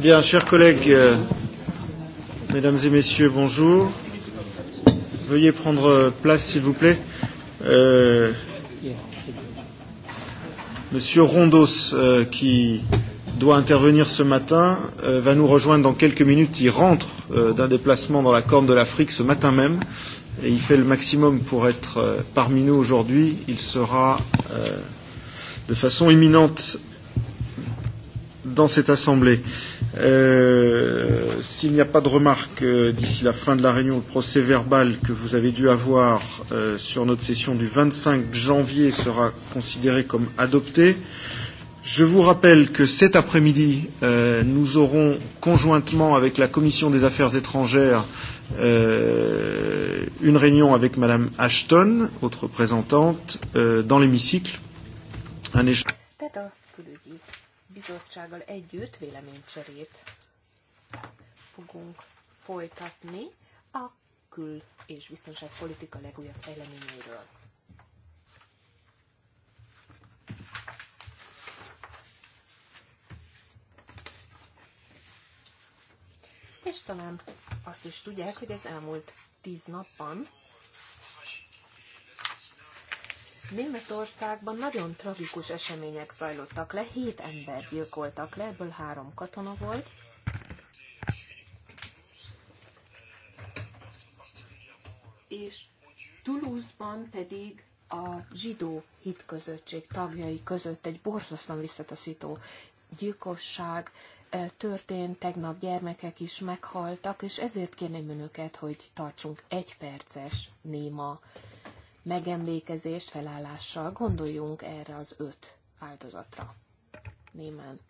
Bien, chers collègues, euh, mesdames et messieurs, bonjour. Veuillez prendre euh, place, s'il vous plaît. Euh, Monsieur Rondos, euh, qui doit intervenir ce matin, euh, va nous rejoindre dans quelques minutes. Il rentre euh, d'un déplacement dans la Corne de l'Afrique ce matin même et il fait le maximum pour être euh, parmi nous aujourd'hui. Il sera euh, de façon imminente dans cette Assemblée. Euh, S'il n'y a pas de remarques euh, d'ici la fin de la réunion, le procès verbal que vous avez dû avoir euh, sur notre session du 25 janvier sera considéré comme adopté. Je vous rappelle que cet après-midi, euh, nous aurons conjointement avec la Commission des affaires étrangères euh, une réunion avec Madame Ashton, haute représentante, euh, dans l'hémicycle tehát a külügyi bizottsággal együtt véleménycserét fogunk folytatni a kül- és biztonságpolitika legújabb fejleményeiről. És talán azt is tudják, hogy az elmúlt tíz napban Németországban nagyon tragikus események zajlottak le, hét ember gyilkoltak le, ebből három katona volt. És Toulouse-ban pedig a zsidó hitközösség tagjai között egy borzasztóan visszataszító gyilkosság e, történt, tegnap gyermekek is meghaltak, és ezért kérném önöket, hogy tartsunk egy perces néma megemlékezést, felállással gondoljunk erre az öt áldozatra. Némán.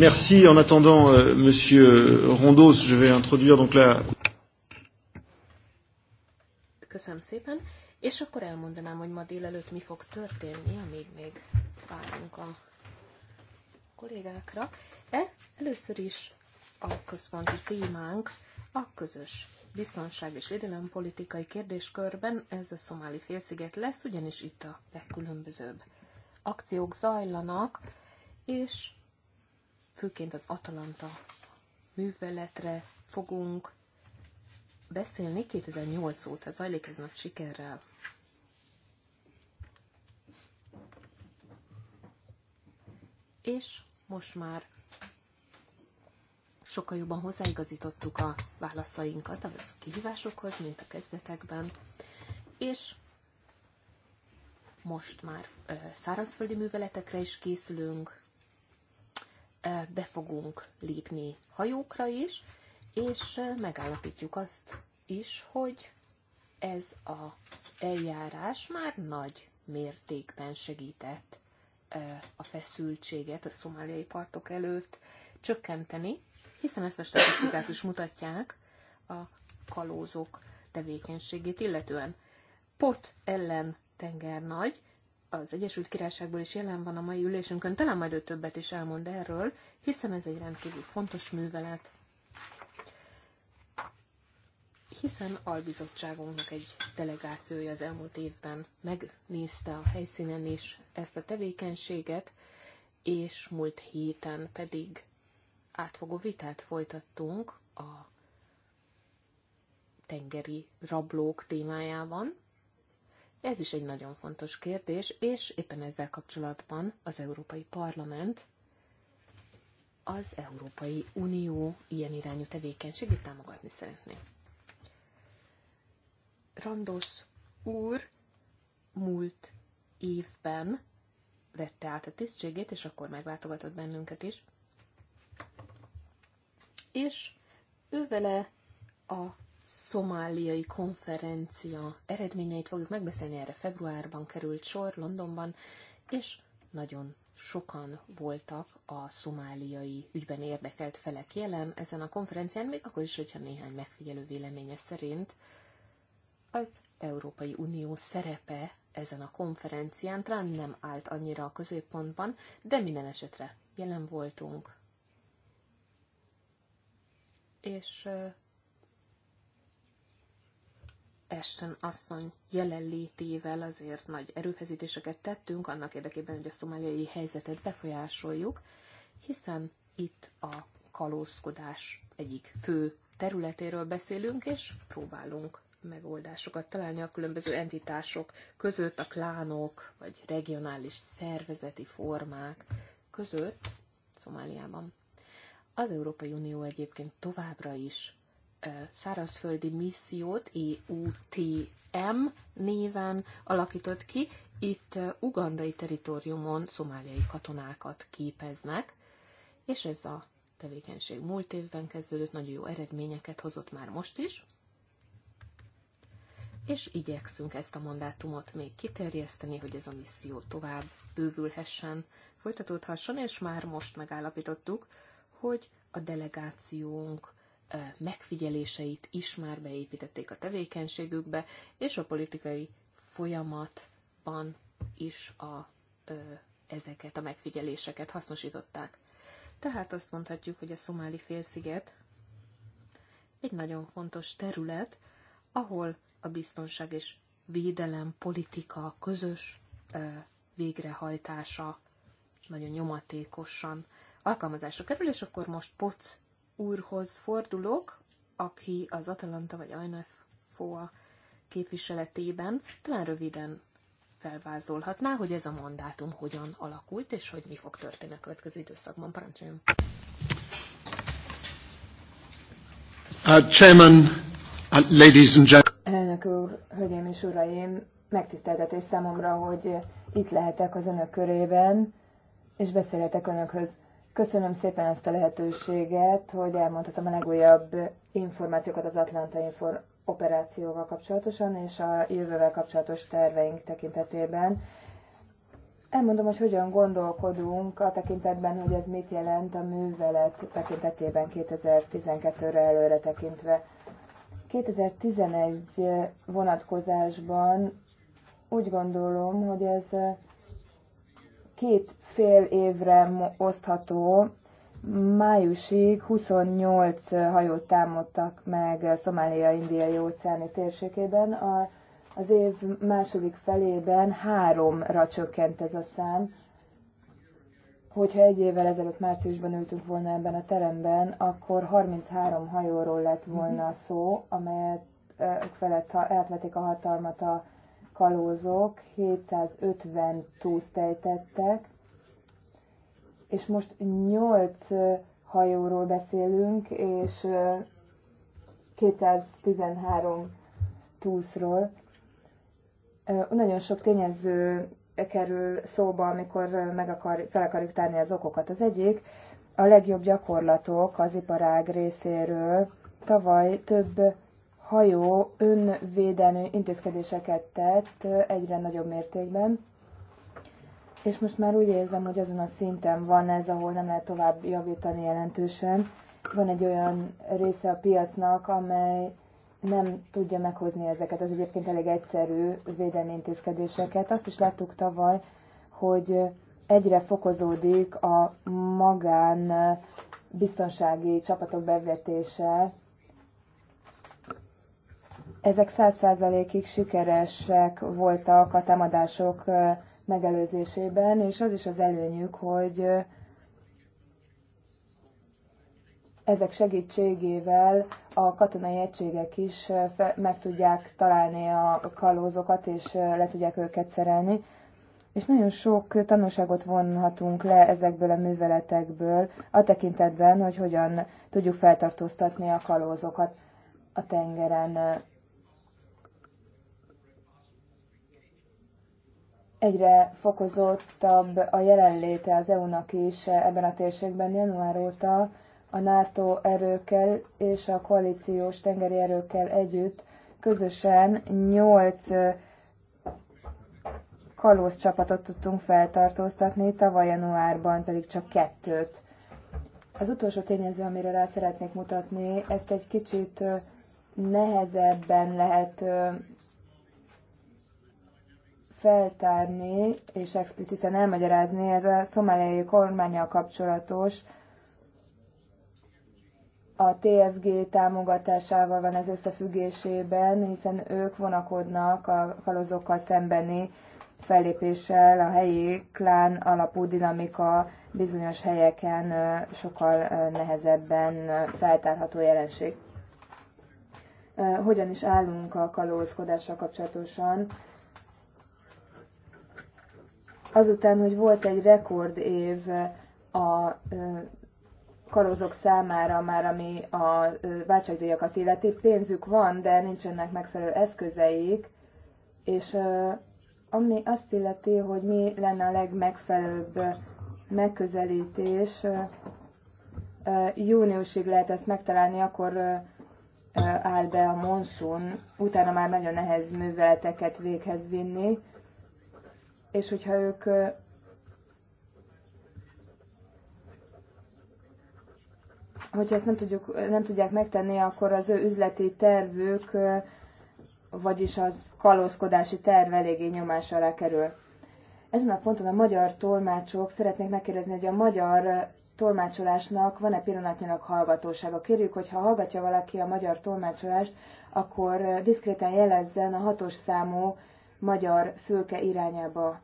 Merci. En attendant, euh, Monsieur Rondos, je vais introduire donc la. Köszönöm szépen. És akkor elmondanám, hogy ma délelőtt mi fog történni, amíg még várunk a kollégákra. E, először is a központi témánk a közös biztonság és védelem politikai kérdéskörben ez a szomáli félsziget lesz, ugyanis itt a legkülönbözőbb akciók zajlanak, és főként az Atalanta műveletre fogunk beszélni. 2008 óta zajlik ez nagy sikerrel. És most már sokkal jobban hozzáigazítottuk a válaszainkat az kihívásokhoz, mint a kezdetekben, és most már szárazföldi műveletekre is készülünk, be fogunk lépni hajókra is, és megállapítjuk azt is, hogy ez az eljárás már nagy mértékben segített a feszültséget a szomáliai partok előtt csökkenteni, hiszen ezt a statisztikák is mutatják a kalózok tevékenységét, illetően pot ellen tengernagy az Egyesült Királyságból is jelen van a mai ülésünkön, talán majd ő többet is elmond erről, hiszen ez egy rendkívül fontos művelet. Hiszen albizottságunknak egy delegációja az elmúlt évben megnézte a helyszínen is ezt a tevékenységet, és múlt héten pedig átfogó vitát folytattunk a tengeri rablók témájában, ez is egy nagyon fontos kérdés, és éppen ezzel kapcsolatban az Európai Parlament az Európai Unió ilyen irányú tevékenységét támogatni szeretné. Randos úr múlt évben vette át a tisztségét, és akkor meglátogatott bennünket is. És ő vele a szomáliai konferencia eredményeit fogjuk megbeszélni, erre februárban került sor Londonban, és nagyon sokan voltak a szomáliai ügyben érdekelt felek jelen ezen a konferencián, még akkor is, hogyha néhány megfigyelő véleménye szerint az Európai Unió szerepe ezen a konferencián talán nem állt annyira a középpontban, de minden esetre jelen voltunk. És Ashton asszony jelenlétével azért nagy erőfeszítéseket tettünk annak érdekében, hogy a szomáliai helyzetet befolyásoljuk, hiszen itt a kalózkodás egyik fő területéről beszélünk, és próbálunk megoldásokat találni a különböző entitások között, a klánok vagy regionális szervezeti formák között Szomáliában. Az Európai Unió egyébként továbbra is szárazföldi missziót, EUTM néven alakított ki. Itt ugandai teritoriumon szomáliai katonákat képeznek, és ez a tevékenység múlt évben kezdődött, nagyon jó eredményeket hozott már most is, és igyekszünk ezt a mandátumot még kiterjeszteni, hogy ez a misszió tovább bővülhessen, folytatódhasson, és már most megállapítottuk, hogy a delegációnk megfigyeléseit is már beépítették a tevékenységükbe, és a politikai folyamatban is a, ezeket a megfigyeléseket hasznosították. Tehát azt mondhatjuk, hogy a szomáli félsziget egy nagyon fontos terület, ahol a biztonság és védelem politika közös végrehajtása nagyon nyomatékosan alkalmazásra kerül, és akkor most POC úrhoz fordulok, aki az Atalanta vagy ANF FOA képviseletében talán röviden felvázolhatná, hogy ez a mandátum hogyan alakult, és hogy mi fog történni a következő időszakban. Parancsoljon! Uh, chairman, uh, ladies and gentlemen. Elnök úr, hölgyeim és uraim, megtiszteltetés számomra, hogy itt lehetek az önök körében, és beszélhetek önökhöz. Köszönöm szépen ezt a lehetőséget, hogy elmondhatom a legújabb információkat az Atlanta Infor operációval kapcsolatosan és a jövővel kapcsolatos terveink tekintetében. Elmondom, hogy hogyan gondolkodunk a tekintetben, hogy ez mit jelent a művelet tekintetében 2012-re előre tekintve. 2011 vonatkozásban úgy gondolom, hogy ez két fél évre osztható májusig 28 hajót támadtak meg Szomália-Indiai óceáni térségében. A, az év második felében háromra csökkent ez a szám. Hogyha egy évvel ezelőtt márciusban ültünk volna ebben a teremben, akkor 33 hajóról lett volna mhm. szó, amelyek felett átvették a hatalmat a kalózok 750 túszt ejtettek, és most 8 hajóról beszélünk, és 213 túszról. Nagyon sok tényező kerül szóba, amikor meg akar, fel akarjuk tárni az okokat. Az egyik a legjobb gyakorlatok az iparág részéről. Tavaly több hajó önvédelmi intézkedéseket tett egyre nagyobb mértékben, és most már úgy érzem, hogy azon a szinten van ez, ahol nem lehet tovább javítani jelentősen. Van egy olyan része a piacnak, amely nem tudja meghozni ezeket az egyébként elég egyszerű védelmi intézkedéseket. Azt is láttuk tavaly, hogy egyre fokozódik a magán biztonsági csapatok bevetése ezek száz százalékig sikeresek voltak a támadások megelőzésében, és az is az előnyük, hogy ezek segítségével a katonai egységek is meg tudják találni a kalózokat, és le tudják őket szerelni. És nagyon sok tanulságot vonhatunk le ezekből a műveletekből, a tekintetben, hogy hogyan tudjuk feltartóztatni a kalózokat a tengeren. egyre fokozottabb a jelenléte az EU-nak is ebben a térségben január óta a NATO erőkkel és a koalíciós tengeri erőkkel együtt közösen nyolc kalóz csapatot tudtunk feltartóztatni, tavaly januárban pedig csak kettőt. Az utolsó tényező, amire rá szeretnék mutatni, ezt egy kicsit nehezebben lehet feltárni és expliciten elmagyarázni, ez a szomáliai kormányjal kapcsolatos, a TFG támogatásával van ez összefüggésében, hiszen ők vonakodnak a kalózokkal szembeni fellépéssel, a helyi klán alapú dinamika bizonyos helyeken sokkal nehezebben feltárható jelenség. Hogyan is állunk a kalózkodással kapcsolatosan? azután, hogy volt egy rekord év a kalózok számára már, ami a váltságdíjakat illeti, pénzük van, de nincsenek megfelelő eszközeik, és ami azt illeti, hogy mi lenne a legmegfelelőbb megközelítés, júniusig lehet ezt megtalálni, akkor áll be a monszun, utána már nagyon nehéz műveleteket véghez vinni, és hogyha ők hogyha ezt nem, tudjuk, nem tudják megtenni, akkor az ő üzleti tervük, vagyis az kalózkodási terv eléggé nyomás alá kerül. Ezen a ponton a magyar tolmácsok szeretnék megkérdezni, hogy a magyar tolmácsolásnak van-e pillanatnyilag hallgatósága. Kérjük, hogy ha hallgatja valaki a magyar tolmácsolást, akkor diszkréten jelezzen a hatos számú magyar fülke irányába.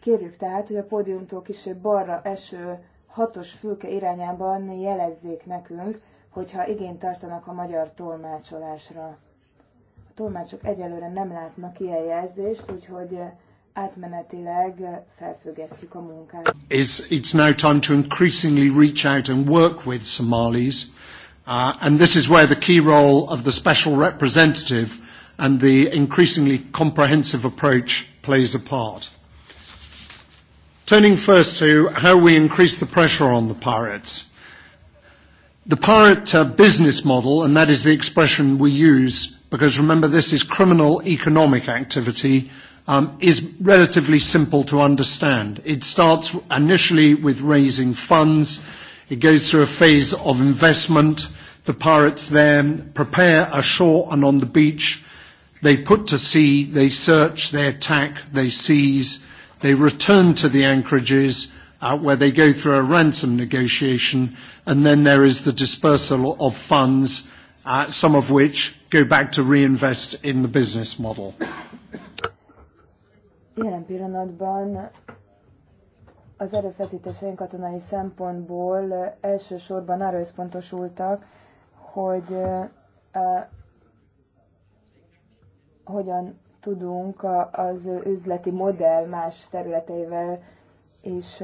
Kérjük tehát, hogy a pódiumtól kisebb balra eső hatos fülke irányában jelezzék nekünk, hogyha igényt tartanak a magyar tolmácsolásra. A tolmácsok egyelőre nem látnak ilyen jelzést, úgyhogy átmenetileg felfüggesztjük a munkát. It's, it's now time to increasingly reach out and work with Somalis. Uh, and this is where the key role of the special representative and the increasingly comprehensive approach plays a part. Turning first to how we increase the pressure on the pirates. The pirate uh, business model, and that is the expression we use, because remember this is criminal economic activity, um, is relatively simple to understand. It starts initially with raising funds. It goes through a phase of investment. The pirates then prepare ashore and on the beach They put to sea, they search, they attack, they seize, they return to the anchorages uh, where they go through a ransom negotiation, and then there is the dispersal of funds, uh, some of which go back to reinvest in the business model. Jelen pillanatban az erőfeszítéseink katonai szempontból elsősorban arra összpontosultak, hogy hogyan tudunk az üzleti modell más területeivel is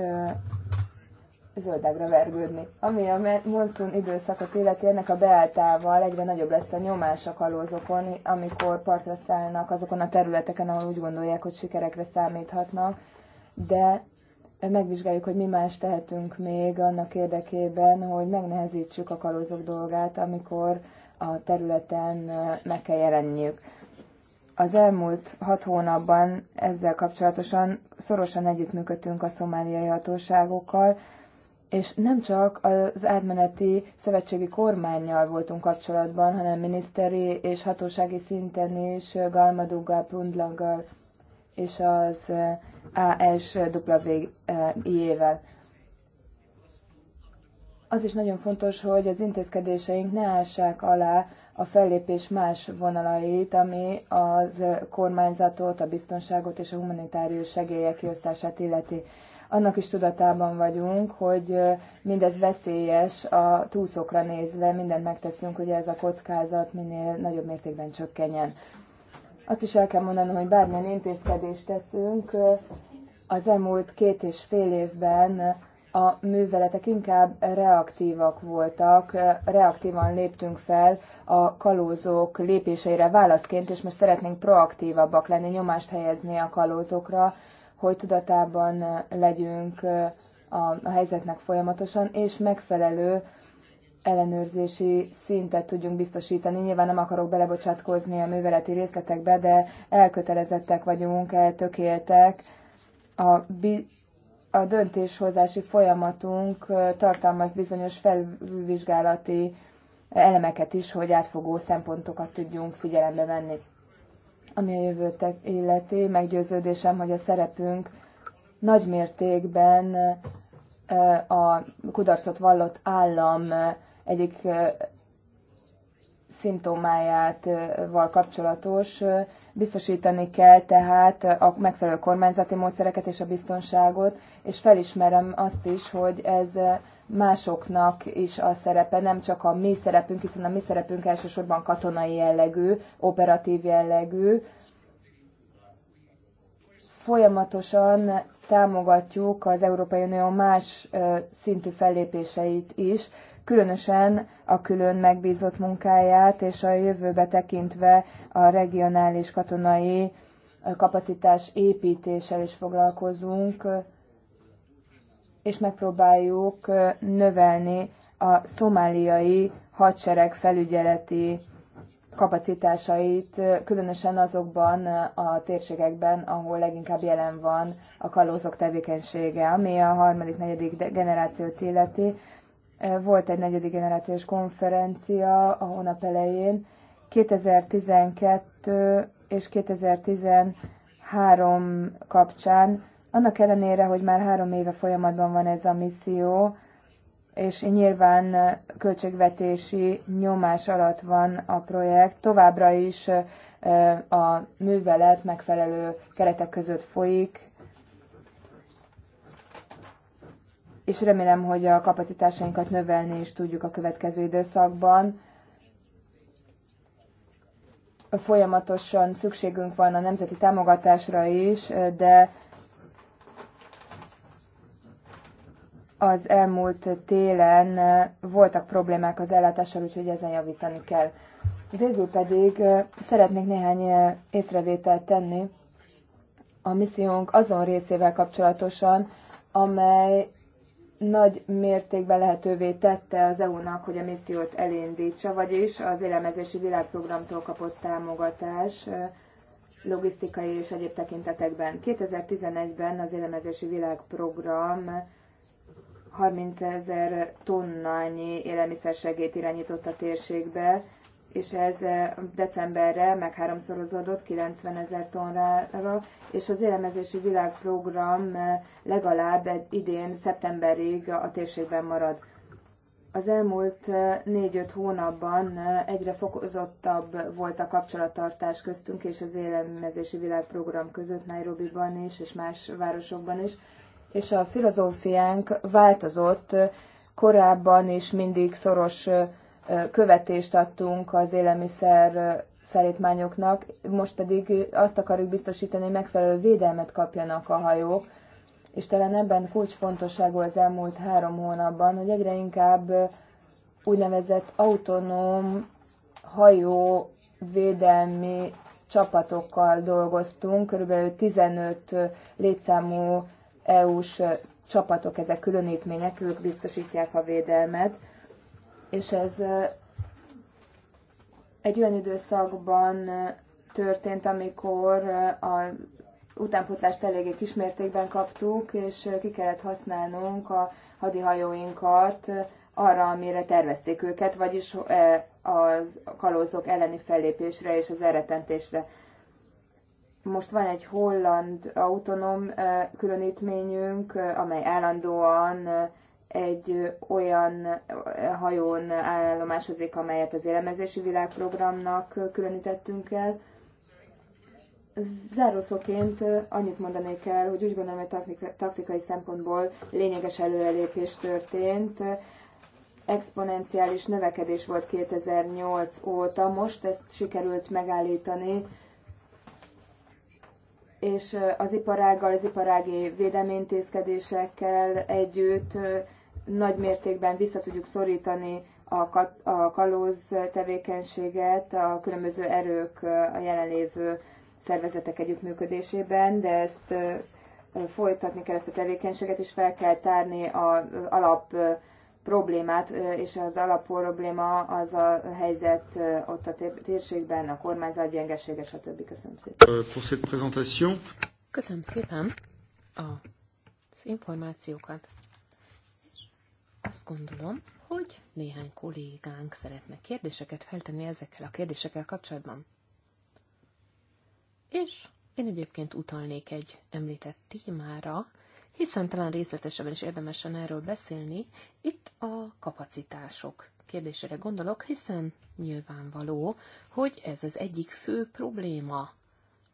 zöldágra vergődni. Ami a monszun időszakot illeti, ennek a beáltával egyre nagyobb lesz a nyomás a kalózokon, amikor partra szállnak azokon a területeken, ahol úgy gondolják, hogy sikerekre számíthatnak, de megvizsgáljuk, hogy mi más tehetünk még annak érdekében, hogy megnehezítsük a kalózok dolgát, amikor a területen meg kell jelenniük. Az elmúlt hat hónapban ezzel kapcsolatosan szorosan együttműködtünk a szomáliai hatóságokkal, és nem csak az átmeneti szövetségi kormányjal voltunk kapcsolatban, hanem miniszteri és hatósági szinten is Galmaduggal, Prundlaggal és az ASWI-ével az is nagyon fontos, hogy az intézkedéseink ne ássák alá a fellépés más vonalait, ami az kormányzatot, a biztonságot és a humanitárius segélyek kiosztását illeti. Annak is tudatában vagyunk, hogy mindez veszélyes a túlszokra nézve, mindent megteszünk, hogy ez a kockázat minél nagyobb mértékben csökkenjen. Azt is el kell mondanom, hogy bármilyen intézkedést teszünk, az elmúlt két és fél évben a műveletek inkább reaktívak voltak, reaktívan léptünk fel a kalózók lépéseire válaszként, és most szeretnénk proaktívabbak lenni, nyomást helyezni a kalózókra, hogy tudatában legyünk a helyzetnek folyamatosan, és megfelelő ellenőrzési szintet tudjunk biztosítani. Nyilván nem akarok belebocsátkozni a műveleti részletekbe, de elkötelezettek vagyunk, eltökéltek a a döntéshozási folyamatunk tartalmaz bizonyos felvizsgálati elemeket is, hogy átfogó szempontokat tudjunk figyelembe venni. Ami a jövőt illeti, meggyőződésem, hogy a szerepünk nagy mértékben a kudarcot vallott állam egyik szimptomájával kapcsolatos. Biztosítani kell tehát a megfelelő kormányzati módszereket és a biztonságot, és felismerem azt is, hogy ez másoknak is a szerepe, nem csak a mi szerepünk, hiszen a mi szerepünk elsősorban katonai jellegű, operatív jellegű. Folyamatosan támogatjuk az Európai Unió más szintű fellépéseit is, különösen a külön megbízott munkáját és a jövőbe tekintve a regionális katonai kapacitás építéssel is foglalkozunk, és megpróbáljuk növelni a szomáliai hadsereg felügyeleti kapacitásait, különösen azokban a térségekben, ahol leginkább jelen van a kalózok tevékenysége, ami a harmadik, negyedik generációt illeti. Volt egy negyedik generációs konferencia a hónap elején. 2012 és 2013 kapcsán, annak ellenére, hogy már három éve folyamatban van ez a misszió, és nyilván költségvetési nyomás alatt van a projekt. Továbbra is a művelet megfelelő keretek között folyik, és remélem, hogy a kapacitásainkat növelni is tudjuk a következő időszakban. Folyamatosan szükségünk van a nemzeti támogatásra is, de az elmúlt télen voltak problémák az ellátással, úgyhogy ezen javítani kell. Végül pedig szeretnék néhány észrevételt tenni a missziónk azon részével kapcsolatosan, amely nagy mértékben lehetővé tette az EU-nak, hogy a missziót elindítsa, vagyis az élelmezési világprogramtól kapott támogatás logisztikai és egyéb tekintetekben. 2011-ben az élelmezési világprogram 30 ezer tonnányi élelmiszersegét irányított a térségbe, és ez eh, decemberre megháromszorozódott 90 ezer tonnára, és az élemezési világprogram eh, legalább idén szeptemberig a térségben marad. Az elmúlt 4-5 eh, hónapban egyre fokozottabb volt a kapcsolattartás köztünk és az élelmezési világprogram között Nairobiban is, és más városokban is, és a filozófiánk változott, korábban is mindig szoros követést adtunk az élelmiszer szállítmányoknak, most pedig azt akarjuk biztosítani, hogy megfelelő védelmet kapjanak a hajók, és talán ebben kulcsfontosságú az elmúlt három hónapban, hogy egyre inkább úgynevezett autonóm hajó védelmi csapatokkal dolgoztunk, körülbelül 15 létszámú EU-s csapatok, ezek különítmények, ők biztosítják a védelmet és ez egy olyan időszakban történt, amikor a utánpótlást eléggé kismértékben kaptuk, és ki kellett használnunk a hadihajóinkat arra, amire tervezték őket, vagyis a kalózok elleni fellépésre és az elretentésre. Most van egy holland autonóm különítményünk, amely állandóan egy olyan hajón állomásozik, amelyet az élemezési világprogramnak különítettünk el. Zárószóként annyit mondanék el, hogy úgy gondolom, hogy taktikai szempontból lényeges előrelépés történt. Exponenciális növekedés volt 2008 óta, most ezt sikerült megállítani, és az iparággal, az iparági védelmi intézkedésekkel együtt nagy mértékben vissza tudjuk szorítani a, kat, a kalóz tevékenységet a különböző erők a jelenlévő szervezetek együttműködésében, de ezt folytatni kell ezt a tevékenységet, és fel kell tárni az alap problémát, és az alap probléma az a helyzet ott a térségben, a kormányzat gyengesége, stb. Köszönöm szépen. Köszönöm szépen a, az információkat. Azt gondolom, hogy néhány kollégánk szeretne kérdéseket feltenni ezekkel a kérdésekkel kapcsolatban. És én egyébként utalnék egy említett témára, hiszen talán részletesebben is érdemesen erről beszélni. Itt a kapacitások kérdésére gondolok, hiszen nyilvánvaló, hogy ez az egyik fő probléma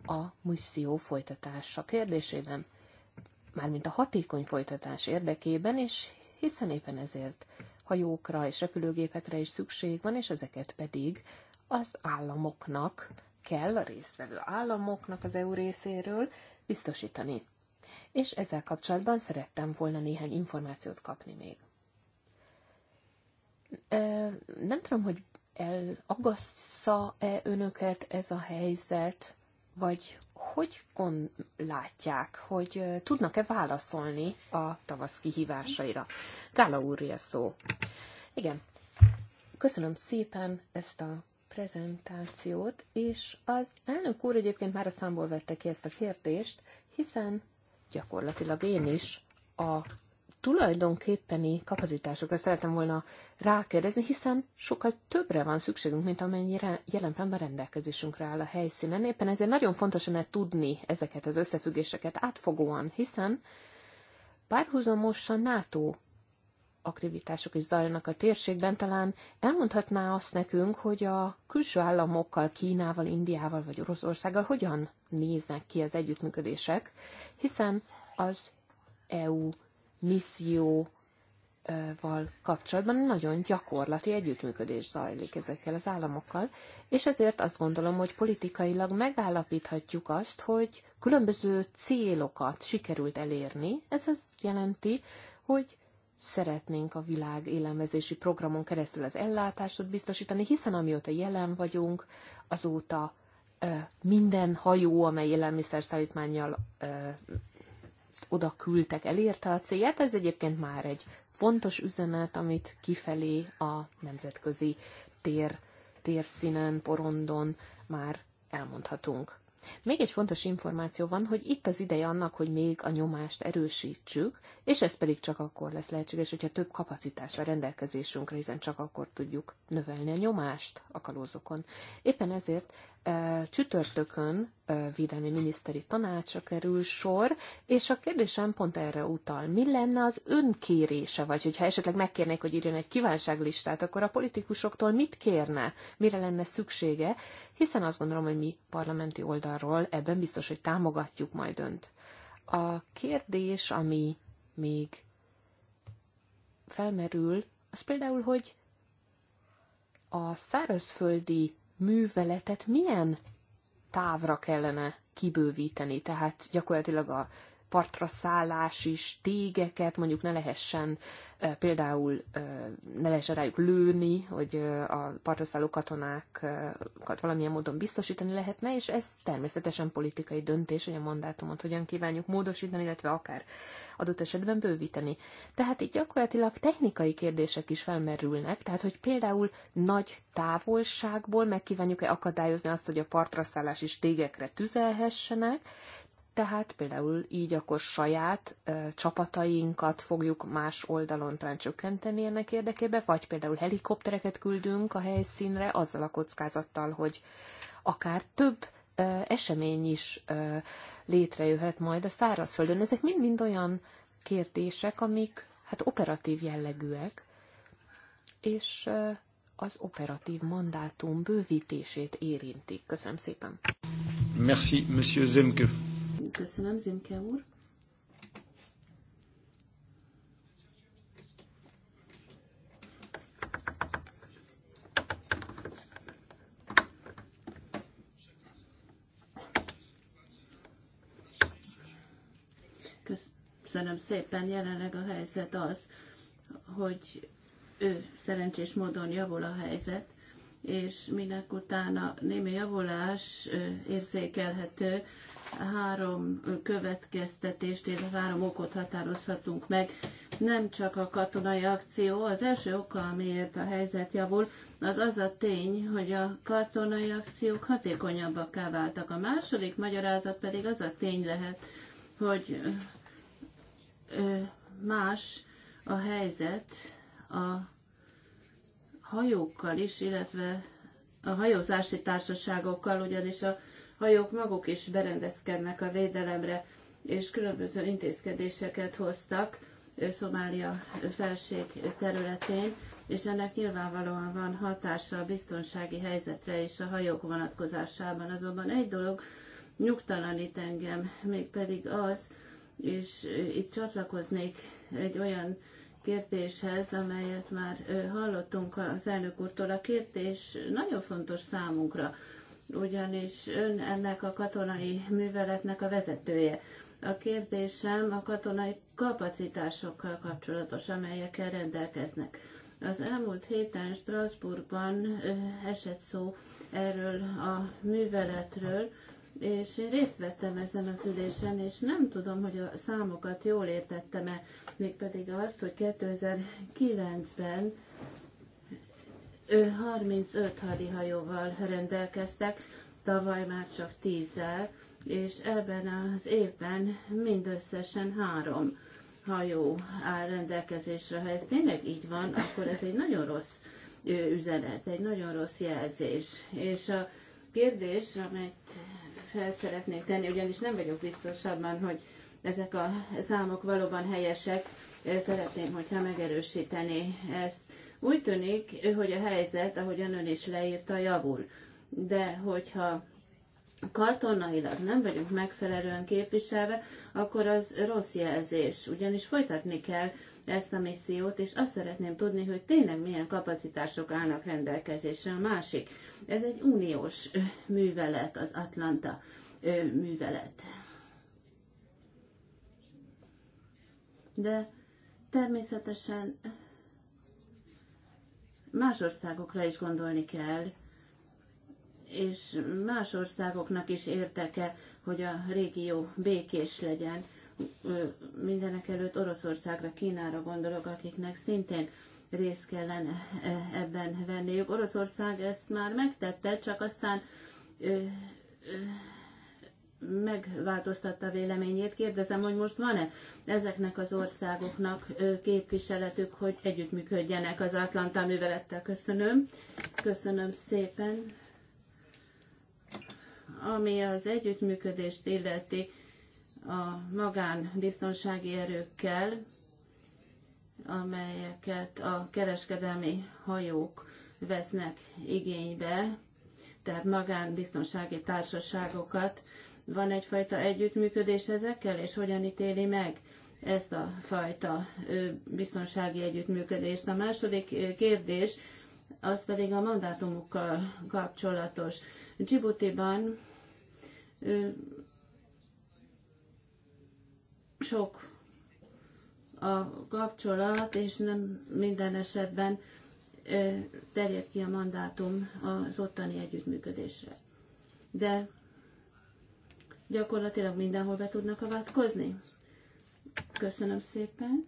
a misszió folytatása kérdésében, mármint a hatékony folytatás érdekében, és hiszen éppen ezért hajókra és repülőgépekre is szükség van, és ezeket pedig az államoknak kell, a résztvevő államoknak az EU részéről biztosítani. És ezzel kapcsolatban szerettem volna néhány információt kapni még. Nem tudom, hogy elagassza-e önöket ez a helyzet, vagy hogy látják, hogy tudnak-e válaszolni a tavasz kihívásaira? Gála úrja szó. Igen. Köszönöm szépen ezt a prezentációt, és az elnök úr egyébként már a számból vette ki ezt a kérdést, hiszen gyakorlatilag én is a tulajdonképpeni kapacitásokra szeretem volna rákérdezni, hiszen sokkal többre van szükségünk, mint amennyire jelen pillanatban rendelkezésünkre áll a helyszínen. Éppen ezért nagyon fontos lenne tudni ezeket az összefüggéseket átfogóan, hiszen párhuzamosan NATO aktivitások is zajlanak a térségben, talán elmondhatná azt nekünk, hogy a külső államokkal, Kínával, Indiával vagy Oroszországgal hogyan néznek ki az együttműködések, hiszen az EU misszióval kapcsolatban nagyon gyakorlati együttműködés zajlik ezekkel az államokkal, és ezért azt gondolom, hogy politikailag megállapíthatjuk azt, hogy különböző célokat sikerült elérni. Ez azt jelenti, hogy szeretnénk a világ élelmezési programon keresztül az ellátást biztosítani, hiszen amióta jelen vagyunk, azóta minden hajó, amely élelmiszer szállítmányjal oda küldtek, elérte a célját. Ez egyébként már egy fontos üzenet, amit kifelé a nemzetközi tér, térszínen, porondon már elmondhatunk. Még egy fontos információ van, hogy itt az ideje annak, hogy még a nyomást erősítsük, és ez pedig csak akkor lesz lehetséges, hogyha több kapacitás a rendelkezésünkre, hiszen csak akkor tudjuk növelni a nyomást a kalózokon. Éppen ezért csütörtökön védelmi miniszteri tanácsra kerül sor, és a kérdésem pont erre utal. Mi lenne az önkérése, vagy hogyha esetleg megkérnék, hogy írjon egy kívánságlistát, akkor a politikusoktól mit kérne, mire lenne szüksége, hiszen azt gondolom, hogy mi parlamenti oldalról ebben biztos, hogy támogatjuk majd önt. A kérdés, ami még felmerül, az például, hogy a szárazföldi műveletet milyen távra kellene kibővíteni, tehát gyakorlatilag a partra is tégeket, mondjuk ne lehessen például ne lehessen rájuk lőni, hogy a partra szálló katonákat valamilyen módon biztosítani lehetne, és ez természetesen politikai döntés, hogy a mandátumot hogyan kívánjuk módosítani, illetve akár adott esetben bővíteni. Tehát itt gyakorlatilag technikai kérdések is felmerülnek, tehát hogy például nagy távolságból meg kívánjuk-e akadályozni azt, hogy a partra szállás is tégekre tüzelhessenek, tehát például így akkor saját ö, csapatainkat fogjuk más oldalon talán csökkenteni ennek érdekében, vagy például helikoptereket küldünk a helyszínre azzal a kockázattal, hogy akár több ö, esemény is ö, létrejöhet majd a szárazföldön. Ezek mind-mind olyan kérdések, amik hát operatív jellegűek, és ö, az operatív mandátum bővítését érintik. Köszönöm szépen. Merci, Monsieur Zemke. Köszönöm, Zimke úr. Köszönöm szépen, jelenleg a helyzet az, hogy ő szerencsés módon javul a helyzet, és minek utána némi javulás érzékelhető három következtetést, illetve három okot határozhatunk meg. Nem csak a katonai akció, az első oka, amiért a helyzet javul, az az a tény, hogy a katonai akciók hatékonyabbakká váltak. A második magyarázat pedig az a tény lehet, hogy más a helyzet a hajókkal is, illetve a hajózási társaságokkal, ugyanis a hajók maguk is berendezkednek a védelemre, és különböző intézkedéseket hoztak Szomália felség területén, és ennek nyilvánvalóan van hatása a biztonsági helyzetre és a hajók vonatkozásában. Azonban egy dolog nyugtalanít engem, mégpedig az, és itt csatlakoznék egy olyan kérdéshez, amelyet már hallottunk az elnök úrtól. A kérdés nagyon fontos számunkra ugyanis ön ennek a katonai műveletnek a vezetője. A kérdésem a katonai kapacitásokkal kapcsolatos, amelyekkel rendelkeznek. Az elmúlt héten Strasbourgban esett szó erről a műveletről, és én részt vettem ezen az ülésen, és nem tudom, hogy a számokat jól értettem-e, mégpedig azt, hogy 2009-ben 35 hadihajóval rendelkeztek, tavaly már csak 10 és ebben az évben mindösszesen három hajó áll rendelkezésre. Ha ez tényleg így van, akkor ez egy nagyon rossz üzenet, egy nagyon rossz jelzés. És a kérdés, amit fel szeretnék tenni, ugyanis nem vagyok biztos abban, hogy ezek a számok valóban helyesek, szeretném, hogyha megerősíteni ezt úgy tűnik, hogy a helyzet, ahogy ön is leírta, javul. De hogyha katonailag nem vagyunk megfelelően képviselve, akkor az rossz jelzés, ugyanis folytatni kell ezt a missziót, és azt szeretném tudni, hogy tényleg milyen kapacitások állnak rendelkezésre. A másik, ez egy uniós művelet, az Atlanta művelet. De természetesen más országokra is gondolni kell, és más országoknak is érteke, hogy a régió békés legyen. Mindenek előtt Oroszországra, Kínára gondolok, akiknek szintén részt kellene e, ebben venniük. Oroszország ezt már megtette, csak aztán megváltoztatta véleményét. Kérdezem, hogy most van-e ezeknek az országoknak képviseletük, hogy együttműködjenek az Atlanta művelettel. Köszönöm. Köszönöm szépen. Ami az együttműködést illeti a magánbiztonsági erőkkel, amelyeket a kereskedelmi hajók vesznek igénybe, tehát magánbiztonsági társaságokat, van egyfajta együttműködés ezekkel, és hogyan ítéli meg ezt a fajta biztonsági együttműködést? A második kérdés az pedig a mandátumokkal kapcsolatos. Djibouti-ban sok a kapcsolat, és nem minden esetben terjed ki a mandátum az ottani együttműködésre. De gyakorlatilag mindenhol be tudnak avatkozni. Köszönöm szépen.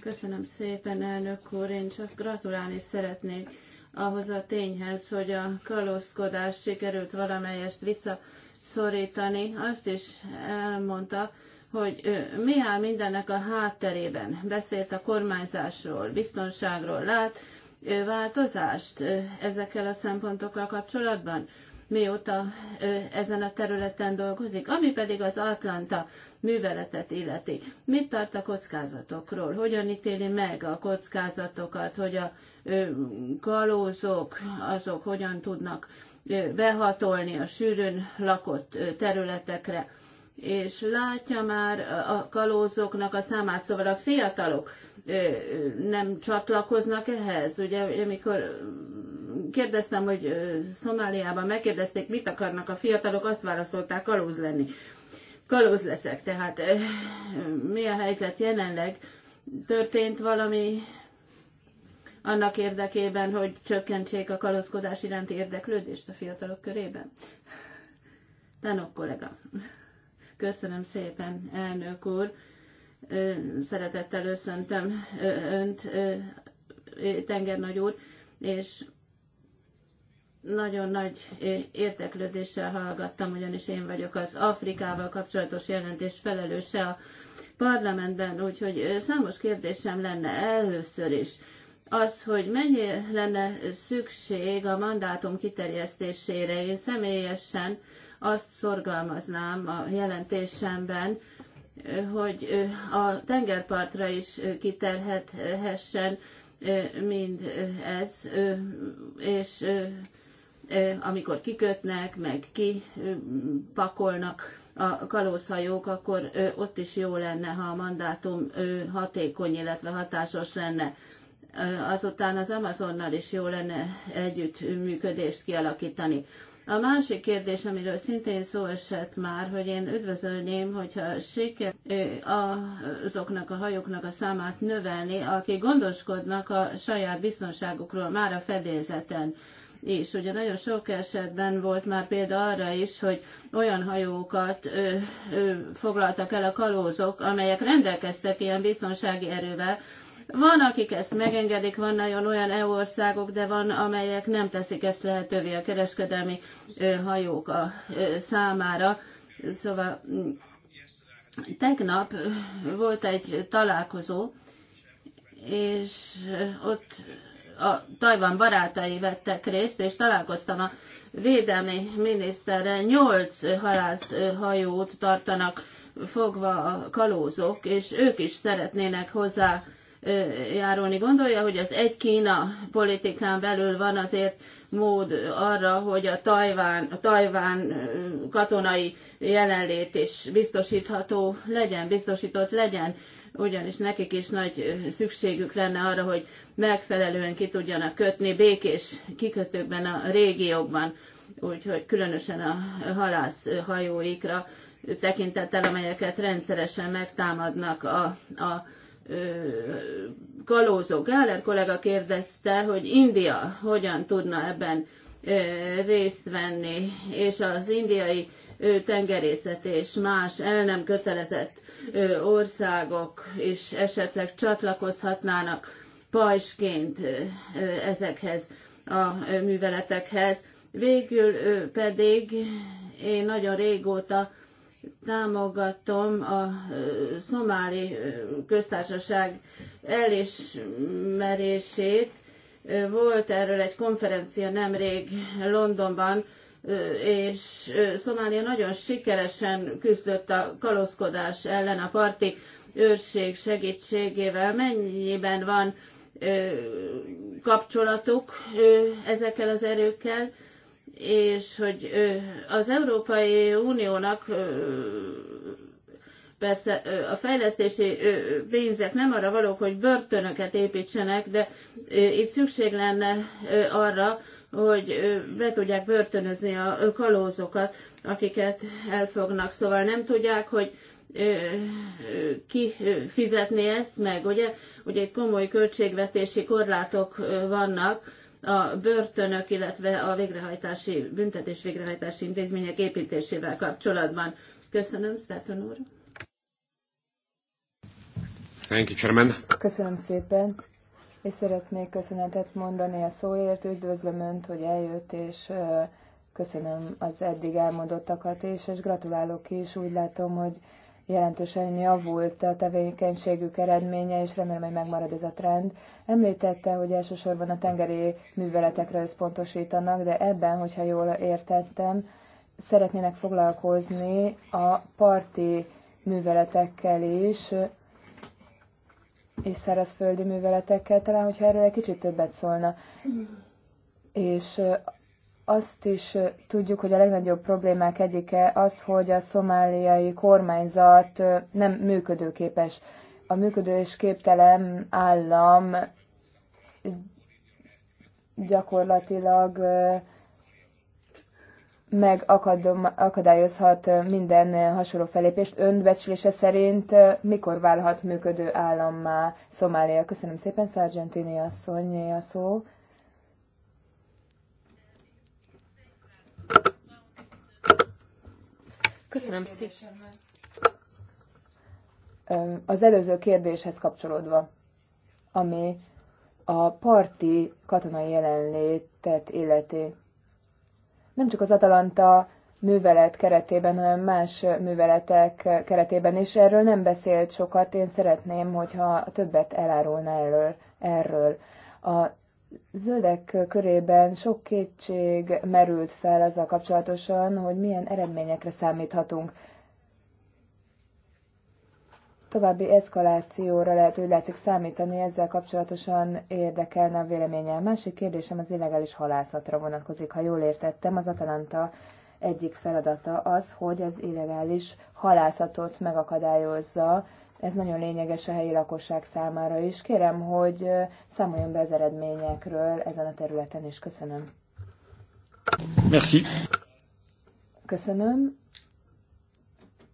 Köszönöm szépen, elnök úr. Én csak gratulálni szeretnék ahhoz a tényhez, hogy a kalózkodás sikerült valamelyest visszaszorítani. Azt is elmondta, hogy mi áll mindennek a hátterében. Beszélt a kormányzásról, biztonságról, lát változást ezekkel a szempontokkal kapcsolatban mióta ezen a területen dolgozik, ami pedig az Atlanta műveletet illeti. Mit tart a kockázatokról? Hogyan ítéli meg a kockázatokat, hogy a kalózok, azok hogyan tudnak behatolni a sűrűn lakott területekre? és látja már a kalózoknak a számát, szóval a fiatalok nem csatlakoznak ehhez. Ugye, amikor kérdeztem, hogy Szomáliában megkérdezték, mit akarnak a fiatalok, azt válaszolták, kalóz lenni. Kalóz leszek, tehát mi a helyzet jelenleg? Történt valami annak érdekében, hogy csökkentsék a kalózkodás iránti érdeklődést a fiatalok körében? Tanok kollega. Köszönöm szépen, elnök úr. Szeretettel összöntöm önt, tengernagy úr, és nagyon nagy érteklődéssel hallgattam, ugyanis én vagyok az Afrikával kapcsolatos jelentés felelőse a parlamentben, úgyhogy számos kérdésem lenne először is. Az, hogy mennyi lenne szükség a mandátum kiterjesztésére, én személyesen azt szorgalmaznám a jelentésemben, hogy a tengerpartra is kiterhethessen mind ez, és amikor kikötnek, meg kipakolnak a kalózhajók, akkor ott is jó lenne, ha a mandátum hatékony, illetve hatásos lenne. Azután az Amazonnal is jó lenne együttműködést kialakítani a másik kérdés, amiről szintén szó esett már, hogy én üdvözölném, hogyha siker azoknak a hajóknak a számát növelni, akik gondoskodnak a saját biztonságukról már a fedélzeten És Ugye nagyon sok esetben volt már példa arra is, hogy olyan hajókat ö, ö, foglaltak el a kalózok, amelyek rendelkeztek ilyen biztonsági erővel, van, akik ezt megengedik, van nagyon olyan EU országok, de van, amelyek nem teszik ezt lehetővé a kereskedelmi hajók a, számára. Szóval mm, tegnap volt egy találkozó, és ott a Tajvan barátai vettek részt, és találkoztam a védelmi miniszterrel. Nyolc halászhajót tartanak fogva a kalózok, és ők is szeretnének hozzá járulni. Gondolja, hogy az egy Kína politikán belül van azért mód arra, hogy a Tajván, a Tajván katonai jelenlét is biztosítható legyen, biztosított legyen, ugyanis nekik is nagy szükségük lenne arra, hogy megfelelően ki tudjanak kötni békés kikötőkben a régiókban, úgyhogy különösen a halászhajóikra tekintettel, amelyeket rendszeresen megtámadnak a, a kalózó Gáler kollega kérdezte, hogy India hogyan tudna ebben részt venni, és az indiai tengerészet és más el nem kötelezett országok is esetleg csatlakozhatnának pajsként ezekhez a műveletekhez. Végül pedig én nagyon régóta támogatom a szomáli köztársaság elismerését. Volt erről egy konferencia nemrég Londonban, és Szomália nagyon sikeresen küzdött a kalózkodás ellen a parti őrség segítségével. Mennyiben van kapcsolatuk ezekkel az erőkkel? és hogy az Európai Uniónak persze a fejlesztési pénzek nem arra valók, hogy börtönöket építsenek, de itt szükség lenne arra, hogy be tudják börtönözni a kalózokat, akiket elfognak. Szóval nem tudják, hogy ki fizetni ezt meg, ugye? Ugye itt komoly költségvetési korlátok vannak, a börtönök, illetve a végrehajtási, büntetés végrehajtási intézmények építésével kapcsolatban. Köszönöm, Stetton úr. Thank you, Chairman. Köszönöm szépen, és szeretnék köszönetet mondani a szóért. Üdvözlöm Önt, hogy eljött, és köszönöm az eddig elmondottakat is, és gratulálok is. Úgy látom, hogy jelentősen javult a tevékenységük eredménye, és remélem, hogy megmarad ez a trend. Említette, hogy elsősorban a tengeri műveletekre összpontosítanak, de ebben, hogyha jól értettem, szeretnének foglalkozni a parti műveletekkel is, és szárazföldi műveletekkel, talán hogyha erről egy kicsit többet szólna. És azt is tudjuk, hogy a legnagyobb problémák egyike az, hogy a szomáliai kormányzat nem működőképes. A működő és képtelen állam gyakorlatilag megakadályozhat minden hasonló felépést. Ön becslése szerint mikor válhat működő állammá Szomália? Köszönöm szépen, Sargentini asszony, a szó. Köszönöm szépen. Az előző kérdéshez kapcsolódva, ami a parti katonai jelenlétet illeti. Nem csak az Atalanta művelet keretében, hanem más műveletek keretében is. Erről nem beszélt sokat, én szeretném, hogyha többet elárulna erről. erről. A zöldek körében sok kétség merült fel azzal kapcsolatosan, hogy milyen eredményekre számíthatunk. További eszkalációra lehet, hogy látszik számítani, ezzel kapcsolatosan érdekelne a véleménye. Másik kérdésem az illegális halászatra vonatkozik. Ha jól értettem, az Atalanta egyik feladata az, hogy az illegális halászatot megakadályozza, ez nagyon lényeges a helyi lakosság számára is. Kérem, hogy számoljon be az eredményekről ezen a területen is. Köszönöm. Merci. Köszönöm.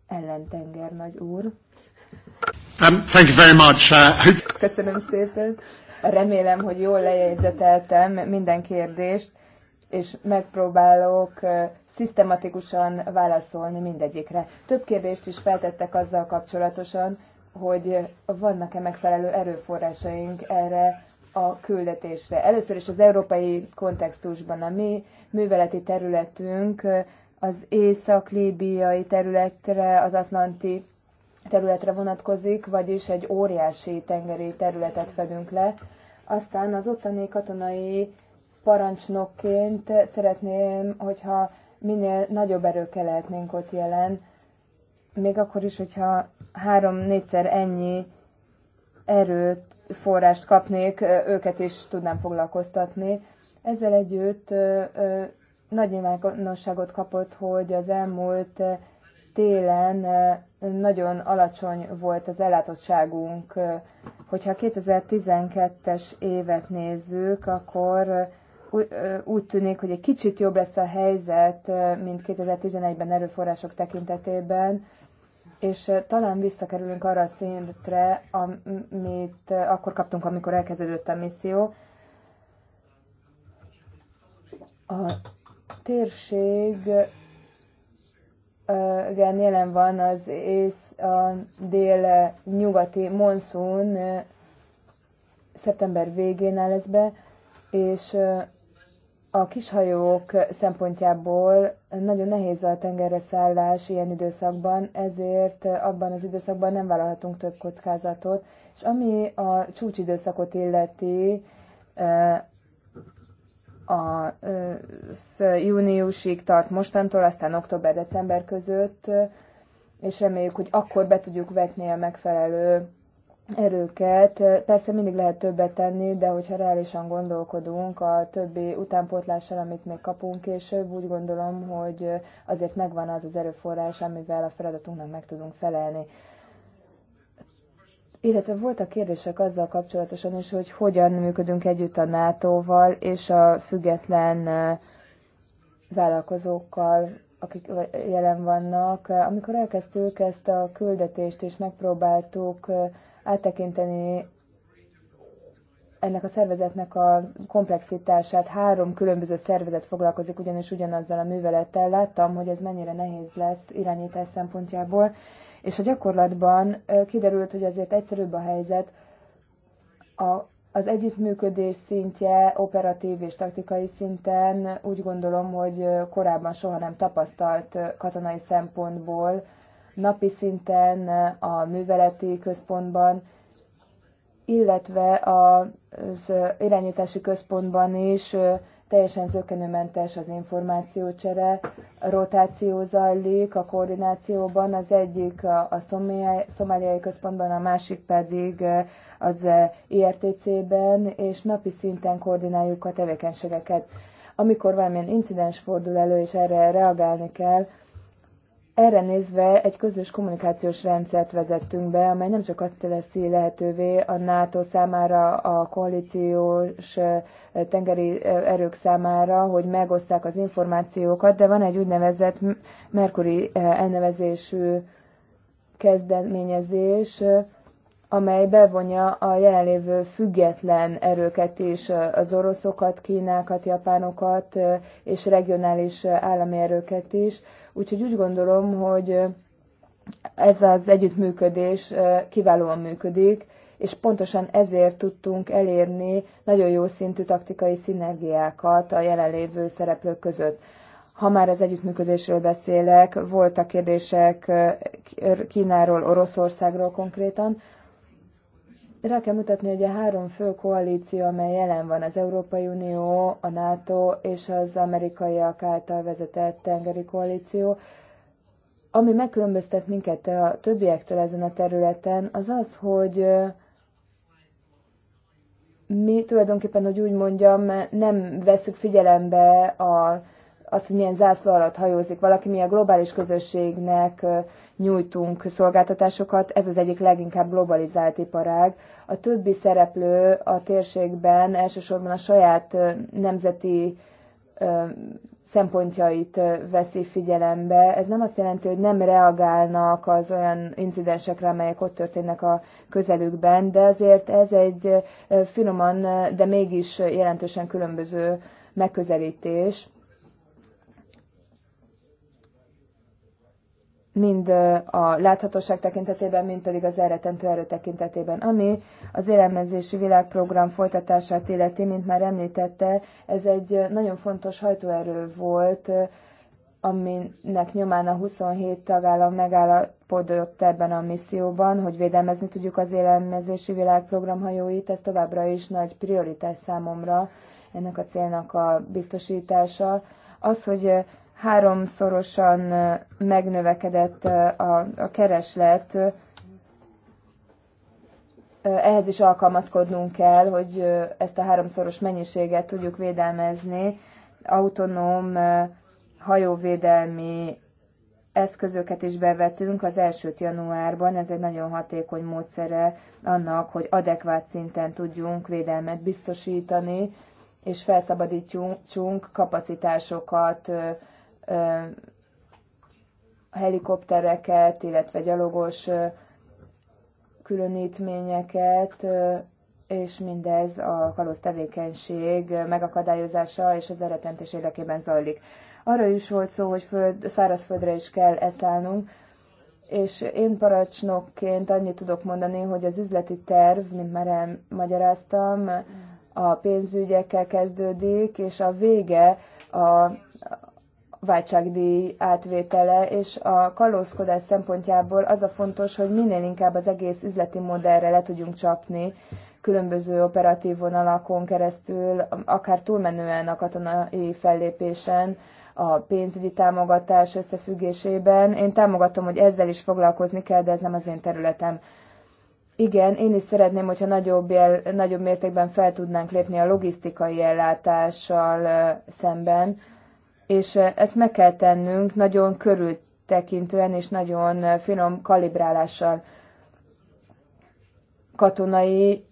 Ellentenger nagy úr. Um, thank you very much. Uh, Köszönöm szépen. Remélem, hogy jól lejegyzeteltem minden kérdést, és megpróbálok szisztematikusan válaszolni mindegyikre. Több kérdést is feltettek azzal kapcsolatosan, hogy vannak-e megfelelő erőforrásaink erre a küldetésre. Először is az európai kontextusban a mi műveleti területünk az észak-líbiai területre, az atlanti területre vonatkozik, vagyis egy óriási tengeri területet fedünk le. Aztán az ottani katonai parancsnokként szeretném, hogyha minél nagyobb erőkkel lehetnénk ott jelen, még akkor is, hogyha három-négyszer ennyi erőt, forrást kapnék, őket is tudnám foglalkoztatni. Ezzel együtt nagy nyilvánosságot kapott, hogy az elmúlt télen nagyon alacsony volt az ellátottságunk. Hogyha 2012-es évet nézzük, akkor úgy tűnik, hogy egy kicsit jobb lesz a helyzet, mint 2011-ben erőforrások tekintetében, és talán visszakerülünk arra a szintre, amit akkor kaptunk, amikor elkezdődött a misszió. A térség igen, jelen van az ész, a dél-nyugati monszún szeptember végén áll ez be, és a kishajók szempontjából nagyon nehéz a tengerre szállás ilyen időszakban, ezért abban az időszakban nem vállalhatunk több kockázatot. És ami a csúcsidőszakot illeti, e, a e, júniusig tart mostantól, aztán október-december között, és reméljük, hogy akkor be tudjuk vetni a megfelelő erőket. Persze mindig lehet többet tenni, de hogyha reálisan gondolkodunk a többi utánpótlással, amit még kapunk később, úgy gondolom, hogy azért megvan az az erőforrás, amivel a feladatunknak meg tudunk felelni. Illetve voltak kérdések azzal kapcsolatosan is, hogy hogyan működünk együtt a NATO-val és a független vállalkozókkal, akik jelen vannak. Amikor elkezdtük ezt a küldetést, és megpróbáltuk áttekinteni ennek a szervezetnek a komplexitását. Három különböző szervezet foglalkozik ugyanis ugyanazzal a művelettel. Láttam, hogy ez mennyire nehéz lesz irányítás szempontjából, és a gyakorlatban kiderült, hogy azért egyszerűbb a helyzet. A, az együttműködés szintje operatív és taktikai szinten úgy gondolom, hogy korábban soha nem tapasztalt katonai szempontból napi szinten eh, a műveleti központban, illetve az eh, irányítási központban is eh, teljesen zökenőmentes az információcsere, rotáció zajlik a koordinációban, az egyik a szomáliai központban, a másik pedig az IRTC-ben, és napi szinten koordináljuk a tevékenységeket. Amikor valamilyen incidens fordul elő, és erre reagálni kell, erre nézve egy közös kommunikációs rendszert vezettünk be, amely nem csak azt teszi lehetővé a NATO számára, a koalíciós tengeri erők számára, hogy megosszák az információkat, de van egy úgynevezett Mercury elnevezésű kezdeményezés, amely bevonja a jelenlévő független erőket is, az oroszokat, kínákat, japánokat és regionális állami erőket is, Úgyhogy úgy gondolom, hogy ez az együttműködés kiválóan működik, és pontosan ezért tudtunk elérni nagyon jó szintű taktikai szinergiákat a jelenlévő szereplők között. Ha már az együttműködésről beszélek, voltak kérdések Kínáról, Oroszországról konkrétan, rá kell mutatni, hogy a három fő koalíció, amely jelen van, az Európai Unió, a NATO és az amerikaiak által vezetett tengeri koalíció, ami megkülönböztet minket a többiektől ezen a területen, az az, hogy mi tulajdonképpen, hogy úgy mondjam, nem veszük figyelembe a, azt, hogy milyen zászló alatt hajózik valaki, mi a globális közösségnek nyújtunk szolgáltatásokat, ez az egyik leginkább globalizált iparág. A többi szereplő a térségben elsősorban a saját nemzeti szempontjait veszi figyelembe. Ez nem azt jelenti, hogy nem reagálnak az olyan incidensekre, amelyek ott történnek a közelükben, de azért ez egy finoman, de mégis jelentősen különböző megközelítés. mind a láthatóság tekintetében, mind pedig az elretentő erő tekintetében, ami az élelmezési világprogram folytatását illeti, mint már említette, ez egy nagyon fontos hajtóerő volt, aminek nyomán a 27 tagállam megállapodott ebben a misszióban, hogy védelmezni tudjuk az élelmezési világprogram hajóit, ez továbbra is nagy prioritás számomra ennek a célnak a biztosítása. Az, hogy háromszorosan megnövekedett a, a kereslet, ehhez is alkalmazkodnunk kell, hogy ezt a háromszoros mennyiséget tudjuk védelmezni. Autonóm hajóvédelmi eszközöket is bevetünk az 1 januárban, ez egy nagyon hatékony módszere annak, hogy adekvát szinten tudjunk védelmet biztosítani, és felszabadítsunk kapacitásokat helikoptereket, illetve gyalogos különítményeket, és mindez a kalóz tevékenység megakadályozása és az eretentés érdekében zajlik. Arra is volt szó, hogy föld, szárazföldre is kell eszállnunk, és én parancsnokként annyit tudok mondani, hogy az üzleti terv, mint már elmagyaráztam, a pénzügyekkel kezdődik, és a vége a, váltságdíj átvétele, és a kalózkodás szempontjából az a fontos, hogy minél inkább az egész üzleti modellre le tudjunk csapni, különböző operatív vonalakon keresztül, akár túlmenően a katonai fellépésen, a pénzügyi támogatás összefüggésében. Én támogatom, hogy ezzel is foglalkozni kell, de ez nem az én területem. Igen, én is szeretném, hogyha nagyobb, jel, nagyobb mértékben fel tudnánk lépni a logisztikai ellátással szemben, és eh, ezt meg kell tennünk nagyon körültekintően és nagyon eh, finom kalibrálással. Katonai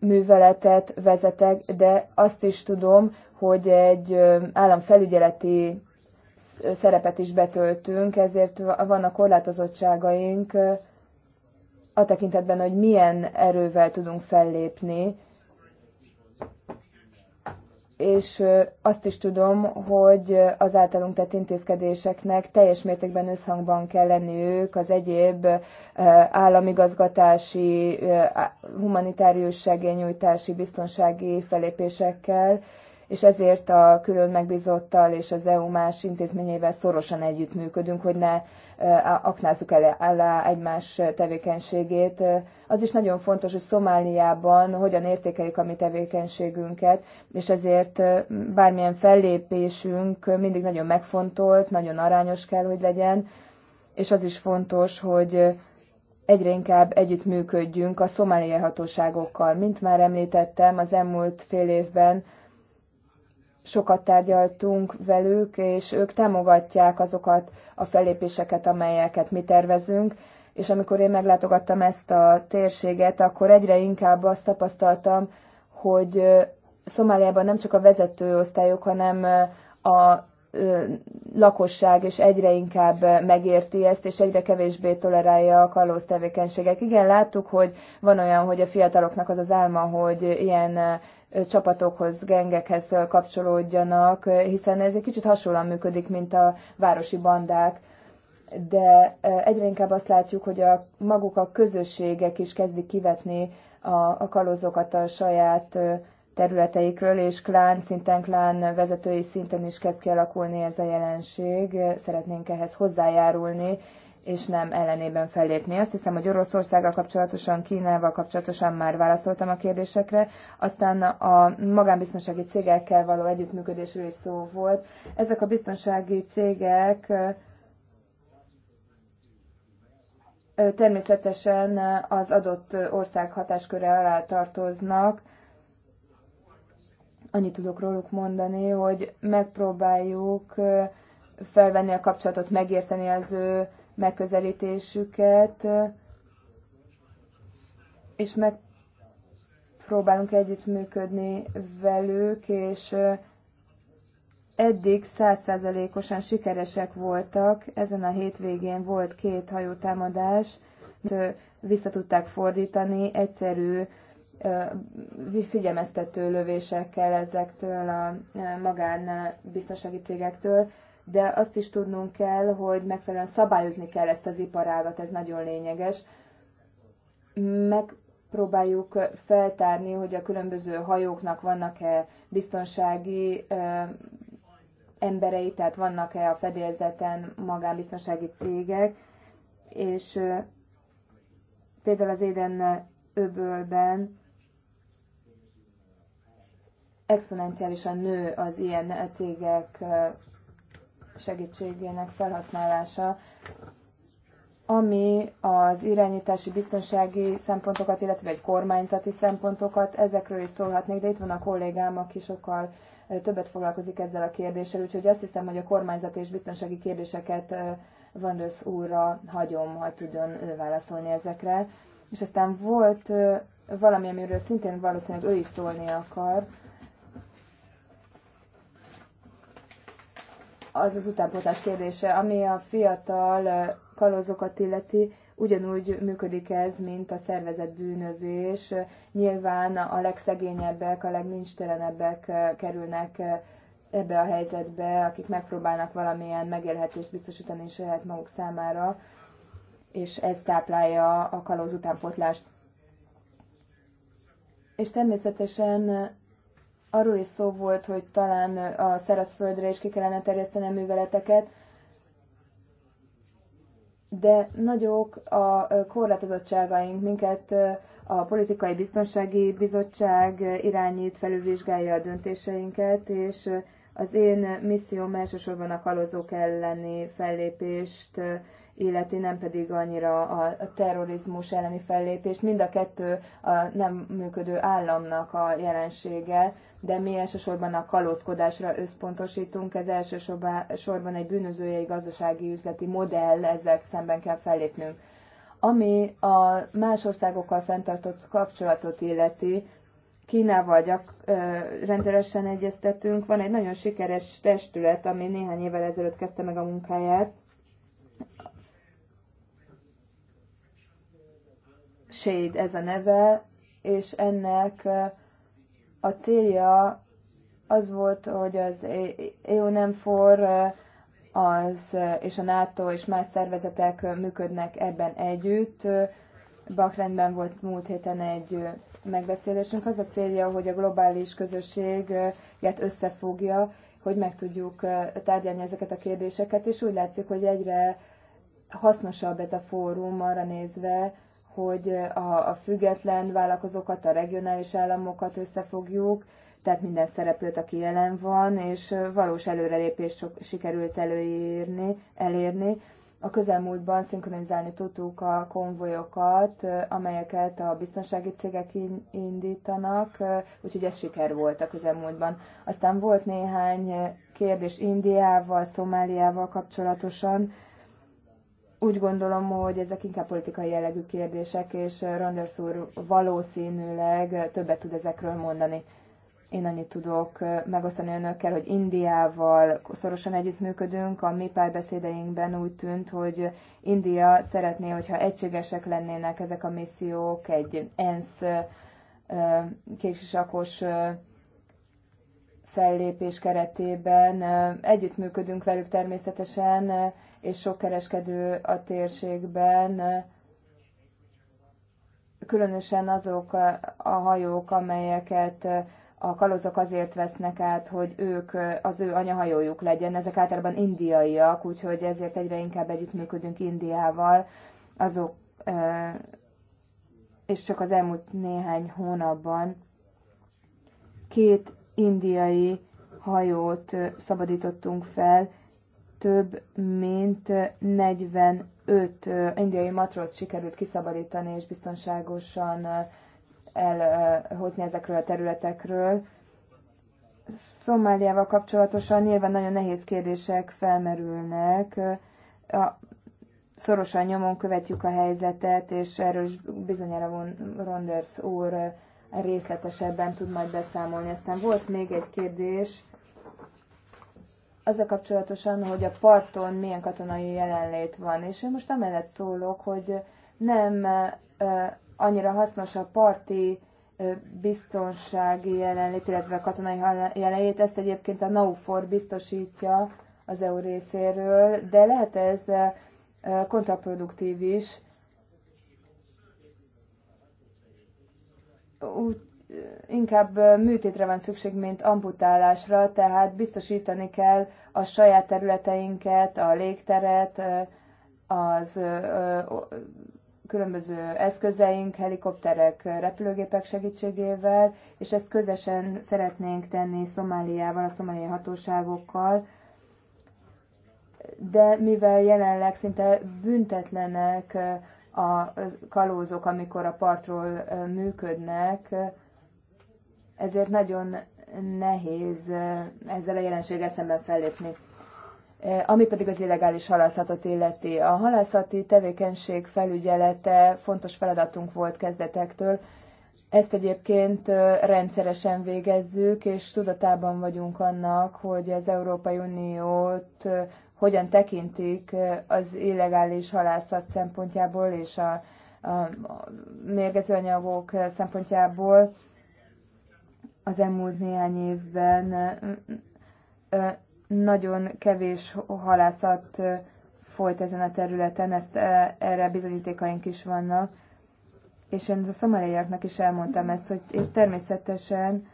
műveletet vezetek, de azt is tudom, hogy egy eh, államfelügyeleti szerepet is betöltünk, ezért vannak korlátozottságaink a tekintetben, hogy milyen erővel tudunk fellépni és azt is tudom, hogy az általunk tett intézkedéseknek teljes mértékben összhangban kell ők az egyéb államigazgatási, humanitárius segélynyújtási, biztonsági felépésekkel, és ezért a külön megbízottal és az EU más intézményével szorosan együttműködünk, hogy ne aknázzuk el, alá egymás tevékenységét. Az is nagyon fontos, hogy Szomáliában hogyan értékelik a mi tevékenységünket, és ezért bármilyen fellépésünk mindig nagyon megfontolt, nagyon arányos kell, hogy legyen, és az is fontos, hogy egyre inkább együttműködjünk a szomáliai hatóságokkal. Mint már említettem, az elmúlt fél évben sokat tárgyaltunk velük, és ők támogatják azokat a felépéseket, amelyeket mi tervezünk. És amikor én meglátogattam ezt a térséget, akkor egyre inkább azt tapasztaltam, hogy Szomáliában nem csak a vezető osztályok, hanem a lakosság, és egyre inkább megérti ezt, és egyre kevésbé tolerálja a kalóz tevékenységek. Igen, láttuk, hogy van olyan, hogy a fiataloknak az az álma, hogy ilyen csapatokhoz, gengekhez kapcsolódjanak, hiszen ez egy kicsit hasonlóan működik, mint a városi bandák, de e, egyre inkább azt látjuk, hogy a maguk a közösségek is kezdik kivetni a, a kalózokat a saját területeikről, és klán szinten, klán vezetői szinten is kezd kialakulni ez a jelenség. Szeretnénk ehhez hozzájárulni, és nem ellenében fellépni. Azt hiszem, hogy Oroszországgal kapcsolatosan, Kínával kapcsolatosan már válaszoltam a kérdésekre, aztán a magánbiztonsági cégekkel való együttműködésről is szó volt. Ezek a biztonsági cégek természetesen az adott ország hatásköre alá tartoznak. Annyit tudok róluk mondani, hogy megpróbáljuk felvenni a kapcsolatot, megérteni az ő megközelítésüket, és megpróbálunk együttműködni velük, és eddig százszázalékosan sikeresek voltak. Ezen a hétvégén volt két hajótámadás, vissza tudták fordítani egyszerű figyelmeztető lövésekkel ezektől a magánbiztonsági cégektől de azt is tudnunk kell, hogy megfelelően szabályozni kell ezt az iparágat, ez nagyon lényeges. Megpróbáljuk feltárni, hogy a különböző hajóknak vannak-e biztonsági emberei, tehát vannak-e a fedélzeten magánbiztonsági cégek, és például az Éden öbölben exponenciálisan nő az ilyen cégek segítségének felhasználása, ami az irányítási biztonsági szempontokat, illetve egy kormányzati szempontokat, ezekről is szólhatnék, de itt van a kollégám, aki sokkal többet foglalkozik ezzel a kérdéssel, úgyhogy azt hiszem, hogy a kormányzati és biztonsági kérdéseket Van úrra hagyom, ha tudjon ő válaszolni ezekre. És aztán volt valami, amiről szintén valószínűleg ő is szólni akar, az az utánpótlás kérdése, ami a fiatal kalózokat illeti, ugyanúgy működik ez, mint a szervezett bűnözés. Nyilván a legszegényebbek, a legnincstelenebbek kerülnek ebbe a helyzetbe, akik megpróbálnak valamilyen megélhetést biztosítani saját maguk számára, és ez táplálja a kalóz utánpótlást. És természetesen Arról is szó volt, hogy talán a szárazföldre is ki kellene terjeszteni a műveleteket, de nagyok a korlátozottságaink, minket a Politikai Biztonsági Bizottság irányít, felülvizsgálja a döntéseinket, és az én misszióm elsősorban a kalózók elleni fellépést illeti, nem pedig annyira a terrorizmus elleni fellépést. Mind a kettő a nem működő államnak a jelensége, de mi elsősorban a kalózkodásra összpontosítunk. Ez elsősorban egy bűnözői gazdasági üzleti modell, ezek szemben kell fellépnünk. Ami a más országokkal fenntartott kapcsolatot illeti, Kínával gyak, ö, rendszeresen egyeztetünk. Van egy nagyon sikeres testület, ami néhány évvel ezelőtt kezdte meg a munkáját, Shade ez a neve, és ennek a célja az volt, hogy az EU e nem for az, és a NATO és más szervezetek működnek ebben együtt. Bakrendben volt múlt héten egy megbeszélésünk. Az a célja, hogy a globális közösséget összefogja, hogy meg tudjuk tárgyalni ezeket a kérdéseket, és úgy látszik, hogy egyre hasznosabb ez a fórum arra nézve, hogy a, a független vállalkozókat, a regionális államokat összefogjuk, tehát minden szereplőt, aki jelen van, és valós előrelépést sikerült előírni, elérni. A közelmúltban szinkronizálni tudtuk a konvojokat, amelyeket a biztonsági cégek indítanak, úgyhogy ez siker volt a közelmúltban. Aztán volt néhány kérdés Indiával, Szomáliával kapcsolatosan, úgy gondolom, hogy ezek inkább politikai jellegű kérdések, és eh, Randers úr valószínűleg többet tud ezekről mondani. Én annyit tudok eh, megosztani önökkel, hogy Indiával szorosan együttműködünk. A mi párbeszédeinkben úgy tűnt, hogy India szeretné, hogyha egységesek lennének ezek a missziók, egy ENSZ eh, kéksisakos fellépés keretében. Együttműködünk velük természetesen, és sok kereskedő a térségben, különösen azok a hajók, amelyeket a kalózok azért vesznek át, hogy ők, az ő anyahajójuk legyen. Ezek általában indiaiak, úgyhogy ezért egyre inkább együttműködünk Indiával. Azok, és csak az elmúlt néhány hónapban két indiai hajót szabadítottunk fel, több mint 45 indiai matróz sikerült kiszabadítani és biztonságosan elhozni ezekről a területekről. Szomáliával kapcsolatosan nyilván nagyon nehéz kérdések felmerülnek. A szorosan nyomon követjük a helyzetet, és erről is bizonyára von Ronders úr részletesebben tud majd beszámolni. Aztán volt még egy kérdés, azzal kapcsolatosan, hogy a parton milyen katonai jelenlét van. És én most amellett szólok, hogy nem annyira hasznos a parti biztonsági jelenlét, illetve katonai jelenlét. Ezt egyébként a NAUFOR biztosítja az EU részéről, de lehet ez kontraproduktív is, úgy, inkább műtétre van szükség, mint amputálásra, tehát biztosítani kell a saját területeinket, a légteret, az különböző eszközeink, helikopterek, repülőgépek segítségével, és ezt közösen szeretnénk tenni Szomáliával, a szomáliai hatóságokkal, de mivel jelenleg szinte büntetlenek a kalózok, amikor a partról működnek, ezért nagyon nehéz ezzel a jelenséggel szemben fellépni. Ami pedig az illegális halászatot illeti. A halászati tevékenység felügyelete fontos feladatunk volt kezdetektől. Ezt egyébként rendszeresen végezzük, és tudatában vagyunk annak, hogy az Európai Uniót hogyan tekintik az illegális halászat szempontjából és a, a mérgező anyagok szempontjából az elmúlt néhány évben nagyon kevés halászat folyt ezen a területen, ezt erre bizonyítékaink is vannak. És én a szomaliaknak is elmondtam ezt, hogy természetesen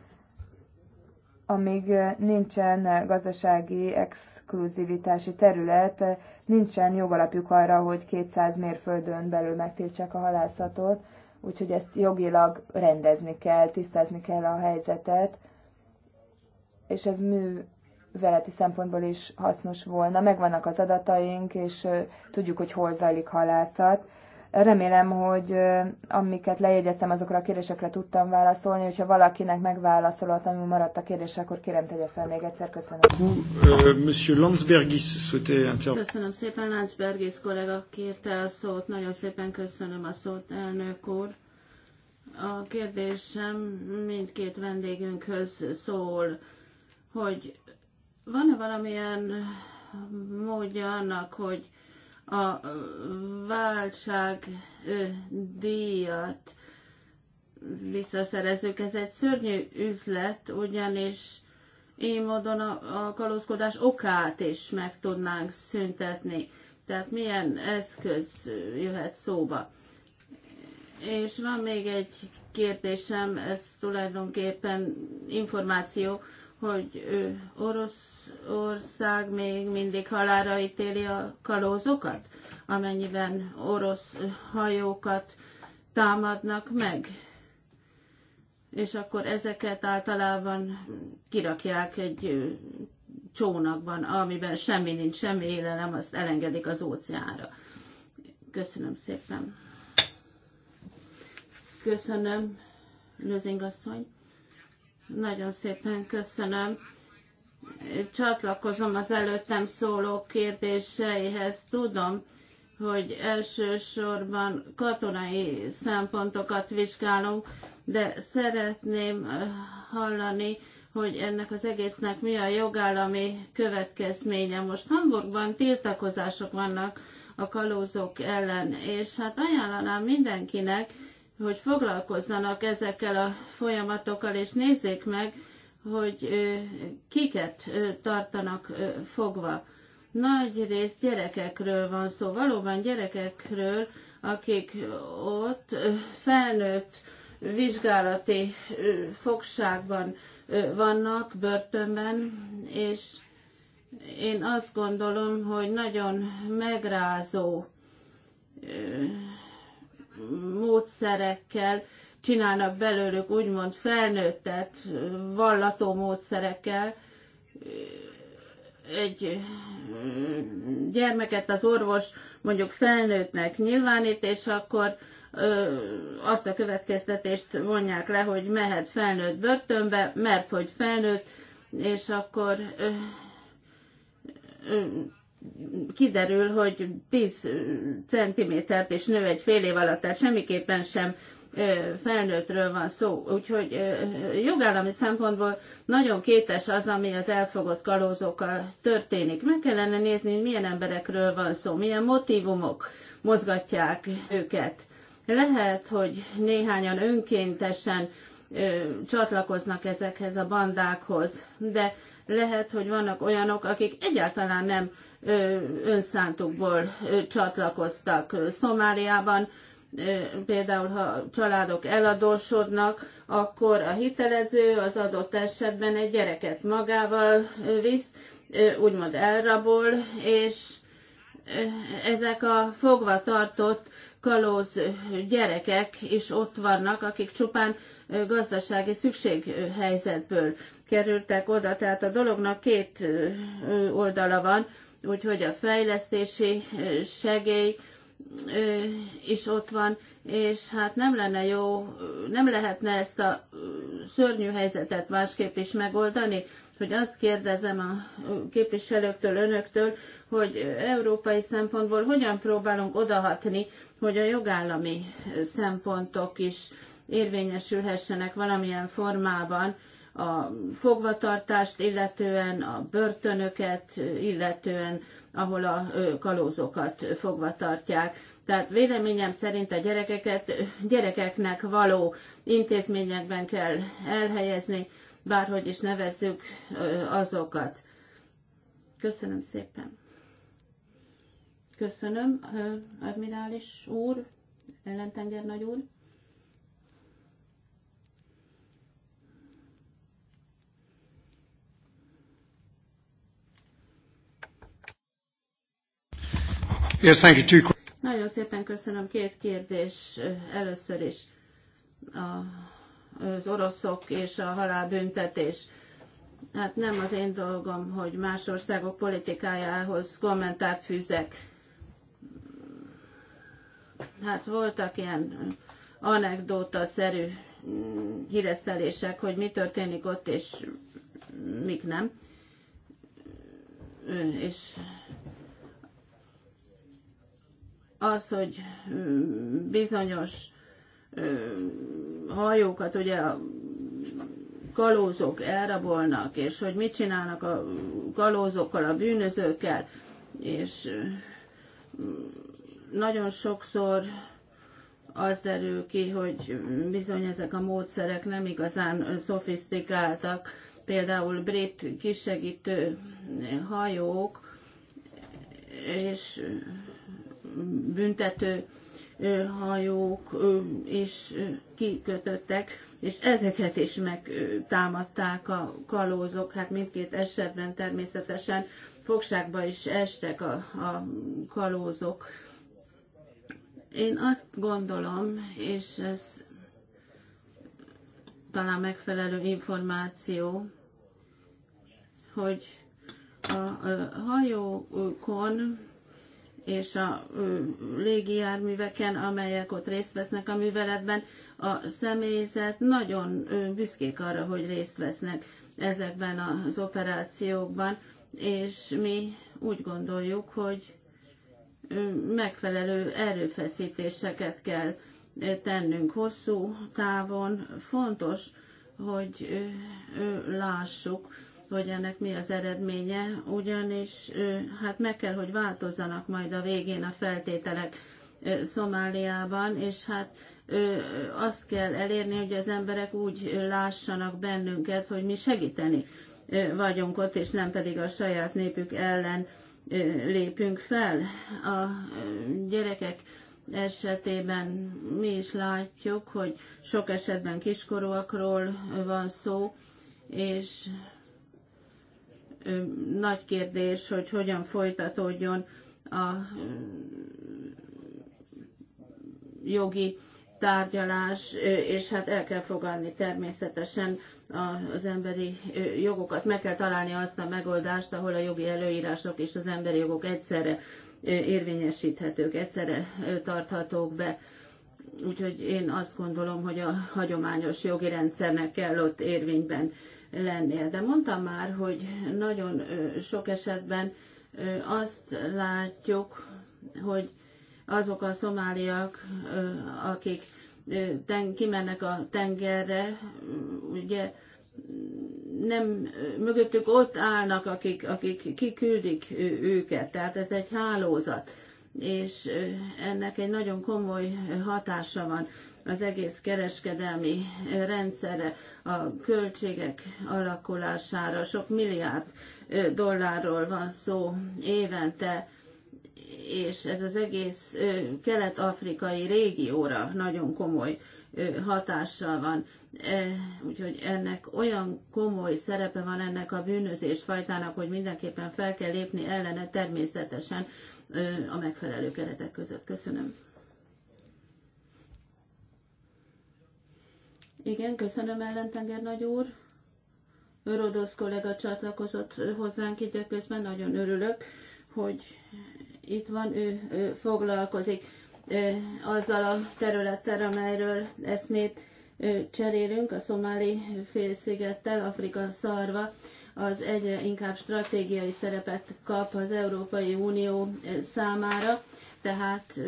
amíg eh, nincsen eh, gazdasági exkluzivitási terület, eh, nincsen jogalapjuk arra, hogy 200 mérföldön belül megtiltsák a halászatot, úgyhogy ezt jogilag rendezni kell, tisztázni kell a helyzetet, és ez műveleti szempontból is hasznos volna. Megvannak az adataink, és tudjuk, hogy hol zajlik halászat, Remélem, hogy amiket lejegyeztem, azokra a kérdésekre tudtam válaszolni. Hogyha valakinek megválaszolottam, maradt a kérdés, akkor kérem tegye fel még egyszer. Köszönöm. Euh, köszönöm szépen, Lanzbergis kollega kérte a szót. Nagyon szépen köszönöm a szót, elnök úr. A kérdésem mindkét vendégünkhöz szól, hogy van-e valamilyen módja annak, hogy a váltságdíjat visszaszerezők. Ez egy szörnyű üzlet, ugyanis így módon a, a kalózkodás okát is meg tudnánk szüntetni. Tehát milyen eszköz jöhet szóba. És van még egy kérdésem, ez tulajdonképpen információ, hogy Oroszország még mindig halára ítéli a kalózokat, amennyiben orosz hajókat támadnak meg. És akkor ezeket általában kirakják egy csónakban, amiben semmi nincs, semmi élelem, azt elengedik az óceánra. Köszönöm szépen. Köszönöm, Lőzingasszony. Nagyon szépen köszönöm. Csatlakozom az előttem szóló kérdéseihez. Tudom, hogy elsősorban katonai szempontokat vizsgálunk, de szeretném hallani, hogy ennek az egésznek mi a jogállami következménye. Most Hamburgban tiltakozások vannak a kalózok ellen, és hát ajánlanám mindenkinek, hogy foglalkozzanak ezekkel a folyamatokkal, és nézzék meg, hogy kiket tartanak fogva. Nagy rész gyerekekről van szó, valóban gyerekekről, akik ott felnőtt vizsgálati fogságban vannak, börtönben, és én azt gondolom, hogy nagyon megrázó módszerekkel csinálnak belőlük úgymond felnőttet vallató módszerekkel, egy gyermeket az orvos mondjuk felnőttnek nyilvánít, és akkor azt a következtetést vonják le, hogy mehet felnőtt börtönbe, mert hogy felnőtt, és akkor kiderül, hogy 10 centimétert és nő egy fél év alatt, tehát semmiképpen sem felnőttről van szó. Úgyhogy jogállami szempontból nagyon kétes az, ami az elfogott kalózokkal történik. Meg kellene nézni, hogy milyen emberekről van szó, milyen motivumok mozgatják őket. Lehet, hogy néhányan önkéntesen ö, csatlakoznak ezekhez a bandákhoz, de lehet, hogy vannak olyanok, akik egyáltalán nem önszántukból csatlakoztak Szomáliában, például ha családok eladósodnak, akkor a hitelező az adott esetben egy gyereket magával visz, úgymond elrabol, és ezek a fogva tartott kalóz gyerekek is ott vannak, akik csupán gazdasági szükséghelyzetből kerültek oda, tehát a dolognak két oldala van, úgyhogy a fejlesztési segély is ott van, és hát nem lenne jó, nem lehetne ezt a szörnyű helyzetet másképp is megoldani, hogy azt kérdezem a képviselőktől, önöktől, hogy európai szempontból hogyan próbálunk odahatni, hogy a jogállami szempontok is érvényesülhessenek valamilyen formában, a fogvatartást illetően, a börtönöket illetően, ahol a kalózokat fogva tartják. Tehát véleményem szerint a gyerekeket gyerekeknek való intézményekben kell elhelyezni, bárhogy is nevezzük azokat. Köszönöm szépen. Köszönöm, admirális úr, ellentenger nagy úr. Yes, thank you. Two... Nagyon szépen köszönöm. Két kérdés először is. A, az oroszok és a halálbüntetés. Hát nem az én dolgom, hogy más országok politikájához kommentárt fűzek. Hát voltak ilyen anekdóta-szerű mm, híresztelések, hogy mi történik ott, és mik nem. És az, hogy bizonyos hajókat ugye a kalózok elrabolnak, és hogy mit csinálnak a kalózokkal, a bűnözőkkel, és nagyon sokszor az derül ki, hogy bizony ezek a módszerek nem igazán szofisztikáltak. Például brit kisegítő hajók, és büntető hajók is kikötöttek, és ezeket is megtámadták a kalózok, hát mindkét esetben természetesen fogságba is estek a, a kalózok. Én azt gondolom, és ez talán megfelelő információ, hogy a hajókon és a légijárműveken, amelyek ott részt vesznek a műveletben, a személyzet nagyon büszkék arra, hogy részt vesznek ezekben az operációkban, és mi úgy gondoljuk, hogy megfelelő erőfeszítéseket kell tennünk hosszú távon. Fontos, hogy lássuk, hogy ennek mi az eredménye, ugyanis hát meg kell, hogy változzanak majd a végén a feltételek Szomáliában, és hát azt kell elérni, hogy az emberek úgy lássanak bennünket, hogy mi segíteni vagyunk ott, és nem pedig a saját népük ellen lépünk fel. A gyerekek esetében mi is látjuk, hogy sok esetben kiskorúakról van szó, és nagy kérdés, hogy hogyan folytatódjon a jogi tárgyalás, és hát el kell fogadni természetesen az emberi jogokat. Meg kell találni azt a megoldást, ahol a jogi előírások és az emberi jogok egyszerre érvényesíthetők, egyszerre tarthatók be. Úgyhogy én azt gondolom, hogy a hagyományos jogi rendszernek kell ott érvényben lennél. De mondtam már, hogy nagyon sok esetben azt látjuk, hogy azok a szomáliak, akik ten, kimennek a tengerre, ugye nem, mögöttük ott állnak, akik, akik kiküldik őket. Tehát ez egy hálózat, és ennek egy nagyon komoly hatása van az egész kereskedelmi rendszerre, a költségek alakulására. Sok milliárd dollárról van szó évente, és ez az egész kelet-afrikai régióra nagyon komoly hatással van. E, úgyhogy ennek olyan komoly szerepe van ennek a bűnözés fajtának, hogy mindenképpen fel kell lépni ellene természetesen a megfelelő keretek között. Köszönöm. Igen, köszönöm ellentenger nagy úr. Rodosz kollega csatlakozott hozzánk időközben, nagyon örülök, hogy itt van, ő, ő foglalkozik ő, azzal a területtel, amelyről eszmét ő, cserélünk, a szomáli félszigettel, Afrika szarva az egyre inkább stratégiai szerepet kap az Európai Unió számára tehát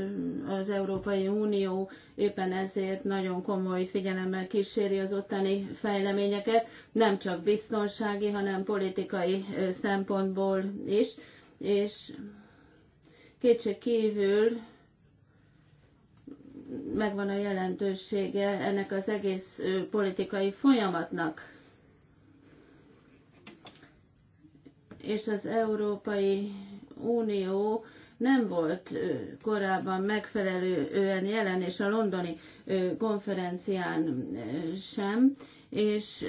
az Európai Unió éppen ezért nagyon komoly figyelemmel kíséri az ottani fejleményeket, nem csak biztonsági, hanem politikai szempontból is, és kétség kívül megvan a jelentősége ennek az egész politikai folyamatnak. És az Európai Unió nem volt korábban megfelelően jelen, és a londoni konferencián sem, és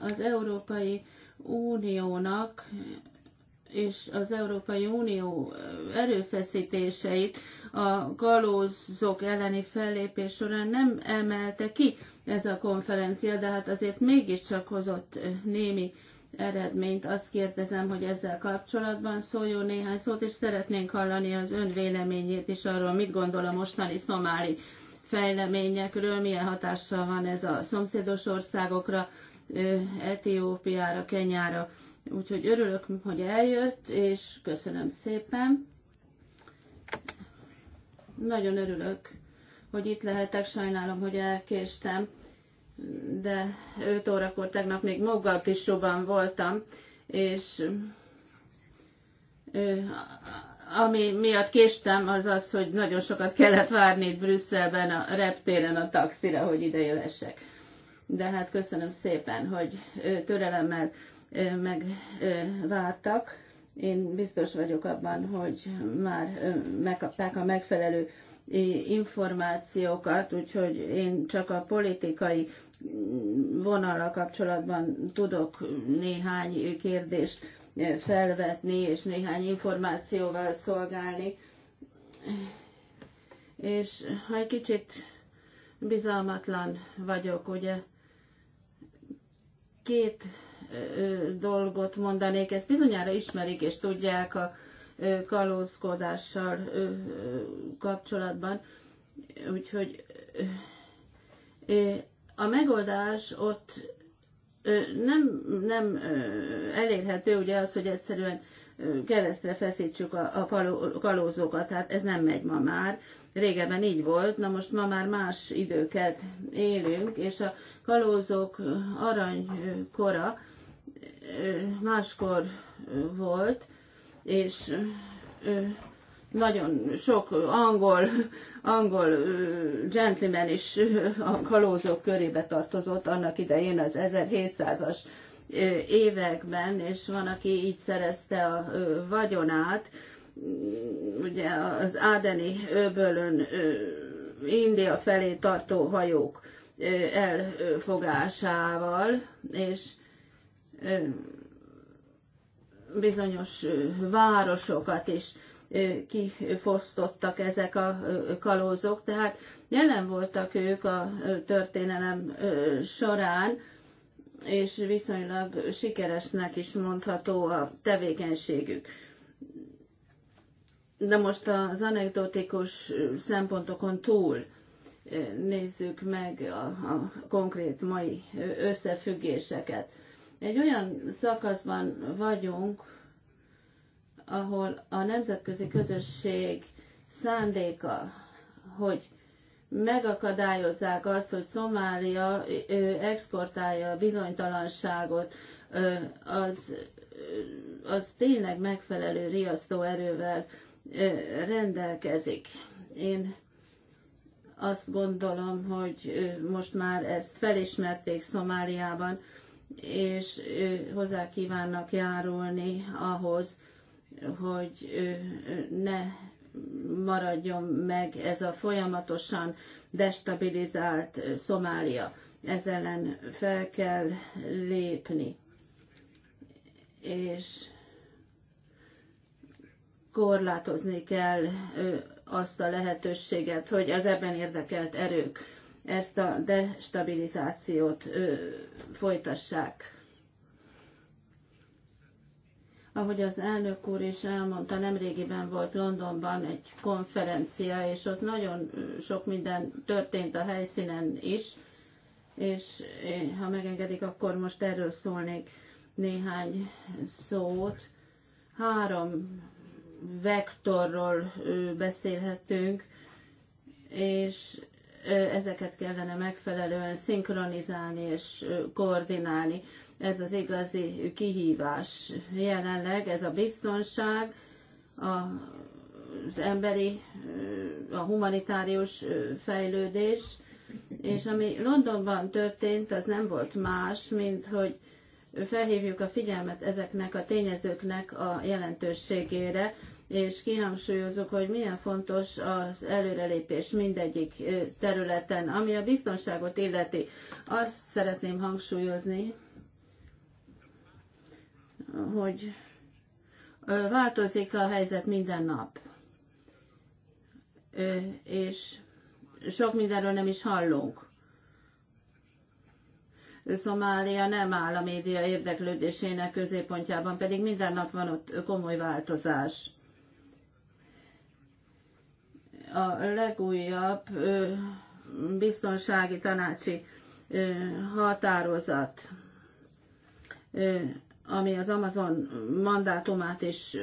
az Európai Uniónak és az Európai Unió erőfeszítéseit a kalózok elleni fellépés során nem emelte ki ez a konferencia, de hát azért mégiscsak hozott némi eredményt. Azt kérdezem, hogy ezzel kapcsolatban szóljon néhány szót, és szeretnénk hallani az ön véleményét is arról, mit gondol a mostani szomáli fejleményekről, milyen hatással van ez a szomszédos országokra, Etiópiára, Kenyára. Úgyhogy örülök, hogy eljött, és köszönöm szépen. Nagyon örülök, hogy itt lehetek, sajnálom, hogy elkéstem de 5 órakor tegnap még maga Kisóban voltam, és ami miatt késtem, az az, hogy nagyon sokat kellett várni itt Brüsszelben a reptéren a taxira, hogy ide jövessek. De hát köszönöm szépen, hogy törelemmel megvártak. Én biztos vagyok abban, hogy már megkapták a megfelelő információkat, úgyhogy én csak a politikai vonalra kapcsolatban tudok néhány kérdést felvetni, és néhány információval szolgálni. És ha egy kicsit bizalmatlan vagyok, ugye két dolgot mondanék, ezt bizonyára ismerik és tudják a kalózkodással kapcsolatban. Úgyhogy a megoldás ott nem, nem elérhető, ugye az, hogy egyszerűen keresztre feszítsük a, a kalózókat, hát ez nem megy ma már. Régebben így volt, na most ma már más időket élünk, és a kalózók aranykora máskor volt, és nagyon sok angol, angol gentleman is a kalózók körébe tartozott annak idején az 1700-as években, és van, aki így szerezte a vagyonát, ugye az Ádeni öbölön India felé tartó hajók elfogásával, és bizonyos városokat is kifosztottak ezek a kalózok, tehát jelen voltak ők a történelem során, és viszonylag sikeresnek is mondható a tevékenységük. De most az anekdotikus szempontokon túl nézzük meg a, a konkrét mai összefüggéseket. Egy olyan szakaszban vagyunk, ahol a nemzetközi közösség szándéka, hogy megakadályozzák azt, hogy Szomália exportálja a bizonytalanságot, az, az tényleg megfelelő riasztó erővel rendelkezik. Én azt gondolom, hogy most már ezt felismerték Szomáliában, és hozzá kívánnak járulni ahhoz, hogy ne maradjon meg ez a folyamatosan destabilizált Szomália. Ez ellen fel kell lépni. És korlátozni kell azt a lehetőséget, hogy az ebben érdekelt erők ezt a destabilizációt ö, folytassák. Ahogy az elnök úr is elmondta, nemrégiben volt Londonban egy konferencia, és ott nagyon sok minden történt a helyszínen is, és ha megengedik, akkor most erről szólnék néhány szót. Három vektorról beszélhetünk, és ezeket kellene megfelelően szinkronizálni és koordinálni. Ez az igazi kihívás. Jelenleg ez a biztonság, a, az emberi, a humanitárius fejlődés, és ami Londonban történt, az nem volt más, mint hogy felhívjuk a figyelmet ezeknek a tényezőknek a jelentőségére, és kihangsúlyozok, hogy milyen fontos az előrelépés mindegyik területen. Ami a biztonságot illeti, azt szeretném hangsúlyozni, hogy változik a helyzet minden nap. És sok mindenről nem is hallunk. Szomália nem áll a média érdeklődésének középpontjában, pedig minden nap van ott komoly változás a legújabb biztonsági tanácsi határozat, ami az Amazon mandátumát is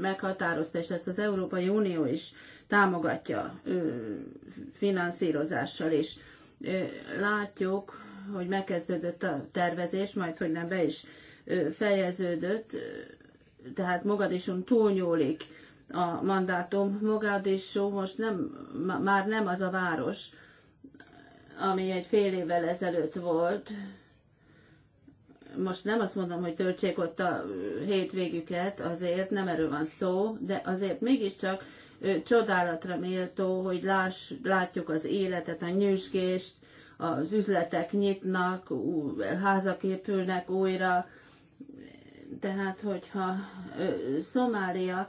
meghatározta, és ezt az Európai Unió is támogatja finanszírozással is. Látjuk, hogy megkezdődött a tervezés, majd hogy nem be is fejeződött, tehát Mogadison túlnyúlik a mandátum. Mogadishu most nem, már nem az a város, ami egy fél évvel ezelőtt volt. Most nem azt mondom, hogy töltsék ott a hétvégüket, azért nem erről van szó, de azért mégiscsak ő, csodálatra méltó, hogy láss, látjuk az életet, a nyüzsgést, az üzletek nyitnak, házak épülnek újra, tehát hogyha Szomália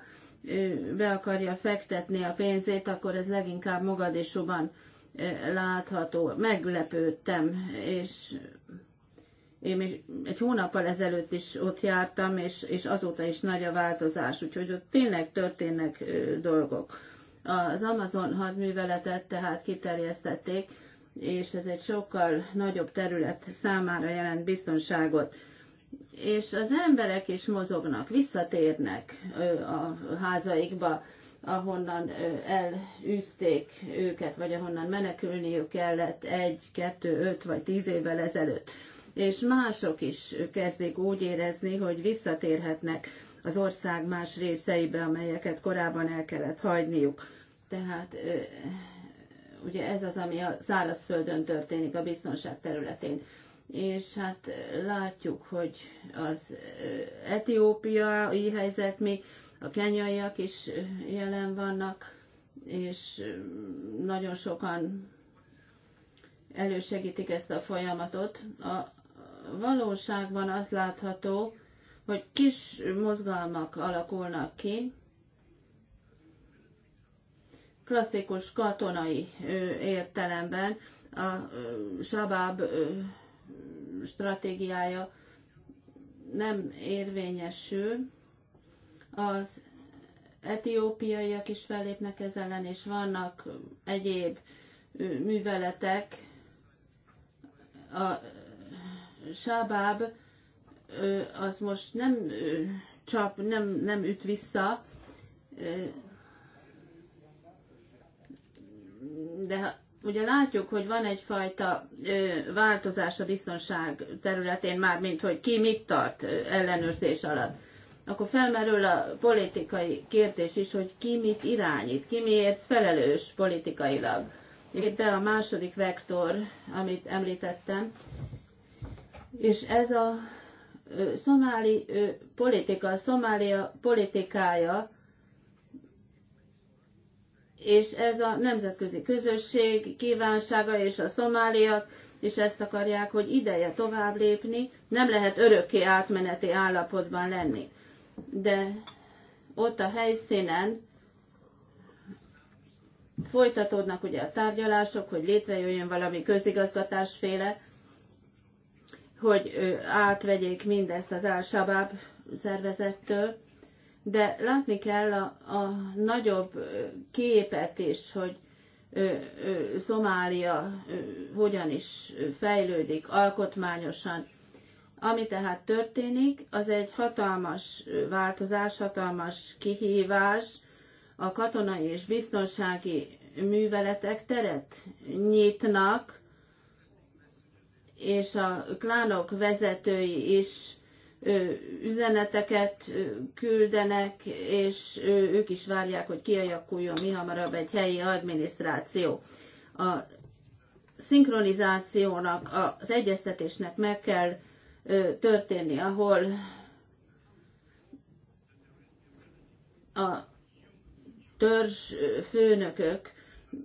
be akarja fektetni a pénzét, akkor ez leginkább Mogadisúban eh, látható. Meglepődtem, és én még egy hónappal ezelőtt is ott jártam, és, és azóta is nagy a változás, úgyhogy ott tényleg történnek eh, dolgok. Az Amazon hadműveletet tehát kiterjesztették, és ez egy sokkal nagyobb terület számára jelent biztonságot és az emberek is mozognak, visszatérnek a házaikba, ahonnan elűzték őket, vagy ahonnan menekülniük kellett egy, kettő, öt vagy tíz évvel ezelőtt. És mások is kezdik úgy érezni, hogy visszatérhetnek az ország más részeibe, amelyeket korábban el kellett hagyniuk. Tehát ugye ez az, ami a szárazföldön történik, a biztonság területén és hát látjuk, hogy az etiópiai helyzet még, a kenyaiak is jelen vannak, és nagyon sokan elősegítik ezt a folyamatot. A valóságban az látható, hogy kis mozgalmak alakulnak ki, klasszikus katonai értelemben, a sabáb stratégiája nem érvényesül. Az etiópiaiak is fellépnek ez ellen, és vannak egyéb műveletek. A sábáb az most nem csap, nem, nem üt vissza, de ugye látjuk, hogy van egyfajta változás a biztonság területén már, mint hogy ki mit tart ellenőrzés alatt, akkor felmerül a politikai kérdés is, hogy ki mit irányít, ki miért felelős politikailag. Éppen a második vektor, amit említettem, és ez a szomáli politika, a szomália politikája és ez a nemzetközi közösség kívánsága és a szomáliak, és ezt akarják, hogy ideje tovább lépni, nem lehet örökké átmeneti állapotban lenni. De ott a helyszínen folytatódnak ugye a tárgyalások, hogy létrejöjjön valami közigazgatásféle, hogy átvegyék mindezt az al szervezettől, de látni kell a, a nagyobb képet is, hogy ö, ö, Szomália ö, hogyan is fejlődik alkotmányosan. Ami tehát történik, az egy hatalmas változás, hatalmas kihívás, a katonai és biztonsági műveletek teret nyitnak, és a klánok vezetői is üzeneteket küldenek, és ők is várják, hogy kialakuljon mi hamarabb egy helyi adminisztráció. A szinkronizációnak, az egyeztetésnek meg kell történni, ahol a törzs főnökök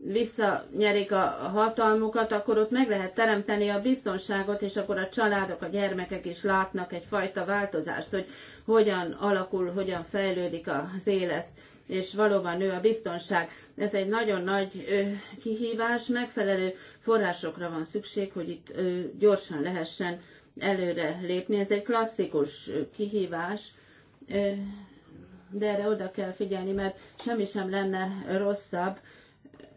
visszanyerik a hatalmukat, akkor ott meg lehet teremteni a biztonságot, és akkor a családok, a gyermekek is látnak egyfajta változást, hogy hogyan alakul, hogyan fejlődik az élet és valóban nő a biztonság. Ez egy nagyon nagy kihívás, megfelelő forrásokra van szükség, hogy itt gyorsan lehessen előre lépni. Ez egy klasszikus kihívás, de erre oda kell figyelni, mert semmi sem lenne rosszabb,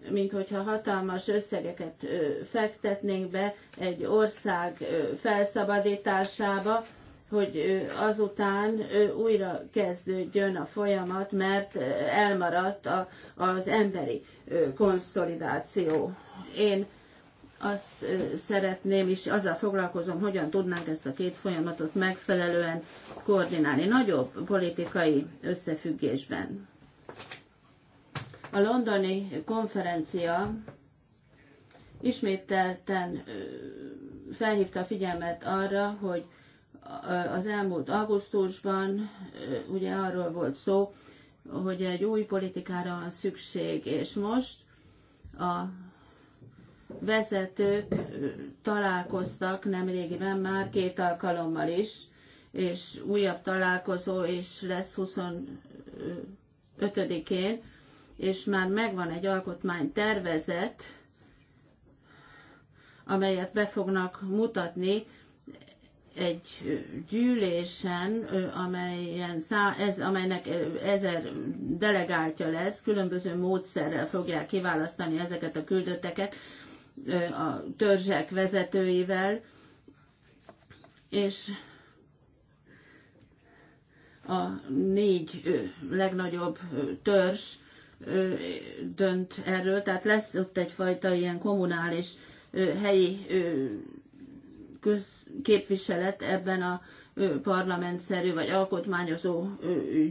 mint hogyha hatalmas összegeket fektetnénk be egy ország felszabadításába, hogy azután újra kezdődjön a folyamat, mert elmaradt a, az emberi konszolidáció. Én azt szeretném, és azzal foglalkozom, hogyan tudnánk ezt a két folyamatot megfelelően koordinálni, nagyobb politikai összefüggésben. A londoni konferencia ismételten felhívta a figyelmet arra, hogy az elmúlt augusztusban ugye arról volt szó, hogy egy új politikára van szükség, és most a vezetők találkoztak nemrégiben már két alkalommal is, és újabb találkozó is lesz 25-én, és már megvan egy alkotmány tervezet, amelyet be fognak mutatni egy gyűlésen, amelyen szá, ez, amelynek ezer delegáltja lesz, különböző módszerrel fogják kiválasztani ezeket a küldötteket a törzsek vezetőivel, és a négy legnagyobb törzs dönt erről, tehát lesz ott egyfajta ilyen kommunális helyi képviselet ebben a parlamentszerű vagy alkotmányozó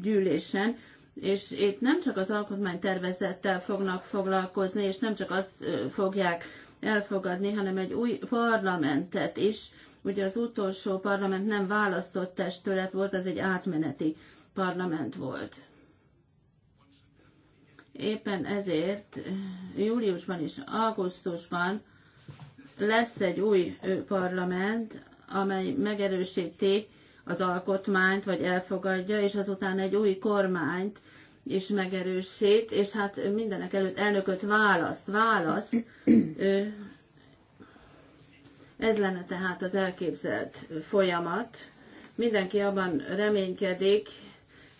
gyűlésen, és itt nem csak az alkotmánytervezettel fognak foglalkozni, és nem csak azt fogják elfogadni, hanem egy új parlamentet is. Ugye az utolsó parlament nem választott testület volt, az egy átmeneti parlament volt. Éppen ezért júliusban és augusztusban lesz egy új parlament, amely megerősíti az alkotmányt, vagy elfogadja, és azután egy új kormányt is megerősít, és hát mindenek előtt elnököt választ, választ. Ez lenne tehát az elképzelt folyamat. Mindenki abban reménykedik,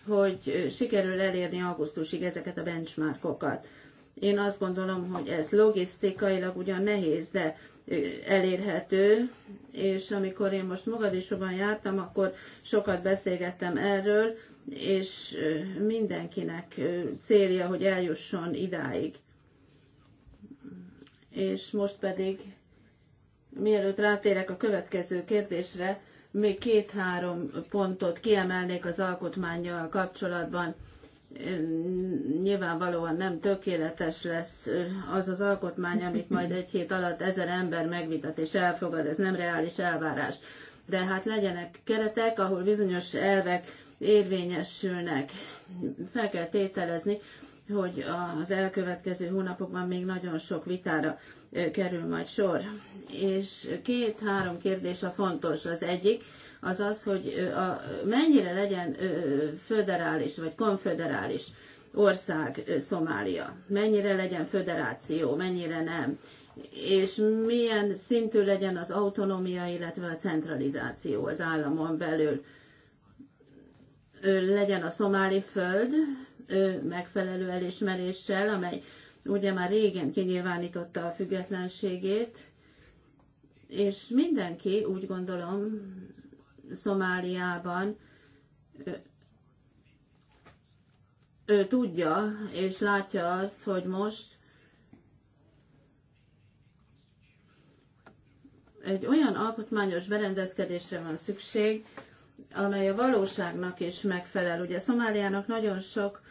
hogy sikerül elérni augusztusig ezeket a benchmarkokat. Én azt gondolom, hogy ez logisztikailag ugyan nehéz, de elérhető, és amikor én most Mogadisóban jártam, akkor sokat beszélgettem erről, és mindenkinek célja, hogy eljusson idáig. És most pedig, mielőtt rátérek a következő kérdésre, még két-három pontot kiemelnék az alkotmányjal kapcsolatban. Nyilvánvalóan nem tökéletes lesz az az alkotmány, amit majd egy hét alatt ezer ember megvitat és elfogad, ez nem reális elvárás. De hát legyenek keretek, ahol bizonyos elvek érvényesülnek. Fel kell tételezni, hogy az elkövetkező hónapokban még nagyon sok vitára kerül majd sor. És két-három kérdés a fontos. Az egyik, az az, hogy a, mennyire legyen föderális vagy konföderális ország Szomália, mennyire legyen föderáció, mennyire nem, és milyen szintű legyen az autonómia, illetve a centralizáció az államon belül. Legyen a szomáli föld, megfelelő elismeréssel, amely ugye már régen kinyilvánította a függetlenségét, és mindenki úgy gondolom Szomáliában ő tudja és látja azt, hogy most egy olyan alkotmányos berendezkedésre van szükség, amely a valóságnak is megfelel. Ugye Szomáliának nagyon sok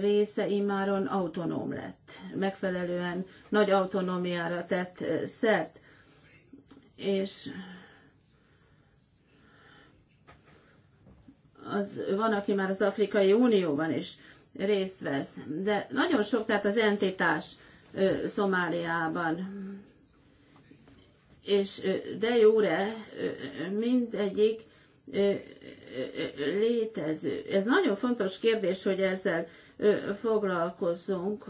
része immáron autonóm lett, megfelelően nagy autonómiára tett szert, és az, van, aki már az Afrikai Unióban is részt vesz, de nagyon sok, tehát az entitás Szomáliában. És de jóre mindegyik létező. Ez nagyon fontos kérdés, hogy ezzel foglalkozzunk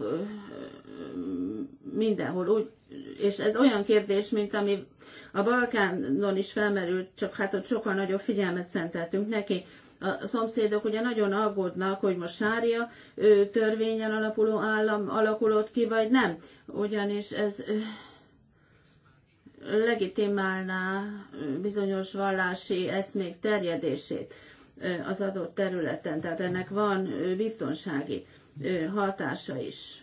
mindenhol. Úgy, és ez olyan kérdés, mint ami a Balkánon is felmerült, csak hát ott sokkal nagyobb figyelmet szenteltünk neki. A szomszédok ugye nagyon aggódnak, hogy most sária törvényen alapuló állam alakulott ki, vagy nem. Ugyanis ez legitimálná bizonyos vallási eszmék terjedését az adott területen. Tehát ennek van biztonsági hatása is.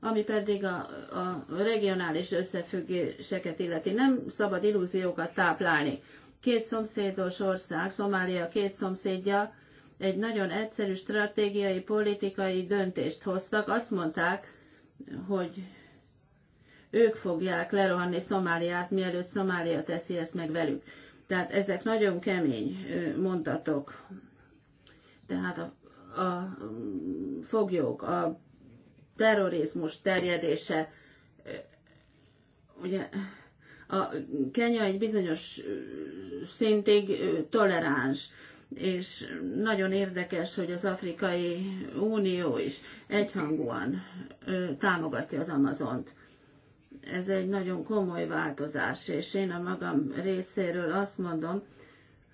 Ami pedig a, a regionális összefüggéseket illeti, nem szabad illúziókat táplálni. Két szomszédos ország, Szomália két szomszédja egy nagyon egyszerű stratégiai, politikai döntést hoztak. Azt mondták, hogy ők fogják lerohanni Szomáliát, mielőtt Szomália teszi ezt meg velük. Tehát ezek nagyon kemény mondatok. Tehát a, a foglyok, a terrorizmus terjedése, ugye a Kenya egy bizonyos szintig toleráns, és nagyon érdekes, hogy az Afrikai Unió is egyhangúan támogatja az Amazont ez egy nagyon komoly változás, és én a magam részéről azt mondom,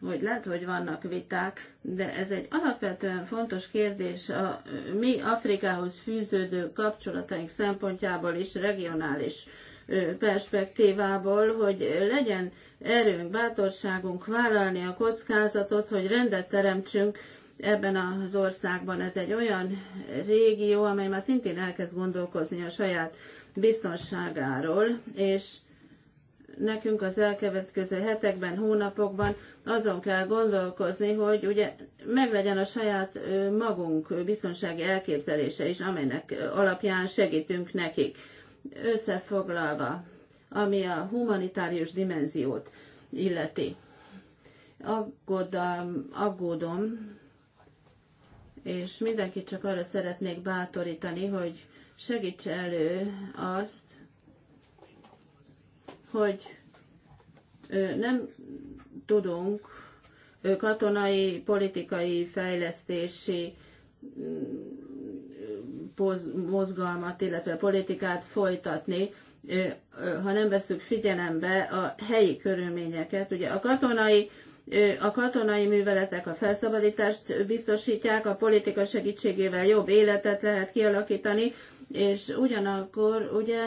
hogy lehet, hogy vannak viták, de ez egy alapvetően fontos kérdés a mi Afrikához fűződő kapcsolataink szempontjából is, regionális perspektívából, hogy legyen erőnk, bátorságunk vállalni a kockázatot, hogy rendet teremtsünk ebben az országban. Ez egy olyan régió, amely már szintén elkezd gondolkozni a saját biztonságáról, és nekünk az elkövetkező hetekben, hónapokban azon kell gondolkozni, hogy ugye meglegyen a saját magunk biztonsági elképzelése is, amelynek alapján segítünk nekik. Összefoglalva, ami a humanitárius dimenziót illeti. Aggódom, aggódom, és mindenkit csak arra szeretnék bátorítani, hogy segíts elő azt, hogy nem tudunk katonai, politikai, fejlesztési mm, mozgalmat, illetve politikát folytatni, ha nem veszük figyelembe a helyi körülményeket. Ugye a katonai a katonai műveletek a felszabadítást biztosítják, a politika segítségével jobb életet lehet kialakítani, és ugyanakkor ugye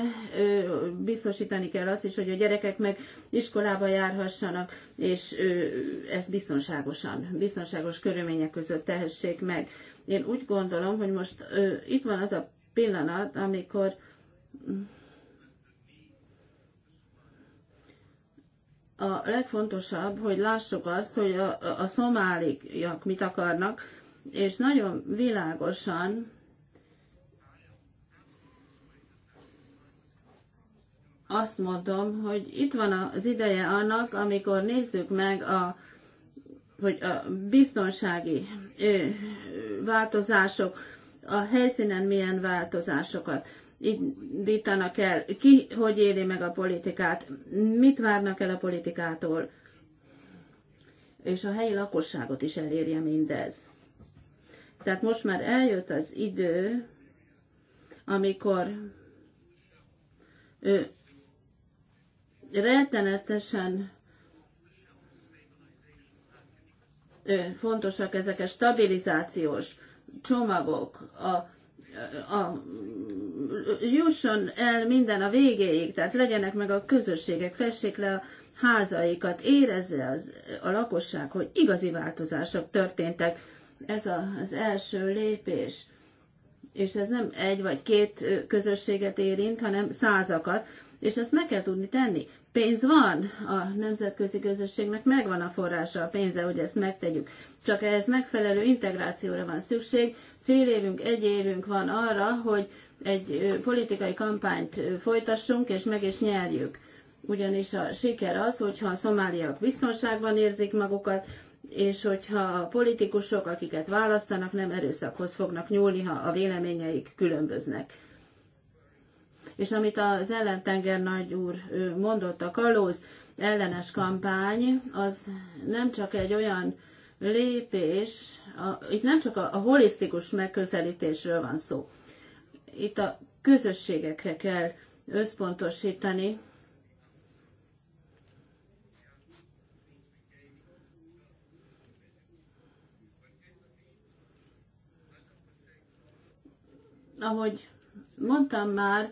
biztosítani kell azt is, hogy a gyerekek meg iskolába járhassanak, és ezt biztonságosan, biztonságos körülmények között tehessék meg. Én úgy gondolom, hogy most itt van az a pillanat, amikor a legfontosabb, hogy lássuk azt, hogy a, a szomáliak mit akarnak, és nagyon világosan azt mondom, hogy itt van az ideje annak, amikor nézzük meg a hogy a biztonsági változások, a helyszínen milyen változásokat indítanak el, ki hogy éli meg a politikát, mit várnak el a politikától, és a helyi lakosságot is elérje mindez. Tehát most már eljött az idő, amikor rettenetesen fontosak ezek a stabilizációs csomagok, a, a, jusson el minden a végéig, tehát legyenek meg a közösségek, fessék le a házaikat, érezze az, a lakosság, hogy igazi változások történtek. Ez a, az első lépés. És ez nem egy vagy két közösséget érint, hanem százakat, és ezt meg kell tudni tenni pénz van, a nemzetközi közösségnek megvan a forrása, a pénze, hogy ezt megtegyük. Csak ehhez megfelelő integrációra van szükség. Fél évünk, egy évünk van arra, hogy egy politikai kampányt folytassunk, és meg is nyerjük. Ugyanis a siker az, hogyha a szomáliak biztonságban érzik magukat, és hogyha a politikusok, akiket választanak, nem erőszakhoz fognak nyúlni, ha a véleményeik különböznek és amit az ellentenger nagy úr mondott, a kalóz ellenes kampány, az nem csak egy olyan lépés, a, itt nem csak a, a holisztikus megközelítésről van szó. Itt a közösségekre kell összpontosítani, ahogy mondtam már,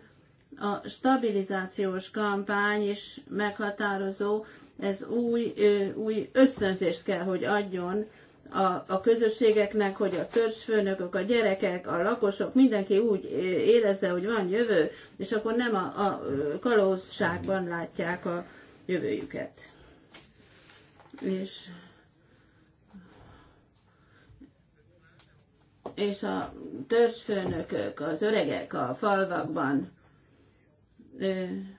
a stabilizációs kampány is meghatározó, ez új, új ösztönzést kell, hogy adjon a, a közösségeknek, hogy a törzsfőnökök, a gyerekek, a lakosok, mindenki úgy érezze, hogy van jövő, és akkor nem a, a kalózságban látják a jövőjüket. És, és a törzsfőnökök, az öregek a falvakban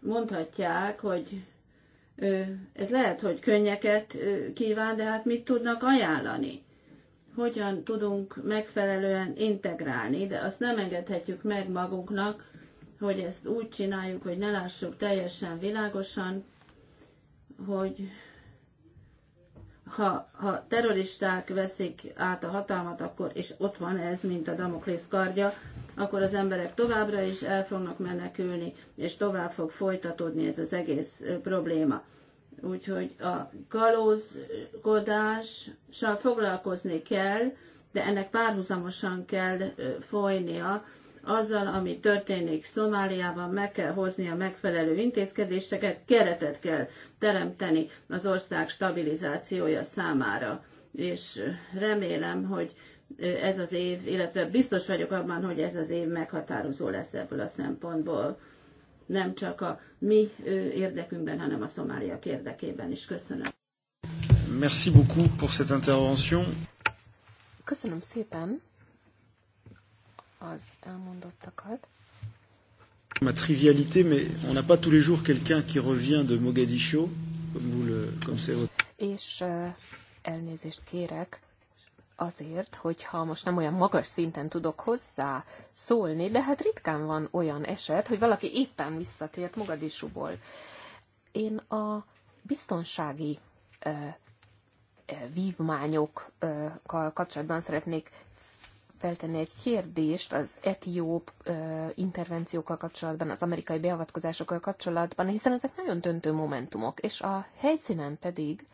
mondhatják, hogy ez lehet, hogy könnyeket kíván, de hát mit tudnak ajánlani? Hogyan tudunk megfelelően integrálni, de azt nem engedhetjük meg magunknak, hogy ezt úgy csináljuk, hogy ne lássuk teljesen világosan, hogy ha, ha terroristák veszik át a hatalmat, akkor, és ott van ez, mint a Damoklész kardja, akkor az emberek továbbra is el fognak menekülni, és tovább fog folytatódni ez az egész probléma. Úgyhogy a kalózkodással foglalkozni kell, de ennek párhuzamosan kell folynia azzal, ami történik Szomáliában, meg kell hozni a megfelelő intézkedéseket, keretet kell teremteni az ország stabilizációja számára. És remélem, hogy ez az év, illetve biztos vagyok abban, hogy ez az év meghatározó lesz ebből a szempontból. Nem csak a mi érdekünkben, hanem a szomáliak érdekében is. Köszönöm. Merci beaucoup pour cette intervention. Köszönöm szépen az elmondottakat. Ma trivialité, mais on n'a pas tous les jours quelqu'un qui revient de Mogadiscio, comme vous le, comme c'est votre... És uh, elnézést kérek azért, hogyha most nem olyan magas szinten tudok hozzá szólni, de hát ritkán van olyan eset, hogy valaki éppen visszatért Mogadisúból. Én a biztonsági uh, vívmányokkal kapcsolatban szeretnék feltenni egy kérdést az etióp intervenciókkal kapcsolatban, az amerikai beavatkozásokkal kapcsolatban, hiszen ezek nagyon döntő momentumok, és a helyszínen pedig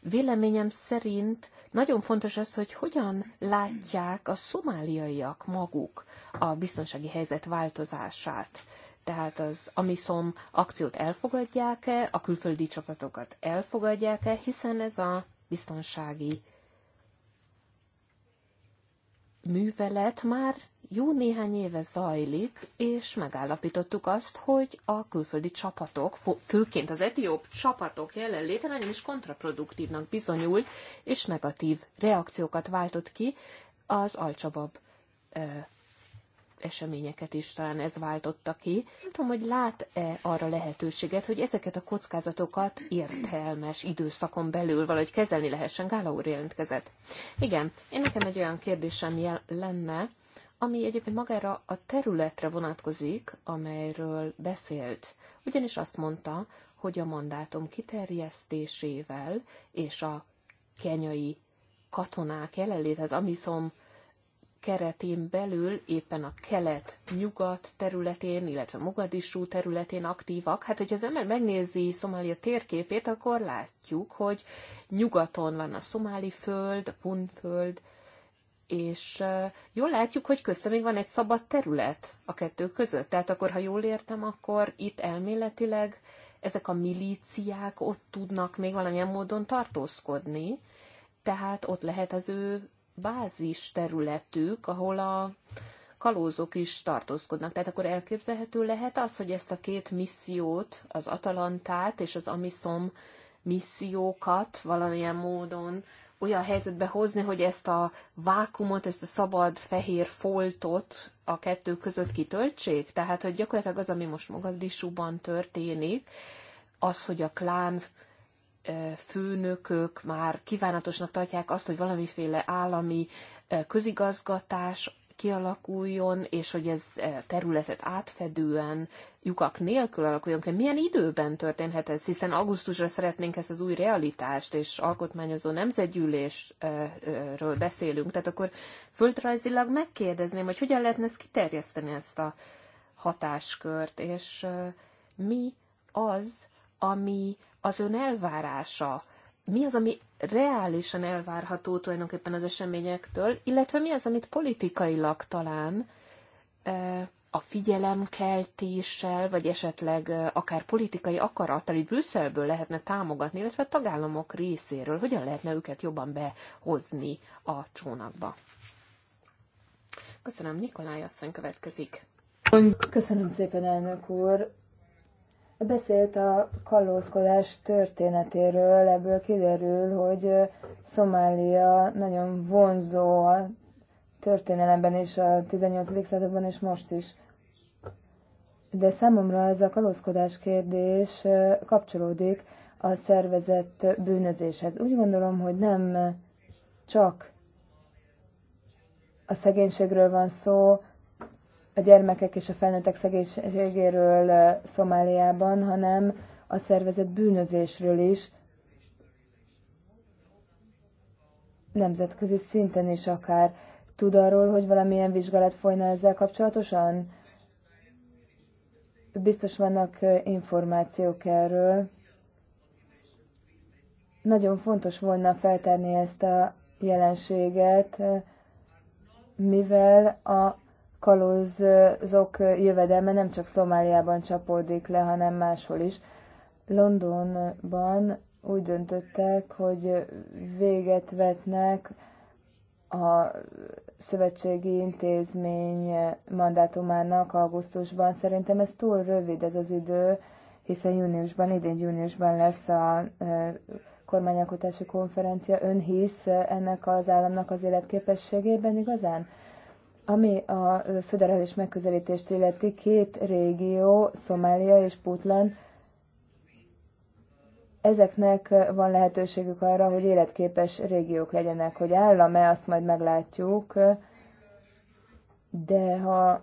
véleményem szerint nagyon fontos az, hogy hogyan látják a szomáliaiak maguk a biztonsági helyzet változását. Tehát az Amisom akciót elfogadják-e, a külföldi csapatokat elfogadják-e, hiszen ez a biztonsági művelet már jó néhány éve zajlik, és megállapítottuk azt, hogy a külföldi csapatok, főként az etióp csapatok jelenléte nagyon is kontraproduktívnak bizonyult, és negatív reakciókat váltott ki az Alcsabab eseményeket is talán ez váltotta ki. Nem tudom, hogy lát-e arra lehetőséget, hogy ezeket a kockázatokat értelmes időszakon belül valahogy kezelni lehessen. Gála úr jelentkezett. Igen, én nekem egy olyan kérdésem jel- lenne, ami egyébként magára a területre vonatkozik, amelyről beszélt. Ugyanis azt mondta, hogy a mandátum kiterjesztésével és a kenyai katonák jelenlét az Amisom keretén belül éppen a kelet-nyugat területén, illetve Mogadisú területén aktívak. Hát, hogyha az ember megnézi Szomália térképét, akkor látjuk, hogy nyugaton van a szomáli föld, a punföld, és jól látjuk, hogy köztem még van egy szabad terület a kettő között. Tehát akkor, ha jól értem, akkor itt elméletileg ezek a milíciák ott tudnak még valamilyen módon tartózkodni, tehát ott lehet az ő bázis területük, ahol a kalózok is tartózkodnak. Tehát akkor elképzelhető lehet az, hogy ezt a két missziót, az Atalantát és az Amisom missziókat valamilyen módon olyan helyzetbe hozni, hogy ezt a vákumot, ezt a szabad fehér foltot a kettő között kitöltsék? Tehát, hogy gyakorlatilag az, ami most Mogadisúban történik, az, hogy a klán főnökök már kívánatosnak tartják azt, hogy valamiféle állami közigazgatás kialakuljon, és hogy ez területet átfedően, lyukak nélkül alakuljon Milyen időben történhet ez? Hiszen augusztusra szeretnénk ezt az új realitást, és alkotmányozó nemzetgyűlésről beszélünk. Tehát akkor földrajzilag megkérdezném, hogy hogyan lehetne ezt kiterjeszteni, ezt a hatáskört, és mi az, ami az ön elvárása? Mi az, ami reálisan elvárható tulajdonképpen az eseményektől, illetve mi az, amit politikailag talán a figyelemkeltéssel, vagy esetleg akár politikai akarattal itt Brüsszelből lehetne támogatni, illetve a tagállamok részéről, hogyan lehetne őket jobban behozni a csónakba. Köszönöm, Nikolaj asszony következik. Köszönöm szépen, elnök úr. Beszélt a kalózkodás történetéről, ebből kiderül, hogy Szomália nagyon vonzó a történelemben és a 18. században és most is. De számomra ez a kalózkodás kérdés kapcsolódik a szervezett bűnözéshez. Úgy gondolom, hogy nem csak a szegénységről van szó, a gyermekek és a felnőttek szegénységéről eh, Szomáliában, hanem a szervezet bűnözésről is, nemzetközi szinten is akár. Tud arról, hogy valamilyen vizsgálat folyna ezzel kapcsolatosan? Biztos vannak eh, információk erről. Nagyon fontos volna feltárni ezt a jelenséget, eh, mivel a kalózok jövedelme nem csak Szomáliában csapódik le, hanem máshol is. Londonban úgy döntöttek, hogy véget vetnek a szövetségi intézmény mandátumának augusztusban. Szerintem ez túl rövid ez az idő, hiszen júniusban, idén júniusban lesz a e, kormányalkotási konferencia. Ön hisz ennek az államnak az életképességében igazán? Ami a föderális megközelítést illeti, két régió, Szomália és Putland, ezeknek van lehetőségük arra, hogy életképes régiók legyenek, hogy állam-e, azt majd meglátjuk, de ha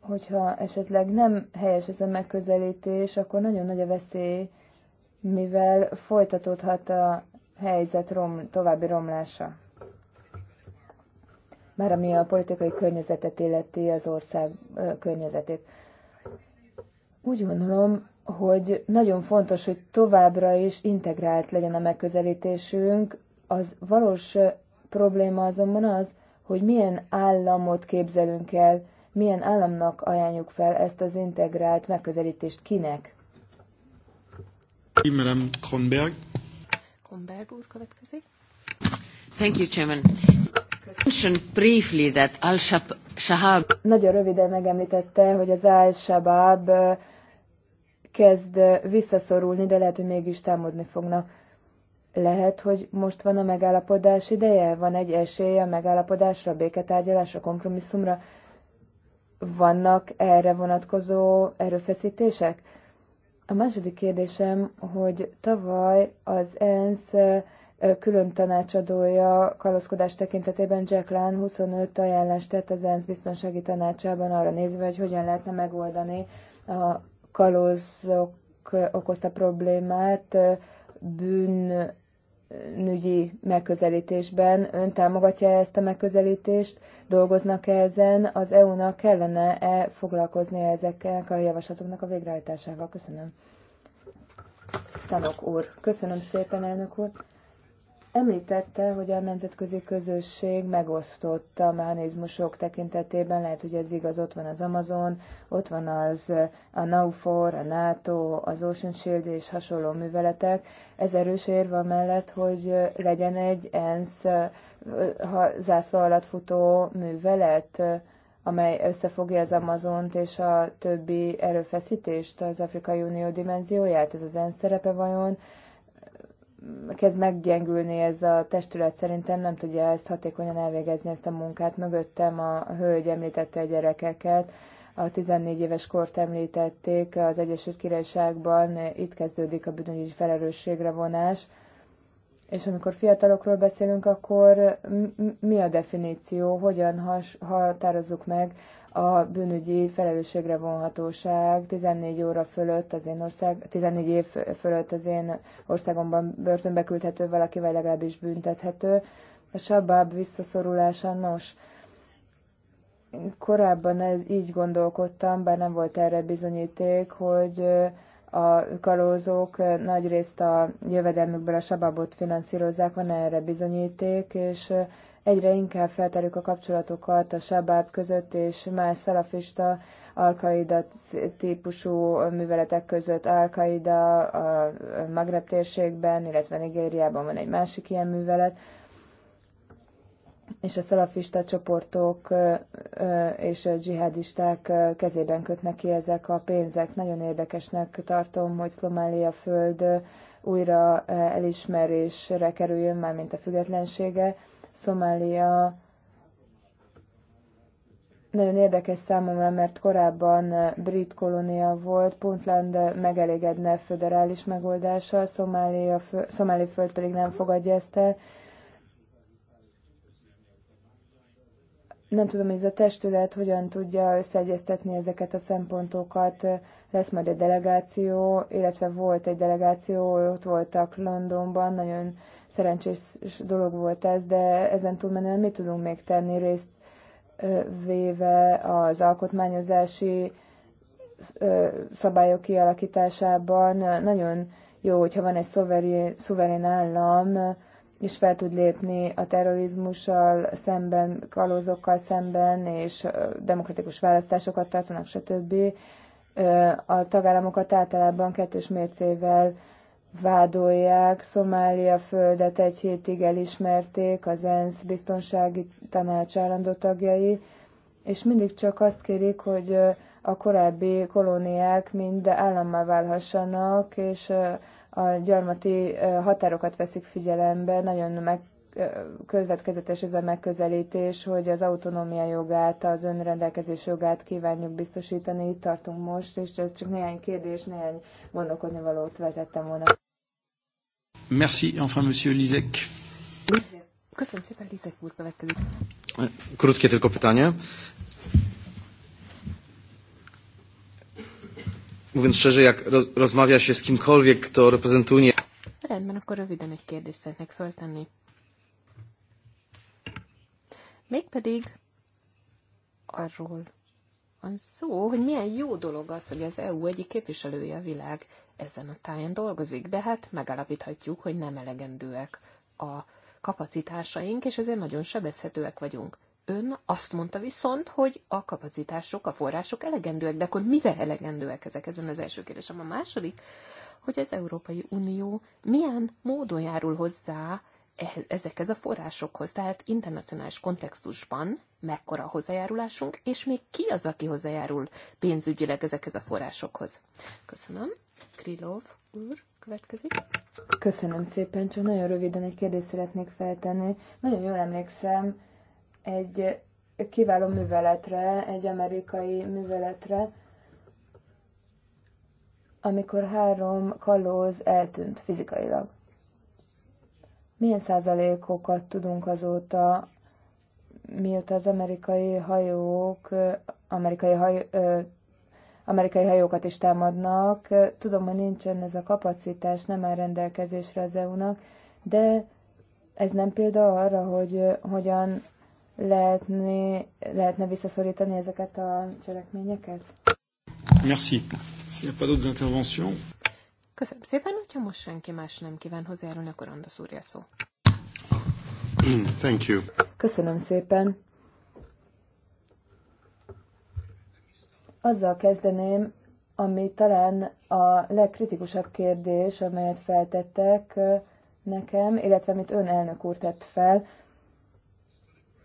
hogyha esetleg nem helyes ez a megközelítés, akkor nagyon nagy a veszély, mivel folytatódhat a helyzet rom, további romlása már ami a politikai környezetet illeti az ország környezetét. Úgy gondolom, hogy nagyon fontos, hogy továbbra is integrált legyen a megközelítésünk. Az valós probléma azonban az, hogy milyen államot képzelünk el, milyen államnak ajánljuk fel ezt az integrált megközelítést kinek. Madame Kronberg. Kronberg úr következik. Thank you, Chairman. Nagyon röviden megemlítette, hogy az Al-Shabaab kezd visszaszorulni, de lehet, hogy mégis támadni fognak. Lehet, hogy most van a megállapodás ideje? Van egy esély a megállapodásra, a béketárgyalásra, kompromisszumra? Vannak erre vonatkozó erőfeszítések? A második kérdésem, hogy tavaly az ENSZ külön tanácsadója kalózkodás tekintetében Jack Lán 25 ajánlást tett az ENSZ biztonsági tanácsában arra nézve, hogy hogyan lehetne megoldani a kalózok okozta problémát bűnügyi megközelítésben. Ön támogatja -e ezt a megközelítést? Dolgoznak -e ezen? Az EU-nak kellene-e foglalkoznia ezekkel a javaslatoknak a végrehajtásával? Köszönöm. Tanok úr. Köszönöm szépen, elnök úr. Említette, hogy a nemzetközi közösség megosztotta a mechanizmusok tekintetében, lehet, hogy ez igaz, ott van az Amazon, ott van az a NAUFOR, a NATO, az Ocean Shield és hasonló műveletek. Ez erős érve mellett, hogy legyen egy ENSZ ha zászló alatt futó művelet, amely összefogja az Amazont és a többi erőfeszítést, az Afrikai Unió dimenzióját, ez az ENSZ szerepe vajon, kezd meggyengülni ez a testület, szerintem nem tudja ezt hatékonyan elvégezni ezt a munkát. Mögöttem a hölgy említette a gyerekeket, a 14 éves kort említették, az Egyesült Királyságban itt kezdődik a bűnügyi felelősségre vonás, és amikor fiatalokról beszélünk, akkor mi a definíció, hogyan has, határozzuk meg a bűnügyi felelősségre vonhatóság 14 óra fölött az én ország, 14 év fölött az én országomban börtönbe küldhető valaki, vagy legalábbis büntethető. A sabáb visszaszorulása, nos, korábban ez, így gondolkodtam, bár nem volt erre bizonyíték, hogy a kalózók nagyrészt a jövedelmükből a sababot finanszírozzák, van erre bizonyíték, és egyre inkább feltárjuk a kapcsolatokat a Sabáb között és más szalafista alkaida típusú műveletek között alkaida a Magreb térségben, illetve Nigériában van egy másik ilyen művelet, és a szalafista csoportok és a dzsihadisták kezében kötnek ki ezek a pénzek. Nagyon érdekesnek tartom, hogy Szlomália föld újra elismerésre kerüljön, már mint a függetlensége, Szomália nagyon érdekes számomra, mert korábban brit kolónia volt, Puntland megelégedne föderális megoldással, Szomália, Szomália föld pedig nem fogadja ezt el. Nem tudom, hogy ez a testület hogyan tudja összeegyeztetni ezeket a szempontokat. Lesz majd egy delegáció, illetve volt egy delegáció, ott voltak Londonban, nagyon Szerencsés dolog volt ez, de ezen túlmenően mit tudunk még tenni részt véve az alkotmányozási szabályok kialakításában. Nagyon jó, hogyha van egy szuverén, szuverén állam, és fel tud lépni a terrorizmussal szemben, kalózokkal szemben, és demokratikus választásokat tartanak, stb. A tagállamokat általában kettős mércével vádolják. Szomália földet egy hétig elismerték az ENSZ biztonsági tanács állandó tagjai, és mindig csak azt kérik, hogy a korábbi kolóniák mind állammá válhassanak, és a gyarmati határokat veszik figyelembe, nagyon meg következetes ez a megközelítés, hogy az autonómia jogát, az önrendelkezés jogát kívánjuk biztosítani, itt tartunk most, és ez csak néhány kérdés, néhány gondolkodni valót vetettem volna. Merci, enfin, monsieur Lizek. Köszönöm szépen, Lizek úr következik. Krótkie tylko pytanie. Mówiąc szczerze, jak roz, rozmawia się z kimkolwiek, kto reprezentuje... Rendben, akkor röviden egy kérdést szeretnék föltenni. Mégpedig arról van szó, hogy milyen jó dolog az, hogy az EU egyik képviselője a világ ezen a táján dolgozik, de hát megállapíthatjuk, hogy nem elegendőek a kapacitásaink, és ezért nagyon sebezhetőek vagyunk. Ön azt mondta viszont, hogy a kapacitások, a források elegendőek, de akkor mire elegendőek ezek? Ez az első kérdésem. A második, hogy az Európai Unió milyen módon járul hozzá Eh, ezekhez a forrásokhoz, tehát internacionális kontextusban mekkora a hozzájárulásunk, és még ki az, aki hozzájárul pénzügyileg ezekhez a forrásokhoz. Köszönöm. Krilov úr következik. Köszönöm szépen, csak nagyon röviden egy kérdést szeretnék feltenni. Nagyon jól emlékszem egy kiváló műveletre, egy amerikai műveletre, amikor három kalóz eltűnt fizikailag milyen százalékokat tudunk azóta, mióta az amerikai hajók, amerikai, haj, amerikai hajókat is támadnak? Tudom, hogy nincsen ez a kapacitás, nem áll rendelkezésre az EU-nak, de ez nem példa arra, hogy hogyan lehetne, lehetne visszaszorítani ezeket a cselekményeket? Merci. S'il n'y a pas d'autres interventions. Köszönöm szépen, hogyha most senki más nem kíván hozzájárulni, akkor Andasz úrja szó. Thank you. Köszönöm szépen. Azzal kezdeném, ami talán a legkritikusabb kérdés, amelyet feltettek nekem, illetve amit ön elnök úr tett fel,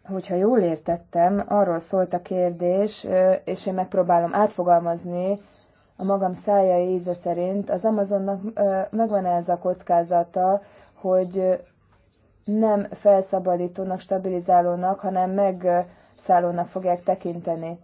hogyha jól értettem, arról szólt a kérdés, és én megpróbálom átfogalmazni a magam szája íze szerint, az Amazonnak megvan ez a kockázata, hogy nem felszabadítónak, stabilizálónak, hanem megszállónak fogják tekinteni.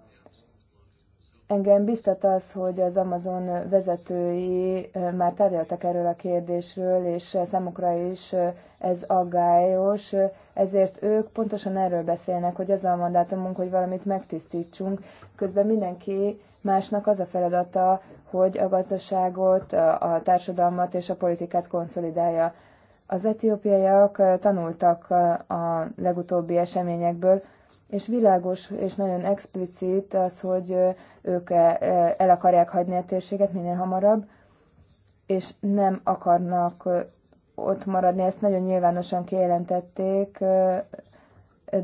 Engem biztat az, hogy az Amazon vezetői már tárgyaltak erről a kérdésről, és számukra is ez aggályos, ezért ők pontosan erről beszélnek, hogy az a mandátumunk, hogy valamit megtisztítsunk. Közben mindenki másnak az a feladata, hogy a gazdaságot, a társadalmat és a politikát konszolidálja. Az etiópiaiak tanultak a legutóbbi eseményekből, és világos és nagyon explicit az, hogy ők el akarják hagyni a térséget minél hamarabb, és nem akarnak ott maradni. Ezt nagyon nyilvánosan kijelentették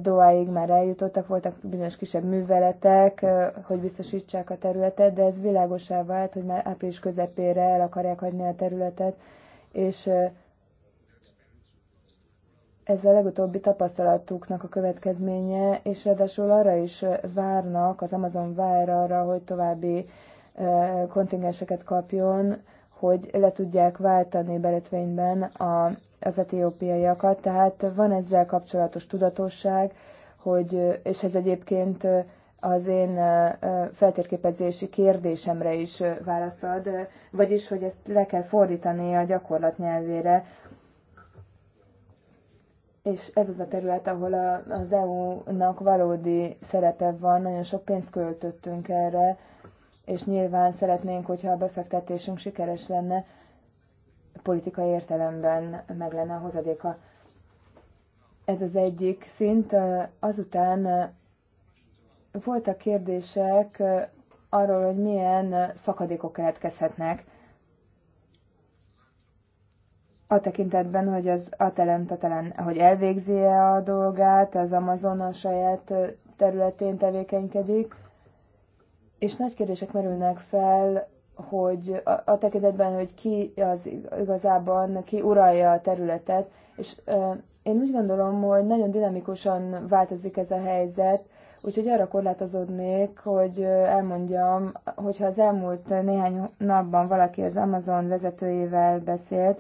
Doáig már eljutottak, voltak bizonyos kisebb műveletek, hogy biztosítsák a területet, de ez világosá vált, hogy már április közepére el akarják hagyni a területet, és ez a legutóbbi tapasztalatuknak a következménye, és ráadásul arra is várnak, az Amazon vár arra, hogy további kontingenseket kapjon, hogy le tudják váltani Beletvényben a, az etiópiaiakat. Tehát van ezzel kapcsolatos tudatosság, hogy, és ez egyébként az én feltérképezési kérdésemre is választ ad, vagyis, hogy ezt le kell fordítani a gyakorlat nyelvére, és ez az a terület, ahol az EU-nak valódi szerepe van, nagyon sok pénzt költöttünk erre, és nyilván szeretnénk, hogyha a befektetésünk sikeres lenne, politikai értelemben meg lenne a hozadéka. Ez az egyik szint. Azután voltak kérdések arról, hogy milyen szakadékok keletkezhetnek a tekintetben, hogy az Atalanta talán, hogy elvégzi -e a dolgát, az Amazon a saját területén tevékenykedik, és nagy kérdések merülnek fel, hogy a, a tekintetben, hogy ki az igazában, ki uralja a területet, és ö, én úgy gondolom, hogy nagyon dinamikusan változik ez a helyzet, úgyhogy arra korlátozódnék, hogy elmondjam, hogyha az elmúlt néhány napban valaki az Amazon vezetőjével beszélt,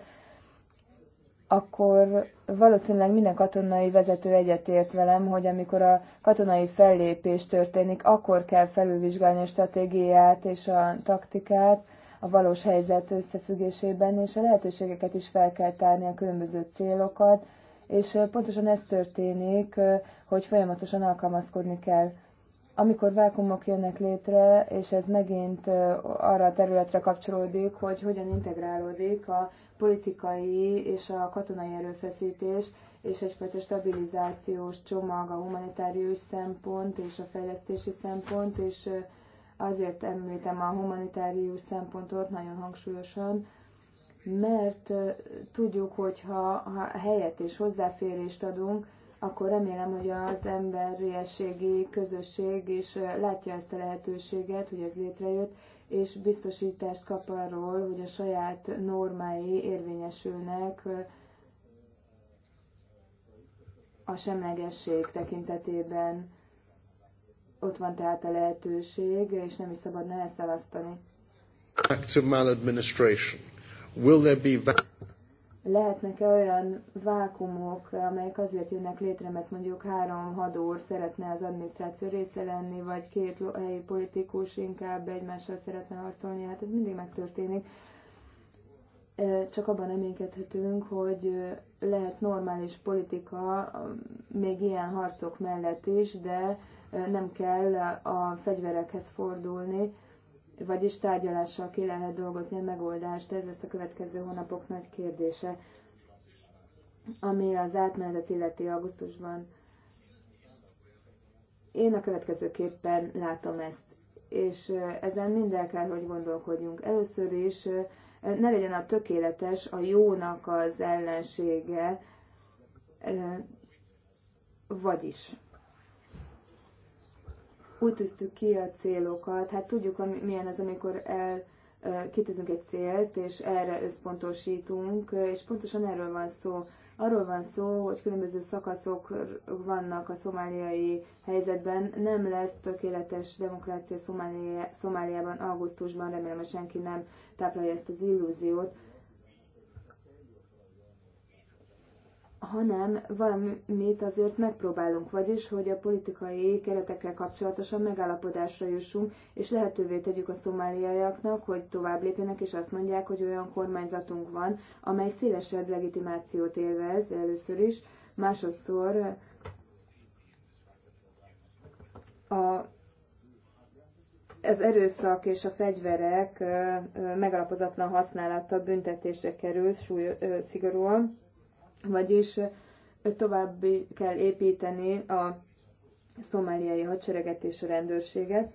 akkor valószínűleg minden katonai vezető egyetért velem, hogy amikor a katonai fellépés történik, akkor kell felülvizsgálni a stratégiát és a taktikát a valós helyzet összefüggésében, és a lehetőségeket is fel kell tárni, a különböző célokat, és pontosan ez történik, hogy folyamatosan alkalmazkodni kell. Amikor vákumok jönnek létre, és ez megint arra a területre kapcsolódik, hogy hogyan integrálódik a politikai és a katonai erőfeszítés, és egyfajta stabilizációs csomag, a humanitárius szempont és a fejlesztési szempont, és azért említem a humanitárius szempontot nagyon hangsúlyosan, mert tudjuk, hogy ha, ha helyet és hozzáférést adunk, akkor remélem, hogy az emberiességi közösség is látja ezt a lehetőséget, hogy ez létrejött, és biztosítást kap arról, hogy a saját normái érvényesülnek a semlegesség tekintetében. Ott van tehát a lehetőség, és nem is szabadna elasztani. Active maladministration. Will there be lehetnek-e olyan vákumok, amelyek azért jönnek létre, mert mondjuk három hadúr szeretne az adminisztráció része lenni, vagy két helyi politikus inkább egymással szeretne harcolni, hát ez mindig megtörténik. Csak abban reménykedhetünk, hogy lehet normális politika um, még ilyen harcok mellett is, de nem kell a fegyverekhez fordulni, vagyis tárgyalással ki lehet dolgozni a megoldást. Ez lesz a következő hónapok nagy kérdése, ami az átmenetet illeti augusztusban. Én a következőképpen látom ezt, és ezen minden kell, hogy gondolkodjunk. Először is ne legyen a tökéletes, a jónak az ellensége, vagyis úgy tűztük ki a célokat, hát tudjuk, milyen az, amikor el kitűzünk egy célt, és erre összpontosítunk, és pontosan erről van szó. Arról van szó, hogy különböző szakaszok vannak a szomáliai helyzetben. Nem lesz tökéletes demokrácia Szomáliában augusztusban, remélem, hogy senki nem táplálja ezt az illúziót, hanem valamit azért megpróbálunk, vagyis, hogy a politikai keretekkel kapcsolatosan megállapodásra jussunk, és lehetővé tegyük a szomáliaiaknak, hogy tovább lépjenek, és azt mondják, hogy olyan kormányzatunk van, amely szélesebb legitimációt élvez először is, másodszor a az erőszak és a fegyverek megalapozatlan használata büntetése kerül súly, szigorúan vagyis tovább kell építeni a szomáliai hadsereget és a rendőrséget,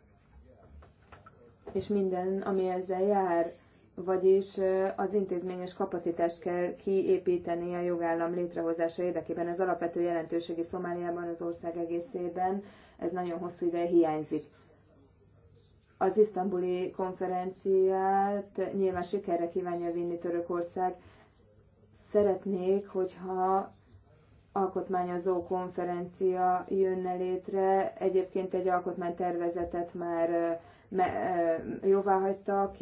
és minden, ami ezzel jár, vagyis az intézményes kapacitást kell kiépíteni a jogállam létrehozása érdekében. Ez alapvető jelentőségi Szomáliában, az ország egészében, ez nagyon hosszú ideje hiányzik. Az isztambuli konferenciát nyilván sikerre kívánja vinni Törökország, Szeretnék, hogyha alkotmányozó konferencia jönne létre. Egyébként egy alkotmánytervezetet már jóvá hagytak,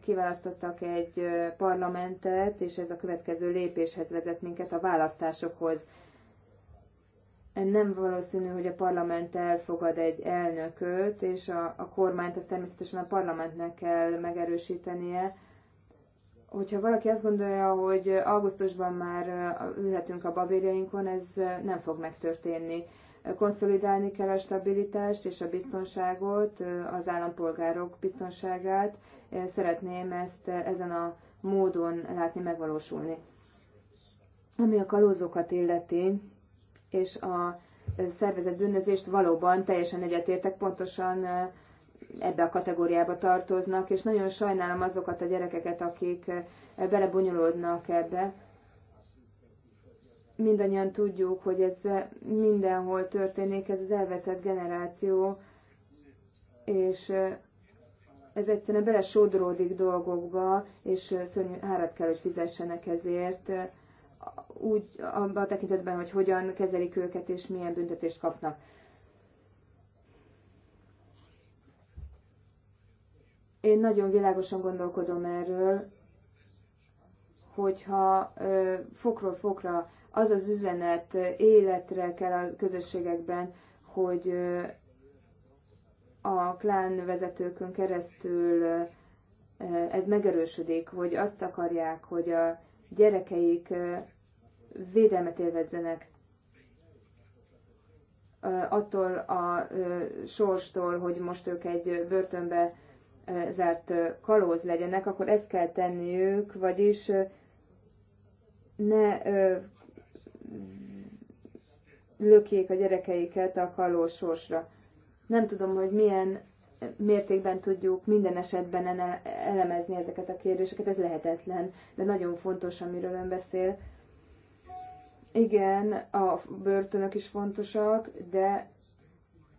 kiválasztottak egy parlamentet, és ez a következő lépéshez vezet minket a választásokhoz. Nem valószínű, hogy a parlament elfogad egy elnököt, és a, a kormányt azt természetesen a parlamentnek kell megerősítenie, hogyha valaki azt gondolja, hogy augusztusban már ülhetünk a babérjainkon, ez nem fog megtörténni. Konszolidálni kell a stabilitást és a biztonságot, az állampolgárok biztonságát. Szeretném ezt ezen a módon látni megvalósulni. Ami a kalózokat illeti, és a szervezett bűnözést valóban teljesen egyetértek, pontosan ebbe a kategóriába tartoznak, és nagyon sajnálom azokat a gyerekeket, akik eh, belebonyolódnak ebbe. Mindannyian tudjuk, hogy ez eh, mindenhol történik, ez az elveszett generáció, és eh, ez egyszerűen bele sodródik dolgokba, és szörnyű árat kell, hogy fizessenek ezért, úgy abban a tekintetben, hogy hogyan kezelik őket, és milyen büntetést kapnak. Én nagyon világosan gondolkodom erről, hogyha ö, fokról fokra az az üzenet életre kell a közösségekben, hogy ö, a klán vezetőkön keresztül ö, ez megerősödik, hogy azt akarják, hogy a gyerekeik ö, védelmet élvezzenek attól a sorstól, hogy most ők egy börtönbe zárt kalóz legyenek, akkor ezt kell tenniük, vagyis ne lökjék a gyerekeiket a kalóz sorsra. Nem tudom, hogy milyen mértékben tudjuk minden esetben elemezni ezeket a kérdéseket, ez lehetetlen, de nagyon fontos, amiről ön beszél. Igen, a börtönök is fontosak, de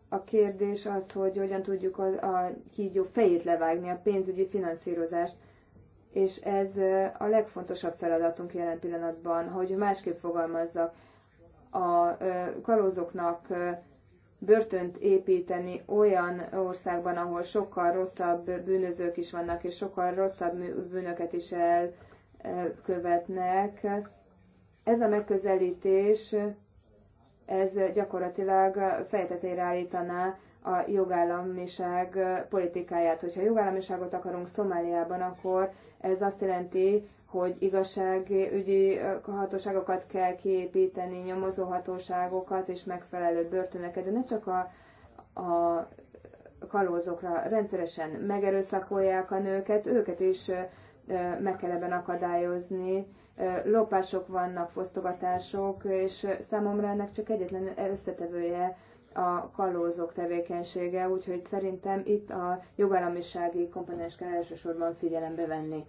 a kérdés az, hogy hogyan tudjuk a, a kígyó fejét levágni, a pénzügyi finanszírozást, és ez a legfontosabb feladatunk jelen pillanatban, hogy másképp fogalmazzak, a kalózoknak börtönt építeni olyan országban, ahol sokkal rosszabb bűnözők is vannak, és sokkal rosszabb bűnöket is elkövetnek. Ez a megközelítés ez gyakorlatilag fejtetére állítaná a jogállamiság politikáját. Hogyha jogállamiságot akarunk Szomáliában, akkor ez azt jelenti, hogy igazságügyi hatóságokat kell kiépíteni, nyomozóhatóságokat és megfelelő börtönöket, de ne csak a, a kalózokra rendszeresen megerőszakolják a nőket, őket is meg kell ebben akadályozni, lopások vannak, fosztogatások, és számomra ennek csak egyetlen összetevője a kalózok tevékenysége, úgyhogy szerintem itt a jogállamisági komponens kell elsősorban figyelembe venni.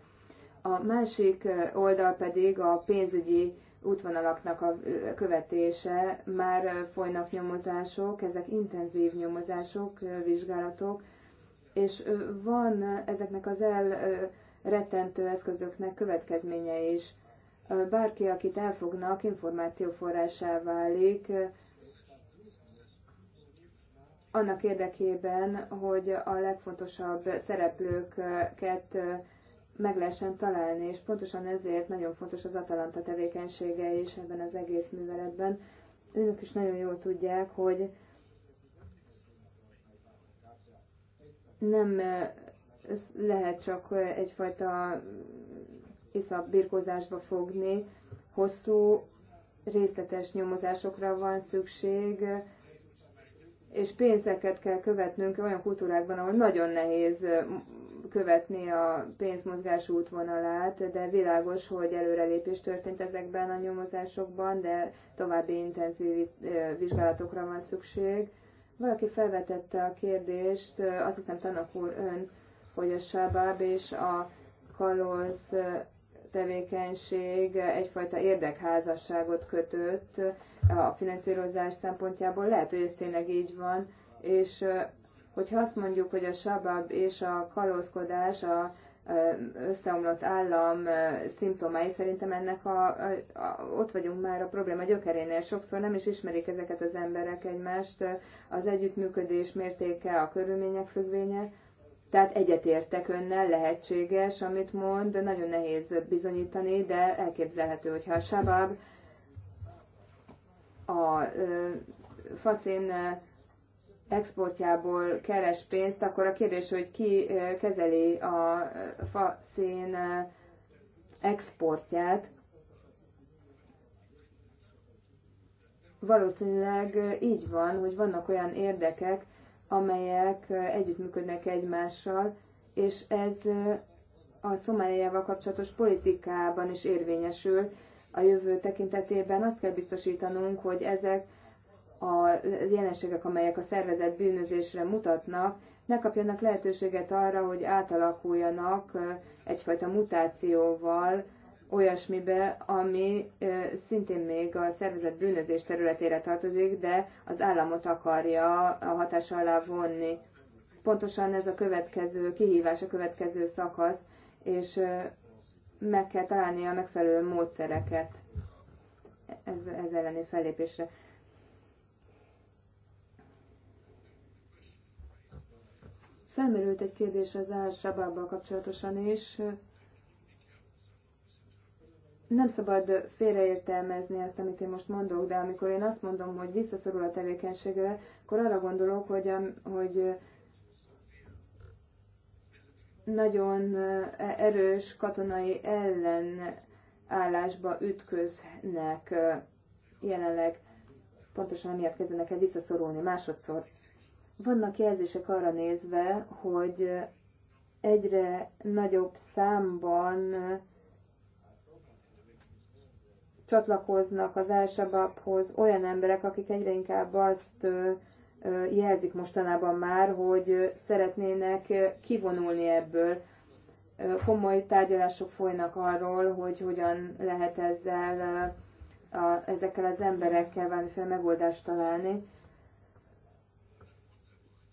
A másik oldal pedig a pénzügyi útvonalaknak a követése, már folynak nyomozások, ezek intenzív nyomozások, vizsgálatok, és van ezeknek az elrettentő eszközöknek következménye is bárki, akit elfognak, információforrásá válik annak érdekében, hogy a legfontosabb szereplőket meg lehessen találni, és pontosan ezért nagyon fontos az Atalanta tevékenysége is ebben az egész műveletben. Önök is nagyon jól tudják, hogy nem lehet csak egyfajta hosszabb birkózásba fogni, hosszú részletes nyomozásokra van szükség, és pénzeket kell követnünk olyan kultúrákban, ahol nagyon nehéz követni a pénzmozgás útvonalát, de világos, hogy előrelépés történt ezekben a nyomozásokban, de további intenzív vizsgálatokra van szükség. Valaki felvetette a kérdést, azt hiszem Tanak úr ön, hogy a Sábáb és a Kalóz tevékenység egyfajta érdekházasságot kötött a finanszírozás szempontjából. Lehet, hogy ez tényleg így van, és hogyha azt mondjuk, hogy a sabab és a kalózkodás a összeomlott állam szimptomái, szerintem ennek a, a, a, ott vagyunk már a probléma gyökerénél. Sokszor nem is ismerik ezeket az emberek egymást, az együttműködés mértéke, a körülmények függvénye, tehát egyetértek önnel, lehetséges, amit mond, de nagyon nehéz bizonyítani, de elképzelhető, hogyha a Sabab a ö, faszén exportjából keres pénzt, akkor a kérdés, hogy ki kezeli a faszén exportját. Valószínűleg így van, hogy vannak olyan érdekek, amelyek együttműködnek egymással, és ez a Szomáliával kapcsolatos politikában is érvényesül a jövő tekintetében. Azt kell biztosítanunk, hogy ezek a jelenségek, amelyek a szervezet bűnözésre mutatnak, ne kapjanak lehetőséget arra, hogy átalakuljanak egyfajta mutációval olyasmibe, ami szintén még a szervezet bűnözés területére tartozik, de az államot akarja a hatás alá vonni. Pontosan ez a következő kihívás, a következő szakasz, és meg kell találni a megfelelő módszereket ez, ez elleni fellépésre. Felmerült egy kérdés az al kapcsolatosan is, nem szabad félreértelmezni azt, amit én most mondok, de amikor én azt mondom, hogy visszaszorul a tevékenységre, akkor arra gondolok, hogy, hogy nagyon erős katonai ellenállásba ütköznek jelenleg. Pontosan miatt kezdenek el visszaszorulni másodszor. Vannak jelzések arra nézve, hogy egyre nagyobb számban csatlakoznak az elsebabhoz olyan emberek, akik egyre inkább azt jelzik mostanában már, hogy szeretnének kivonulni ebből. Komoly tárgyalások folynak arról, hogy hogyan lehet ezzel, a, ezekkel az emberekkel valamiféle megoldást találni.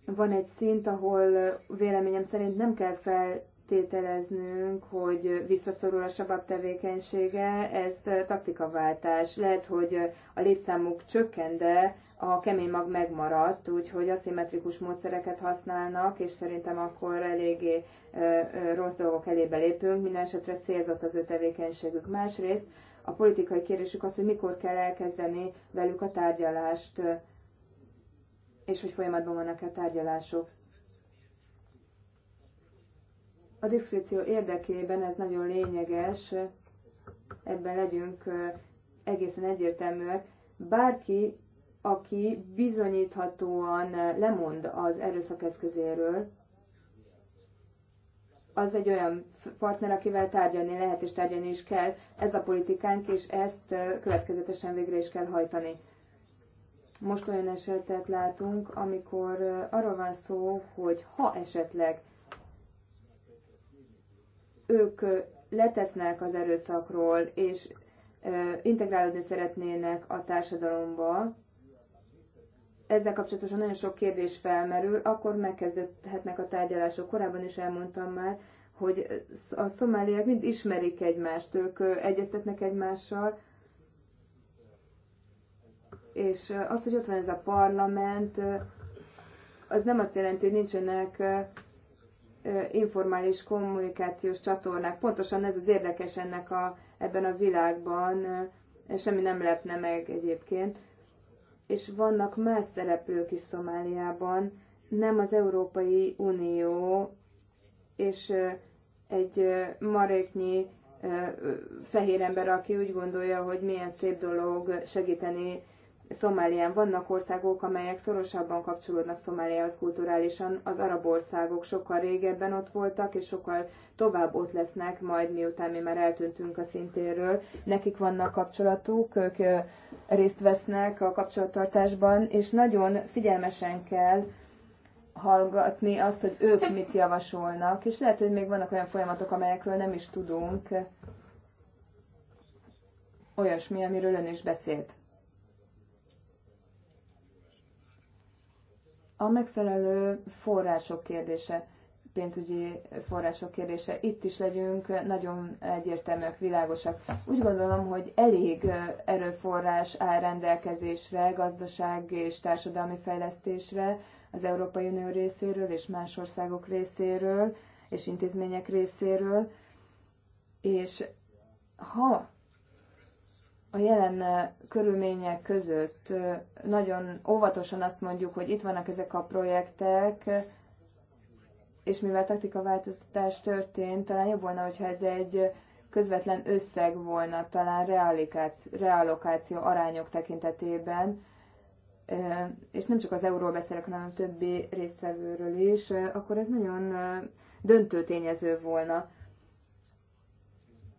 Van egy szint, ahol véleményem szerint nem kell fel feltételeznünk, hogy visszaszorul a sabab tevékenysége, ez taktikaváltás. Lehet, hogy a létszámuk csökken, de a kemény mag megmaradt, úgyhogy aszimmetrikus módszereket használnak, és szerintem akkor eléggé rossz dolgok elébe lépünk, minden esetre célzott az ő tevékenységük. Másrészt a politikai kérdésük az, hogy mikor kell elkezdeni velük a tárgyalást, és hogy folyamatban vannak-e tárgyalások a diszkréció érdekében ez nagyon lényeges, ebben legyünk egészen egyértelműek. Bárki, aki bizonyíthatóan lemond az erőszak eszközéről, az egy olyan partner, akivel tárgyalni lehet és tárgyalni is kell. Ez a politikánk, és ezt következetesen végre is kell hajtani. Most olyan esetet látunk, amikor arról van szó, hogy ha esetleg ők letesznek az erőszakról, és integrálódni szeretnének a társadalomba, ezzel kapcsolatosan nagyon sok kérdés felmerül, akkor megkezdődhetnek a tárgyalások. Korábban is elmondtam már, hogy a szomáliák mind ismerik egymást, ők egyeztetnek egymással, és az, hogy ott van ez a parlament, az nem azt jelenti, hogy nincsenek informális kommunikációs csatornák. Pontosan ez az érdekes ennek a, ebben a világban, semmi nem lepne meg egyébként. És vannak más szereplők is Szomáliában, nem az Európai Unió és egy maréknyi fehér ember, aki úgy gondolja, hogy milyen szép dolog segíteni Szomálián vannak országok, amelyek szorosabban kapcsolódnak Szomáliához kulturálisan. Az arab országok sokkal régebben ott voltak, és sokkal tovább ott lesznek, majd miután mi már eltűntünk a szintéről. Nekik vannak kapcsolatuk, ők részt vesznek a kapcsolattartásban, és nagyon figyelmesen kell hallgatni azt, hogy ők mit javasolnak, és lehet, hogy még vannak olyan folyamatok, amelyekről nem is tudunk, olyasmi, amiről ön is beszélt. A megfelelő források kérdése, pénzügyi források kérdése, itt is legyünk nagyon egyértelműek, világosak. Úgy gondolom, hogy elég erőforrás áll rendelkezésre, gazdaság és társadalmi fejlesztésre az Európai Unió részéről és más országok részéről és intézmények részéről, és ha a jelen körülmények között nagyon óvatosan azt mondjuk, hogy itt vannak ezek a projektek, és mivel taktikaváltozás történt, talán jobb volna, hogyha ez egy közvetlen összeg volna, talán realokáció arányok tekintetében, és nem csak az euróról beszélek, hanem a többi résztvevőről is, akkor ez nagyon döntő tényező volna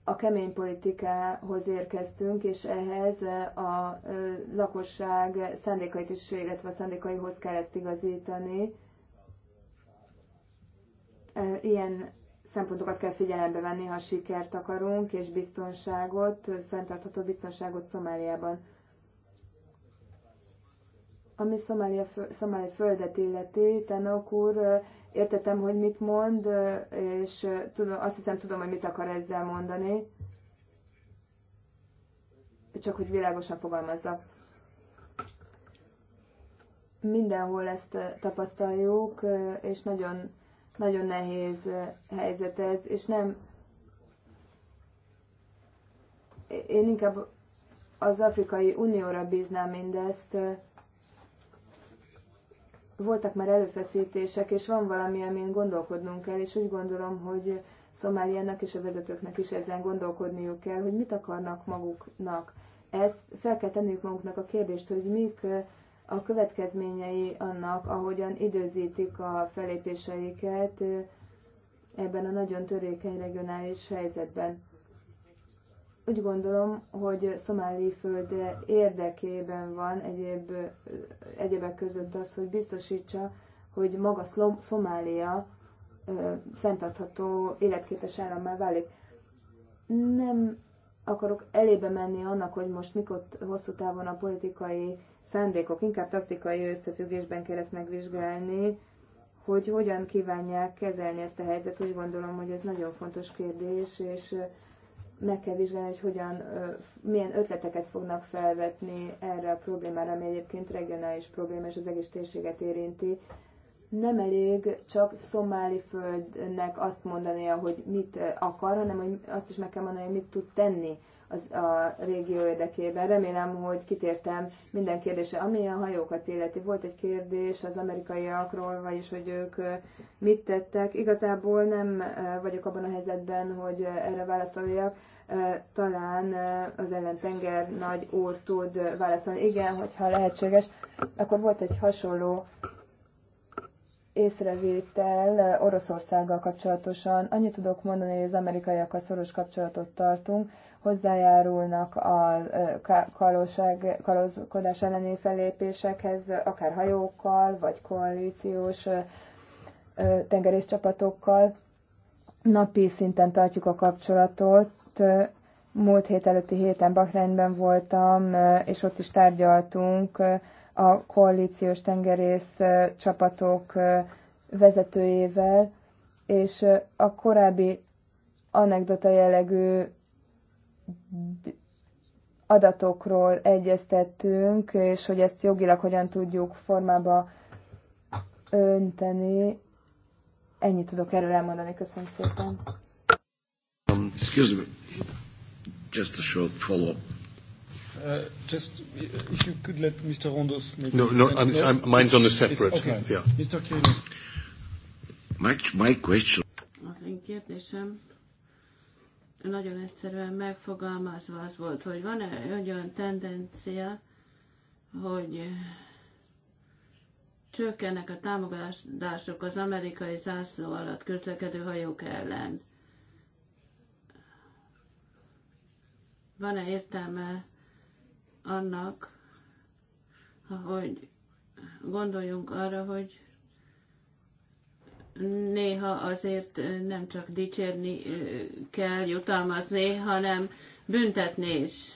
a kemény politikához érkeztünk, és ehhez eh, a eh, lakosság szándékait is, illetve a szándékaihoz kell ezt igazítani. Eh, ilyen szempontokat kell figyelembe venni, ha sikert akarunk, és biztonságot, fenntartható biztonságot Szomáliában. Ami Szomália, Szomália földet illeti, Tenok úr, értettem, hogy mit mond, és tudom, azt hiszem tudom, hogy mit akar ezzel mondani. Csak hogy világosan fogalmazza. Mindenhol ezt tapasztaljuk, és nagyon, nagyon nehéz helyzet ez, és nem... Én inkább az Afrikai Unióra bíznám mindezt, voltak már előfeszítések, és van valami, amin gondolkodnunk kell, és úgy gondolom, hogy Szomáliának és a vezetőknek is ezen gondolkodniuk kell, hogy mit akarnak maguknak. Ezt fel kell tenniük maguknak a kérdést, hogy mik a következményei annak, ahogyan időzítik a felépéseiket ebben a nagyon törékeny regionális helyzetben úgy gondolom, hogy szomáli föld érdekében van egyéb, egyébek között az, hogy biztosítsa, hogy maga Szomália ö, fenntartható életképes állammá válik. Nem akarok elébe menni annak, hogy most mikor hosszú távon a politikai szándékok, inkább taktikai összefüggésben kell ezt megvizsgálni, hogy hogyan kívánják kezelni ezt a helyzet. Úgy gondolom, hogy ez nagyon fontos kérdés, és meg kell vizsgálni, hogy hogyan, milyen ötleteket fognak felvetni erre a problémára, ami egyébként regionális probléma és az egész térséget érinti. Nem elég csak szomáli földnek azt mondania, hogy mit akar, hanem hogy azt is meg kell mondani, hogy mit tud tenni az, a régió érdekében. Remélem, hogy kitértem minden kérdése. Ami a hajókat illeti, volt egy kérdés az amerikaiakról, vagyis hogy ők mit tettek. Igazából nem vagyok abban a helyzetben, hogy erre válaszoljak talán az ellentenger nagy úr tud válaszolni. Igen, hogyha lehetséges, akkor volt egy hasonló észrevétel Oroszországgal kapcsolatosan. Annyit tudok mondani, hogy az amerikaiakkal szoros kapcsolatot tartunk, hozzájárulnak a kalózkodás elleni fellépésekhez, akár hajókkal, vagy koalíciós tengerészcsapatokkal napi szinten tartjuk a kapcsolatot. Múlt hét előtti héten Bahreinben voltam, és ott is tárgyaltunk a koalíciós tengerész csapatok vezetőjével, és a korábbi anekdota jellegű adatokról egyeztettünk, és hogy ezt jogilag hogyan tudjuk formába önteni, Ennyit tudok erről elmondani. Köszönöm szépen. Um, excuse me. Just a short follow-up. Uh, just if you could let Mr. Rondos maybe. No, no, I'm, I'm, mine's on a separate. okay. Yeah. Mr. Kirin. My, my question. Az én kérdésem nagyon egyszerűen megfogalmazva az volt, hogy van-e olyan tendencia, hogy csökkennek a támogatások az amerikai zászló alatt közlekedő hajók ellen. Van-e értelme annak, hogy gondoljunk arra, hogy néha azért nem csak dicsérni kell, jutalmazni, hanem büntetni is.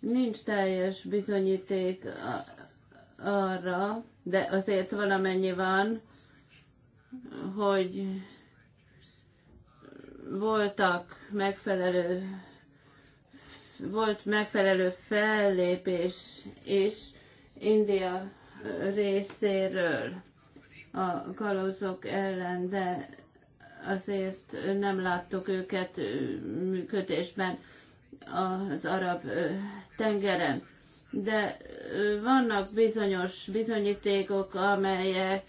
Nincs teljes bizonyíték arra, de azért valamennyi van, hogy voltak megfelelő volt megfelelő fellépés is India részéről a kalózok ellen, de azért nem láttuk őket működésben az arab tengeren de vannak bizonyos bizonyítékok, amelyek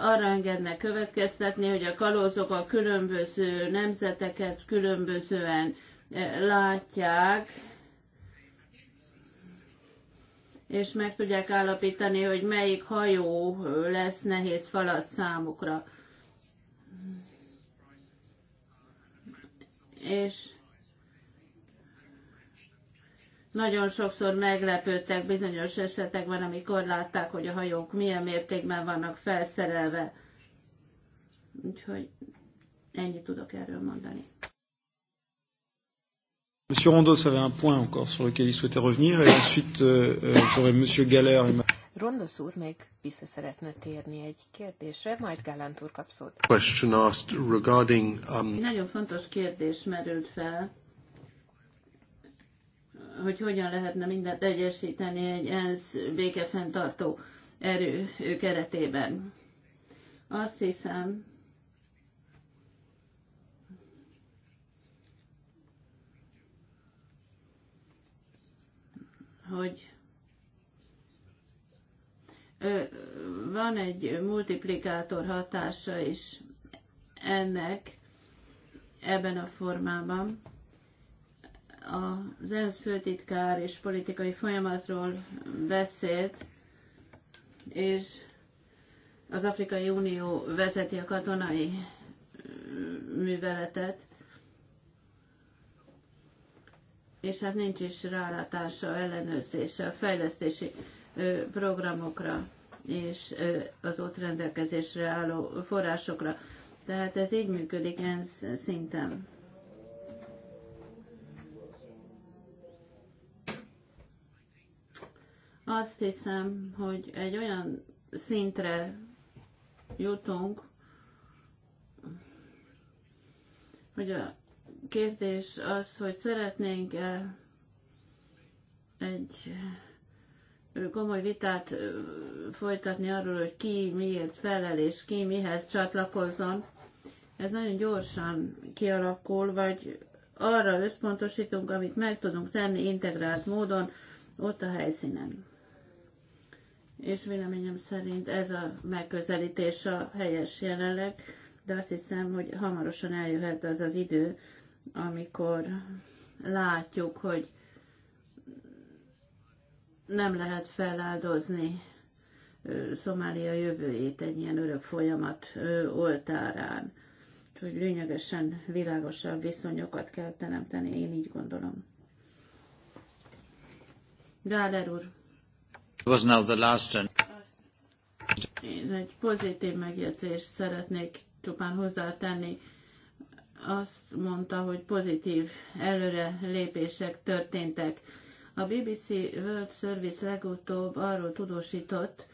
arra engednek következtetni, hogy a kalózok a különböző nemzeteket különbözően látják, és meg tudják állapítani, hogy melyik hajó lesz nehéz falat számukra. És nagyon sokszor meglepődtek bizonyos esetekben, amikor látták, hogy a hajók milyen mértékben vannak felszerelve. Úgyhogy ennyit tudok erről mondani. Monsieur Rondos avait un point encore sur lequel il souhaitait revenir, et ensuite euh, euh, j'aurai Monsieur Galler. Et ma... Rondos úr még vissza szeretne térni egy kérdésre, majd Gallant úr kap szót. Question asked regarding, um... Nagyon fontos kérdés merült fel hogy hogyan lehetne mindent egyesíteni egy ENSZ békefenntartó erő keretében. Azt hiszem, hogy van egy multiplikátor hatása is ennek ebben a formában az ENSZ főtitkár és politikai folyamatról beszélt, és az Afrikai Unió vezeti a katonai műveletet, és hát nincs is rálátása, ellenőrzése a fejlesztési programokra és az ott rendelkezésre álló forrásokra. Tehát ez így működik ENSZ szinten. Azt hiszem, hogy egy olyan szintre jutunk, hogy a kérdés az, hogy szeretnénk -e egy komoly vitát folytatni arról, hogy ki miért felel és ki mihez csatlakozzon. Ez nagyon gyorsan kialakul, vagy arra összpontosítunk, amit meg tudunk tenni integrált módon ott a helyszínen és véleményem szerint ez a megközelítés a helyes jelenleg, de azt hiszem, hogy hamarosan eljöhet az az idő, amikor látjuk, hogy nem lehet feláldozni Szomália jövőjét egy ilyen örök folyamat oltárán. Úgyhogy lényegesen világosabb viszonyokat kell teremteni, én így gondolom. Gáler úr, Was now the last and... Én egy pozitív megjegyzést szeretnék csupán hozzátenni. Azt mondta, hogy pozitív előre lépések történtek. A BBC World Service legutóbb arról tudósított,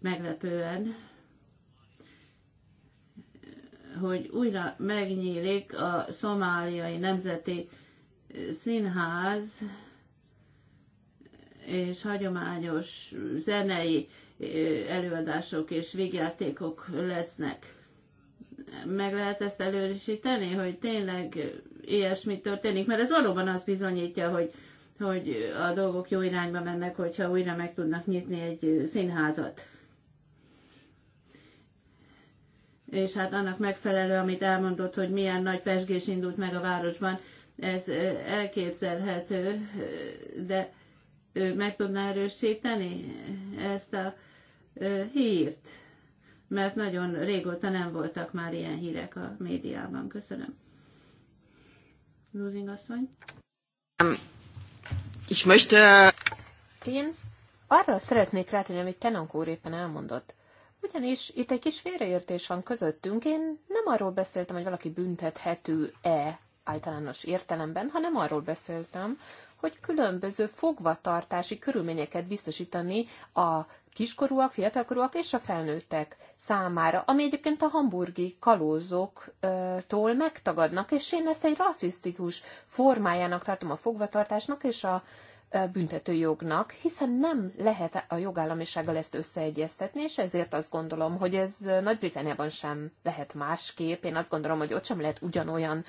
meglepően, hogy újra megnyílik a szomáliai nemzeti színház és hagyományos zenei előadások és végjátékok lesznek. Meg lehet ezt előrisíteni, hogy tényleg ilyesmi történik, mert ez valóban azt bizonyítja, hogy, hogy a dolgok jó irányba mennek, hogyha újra meg tudnak nyitni egy színházat. És hát annak megfelelő, amit elmondott, hogy milyen nagy pesgés indult meg a városban, ez elképzelhető, de meg tudná erősíteni ezt a hírt, mert nagyon régóta nem voltak már ilyen hírek a médiában. Köszönöm. Lúzing asszony. Ich möchte... Én arra szeretnék rátenni, amit Tenank úr éppen elmondott. Ugyanis itt egy kis félreértés van közöttünk. Én nem arról beszéltem, hogy valaki büntethető-e általános értelemben, hanem arról beszéltem, hogy különböző fogvatartási körülményeket biztosítani a kiskorúak, fiatalkorúak és a felnőttek számára, ami egyébként a hamburgi kalózoktól megtagadnak, és én ezt egy rasszisztikus formájának tartom a fogvatartásnak, és a büntetőjognak, hiszen nem lehet a jogállamisággal ezt összeegyeztetni, és ezért azt gondolom, hogy ez Nagy-Britanniában sem lehet másképp. Én azt gondolom, hogy ott sem lehet ugyanolyan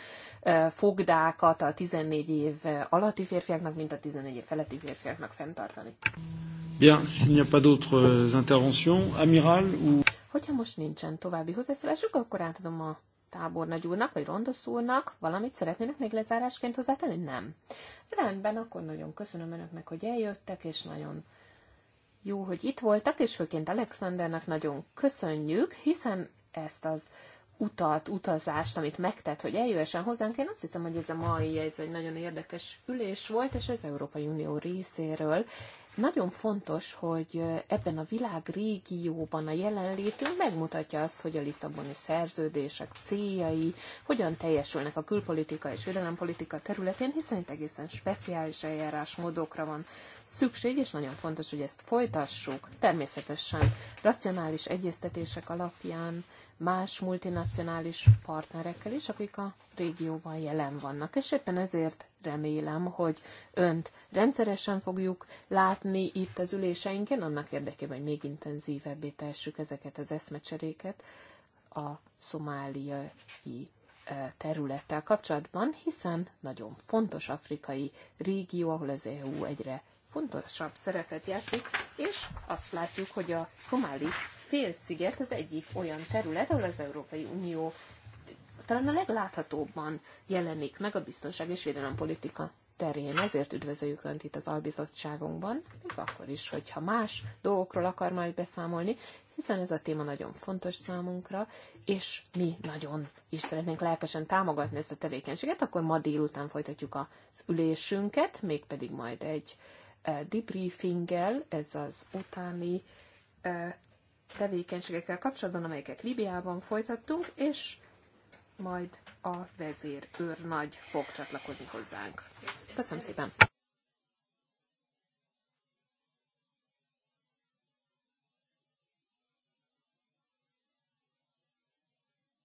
fogdákat a 14 év alatti férfiaknak, mint a 14 év feletti férfiaknak fenntartani. Bien, s'il n'y a pas d'autres euh, interventions, amiral ou... Hogyha most nincsen további hozzászólásuk, akkor átadom a tábornagy úrnak, vagy rondosz úrnak valamit szeretnének még lezárásként hozzátenni? Nem. Rendben, akkor nagyon köszönöm önöknek, hogy eljöttek, és nagyon jó, hogy itt voltak, és főként Alexandernek nagyon köszönjük, hiszen ezt az utat, utazást, amit megtett, hogy eljöjjön hozzánk. Én azt hiszem, hogy ez a mai ez egy nagyon érdekes ülés volt, és az Európai Unió részéről nagyon fontos, hogy ebben a világ régióban a jelenlétünk megmutatja azt, hogy a Lisszaboni szerződések céljai hogyan teljesülnek a külpolitika és védelempolitika területén, hiszen itt egészen speciális eljárásmódokra van szükség, és nagyon fontos, hogy ezt folytassuk, természetesen racionális egyeztetések alapján, más multinacionális partnerekkel is, akik a régióban jelen vannak. És éppen ezért remélem, hogy önt rendszeresen fogjuk látni itt az üléseinken, annak érdekében, hogy még intenzívebbé tessük ezeket az eszmecseréket a szomáliai területtel kapcsolatban, hiszen nagyon fontos afrikai régió, ahol az EU egyre fontosabb szerepet játszik, és azt látjuk, hogy a szomáli félsziget az egyik olyan terület, ahol az Európai Unió talán a legláthatóbban jelenik meg a biztonság és védelem politika terén. Ezért üdvözöljük Önt itt az albizottságunkban, még akkor is, hogyha más dolgokról akar majd beszámolni, hiszen ez a téma nagyon fontos számunkra, és mi nagyon is szeretnénk lelkesen támogatni ezt a tevékenységet, akkor ma délután folytatjuk az ülésünket, mégpedig majd egy eh, debriefinggel, ez az utáni eh, tevékenységekkel kapcsolatban, amelyeket Libiában folytattunk, és majd a vezér őrnagy fog csatlakozni hozzánk. Köszönöm szépen!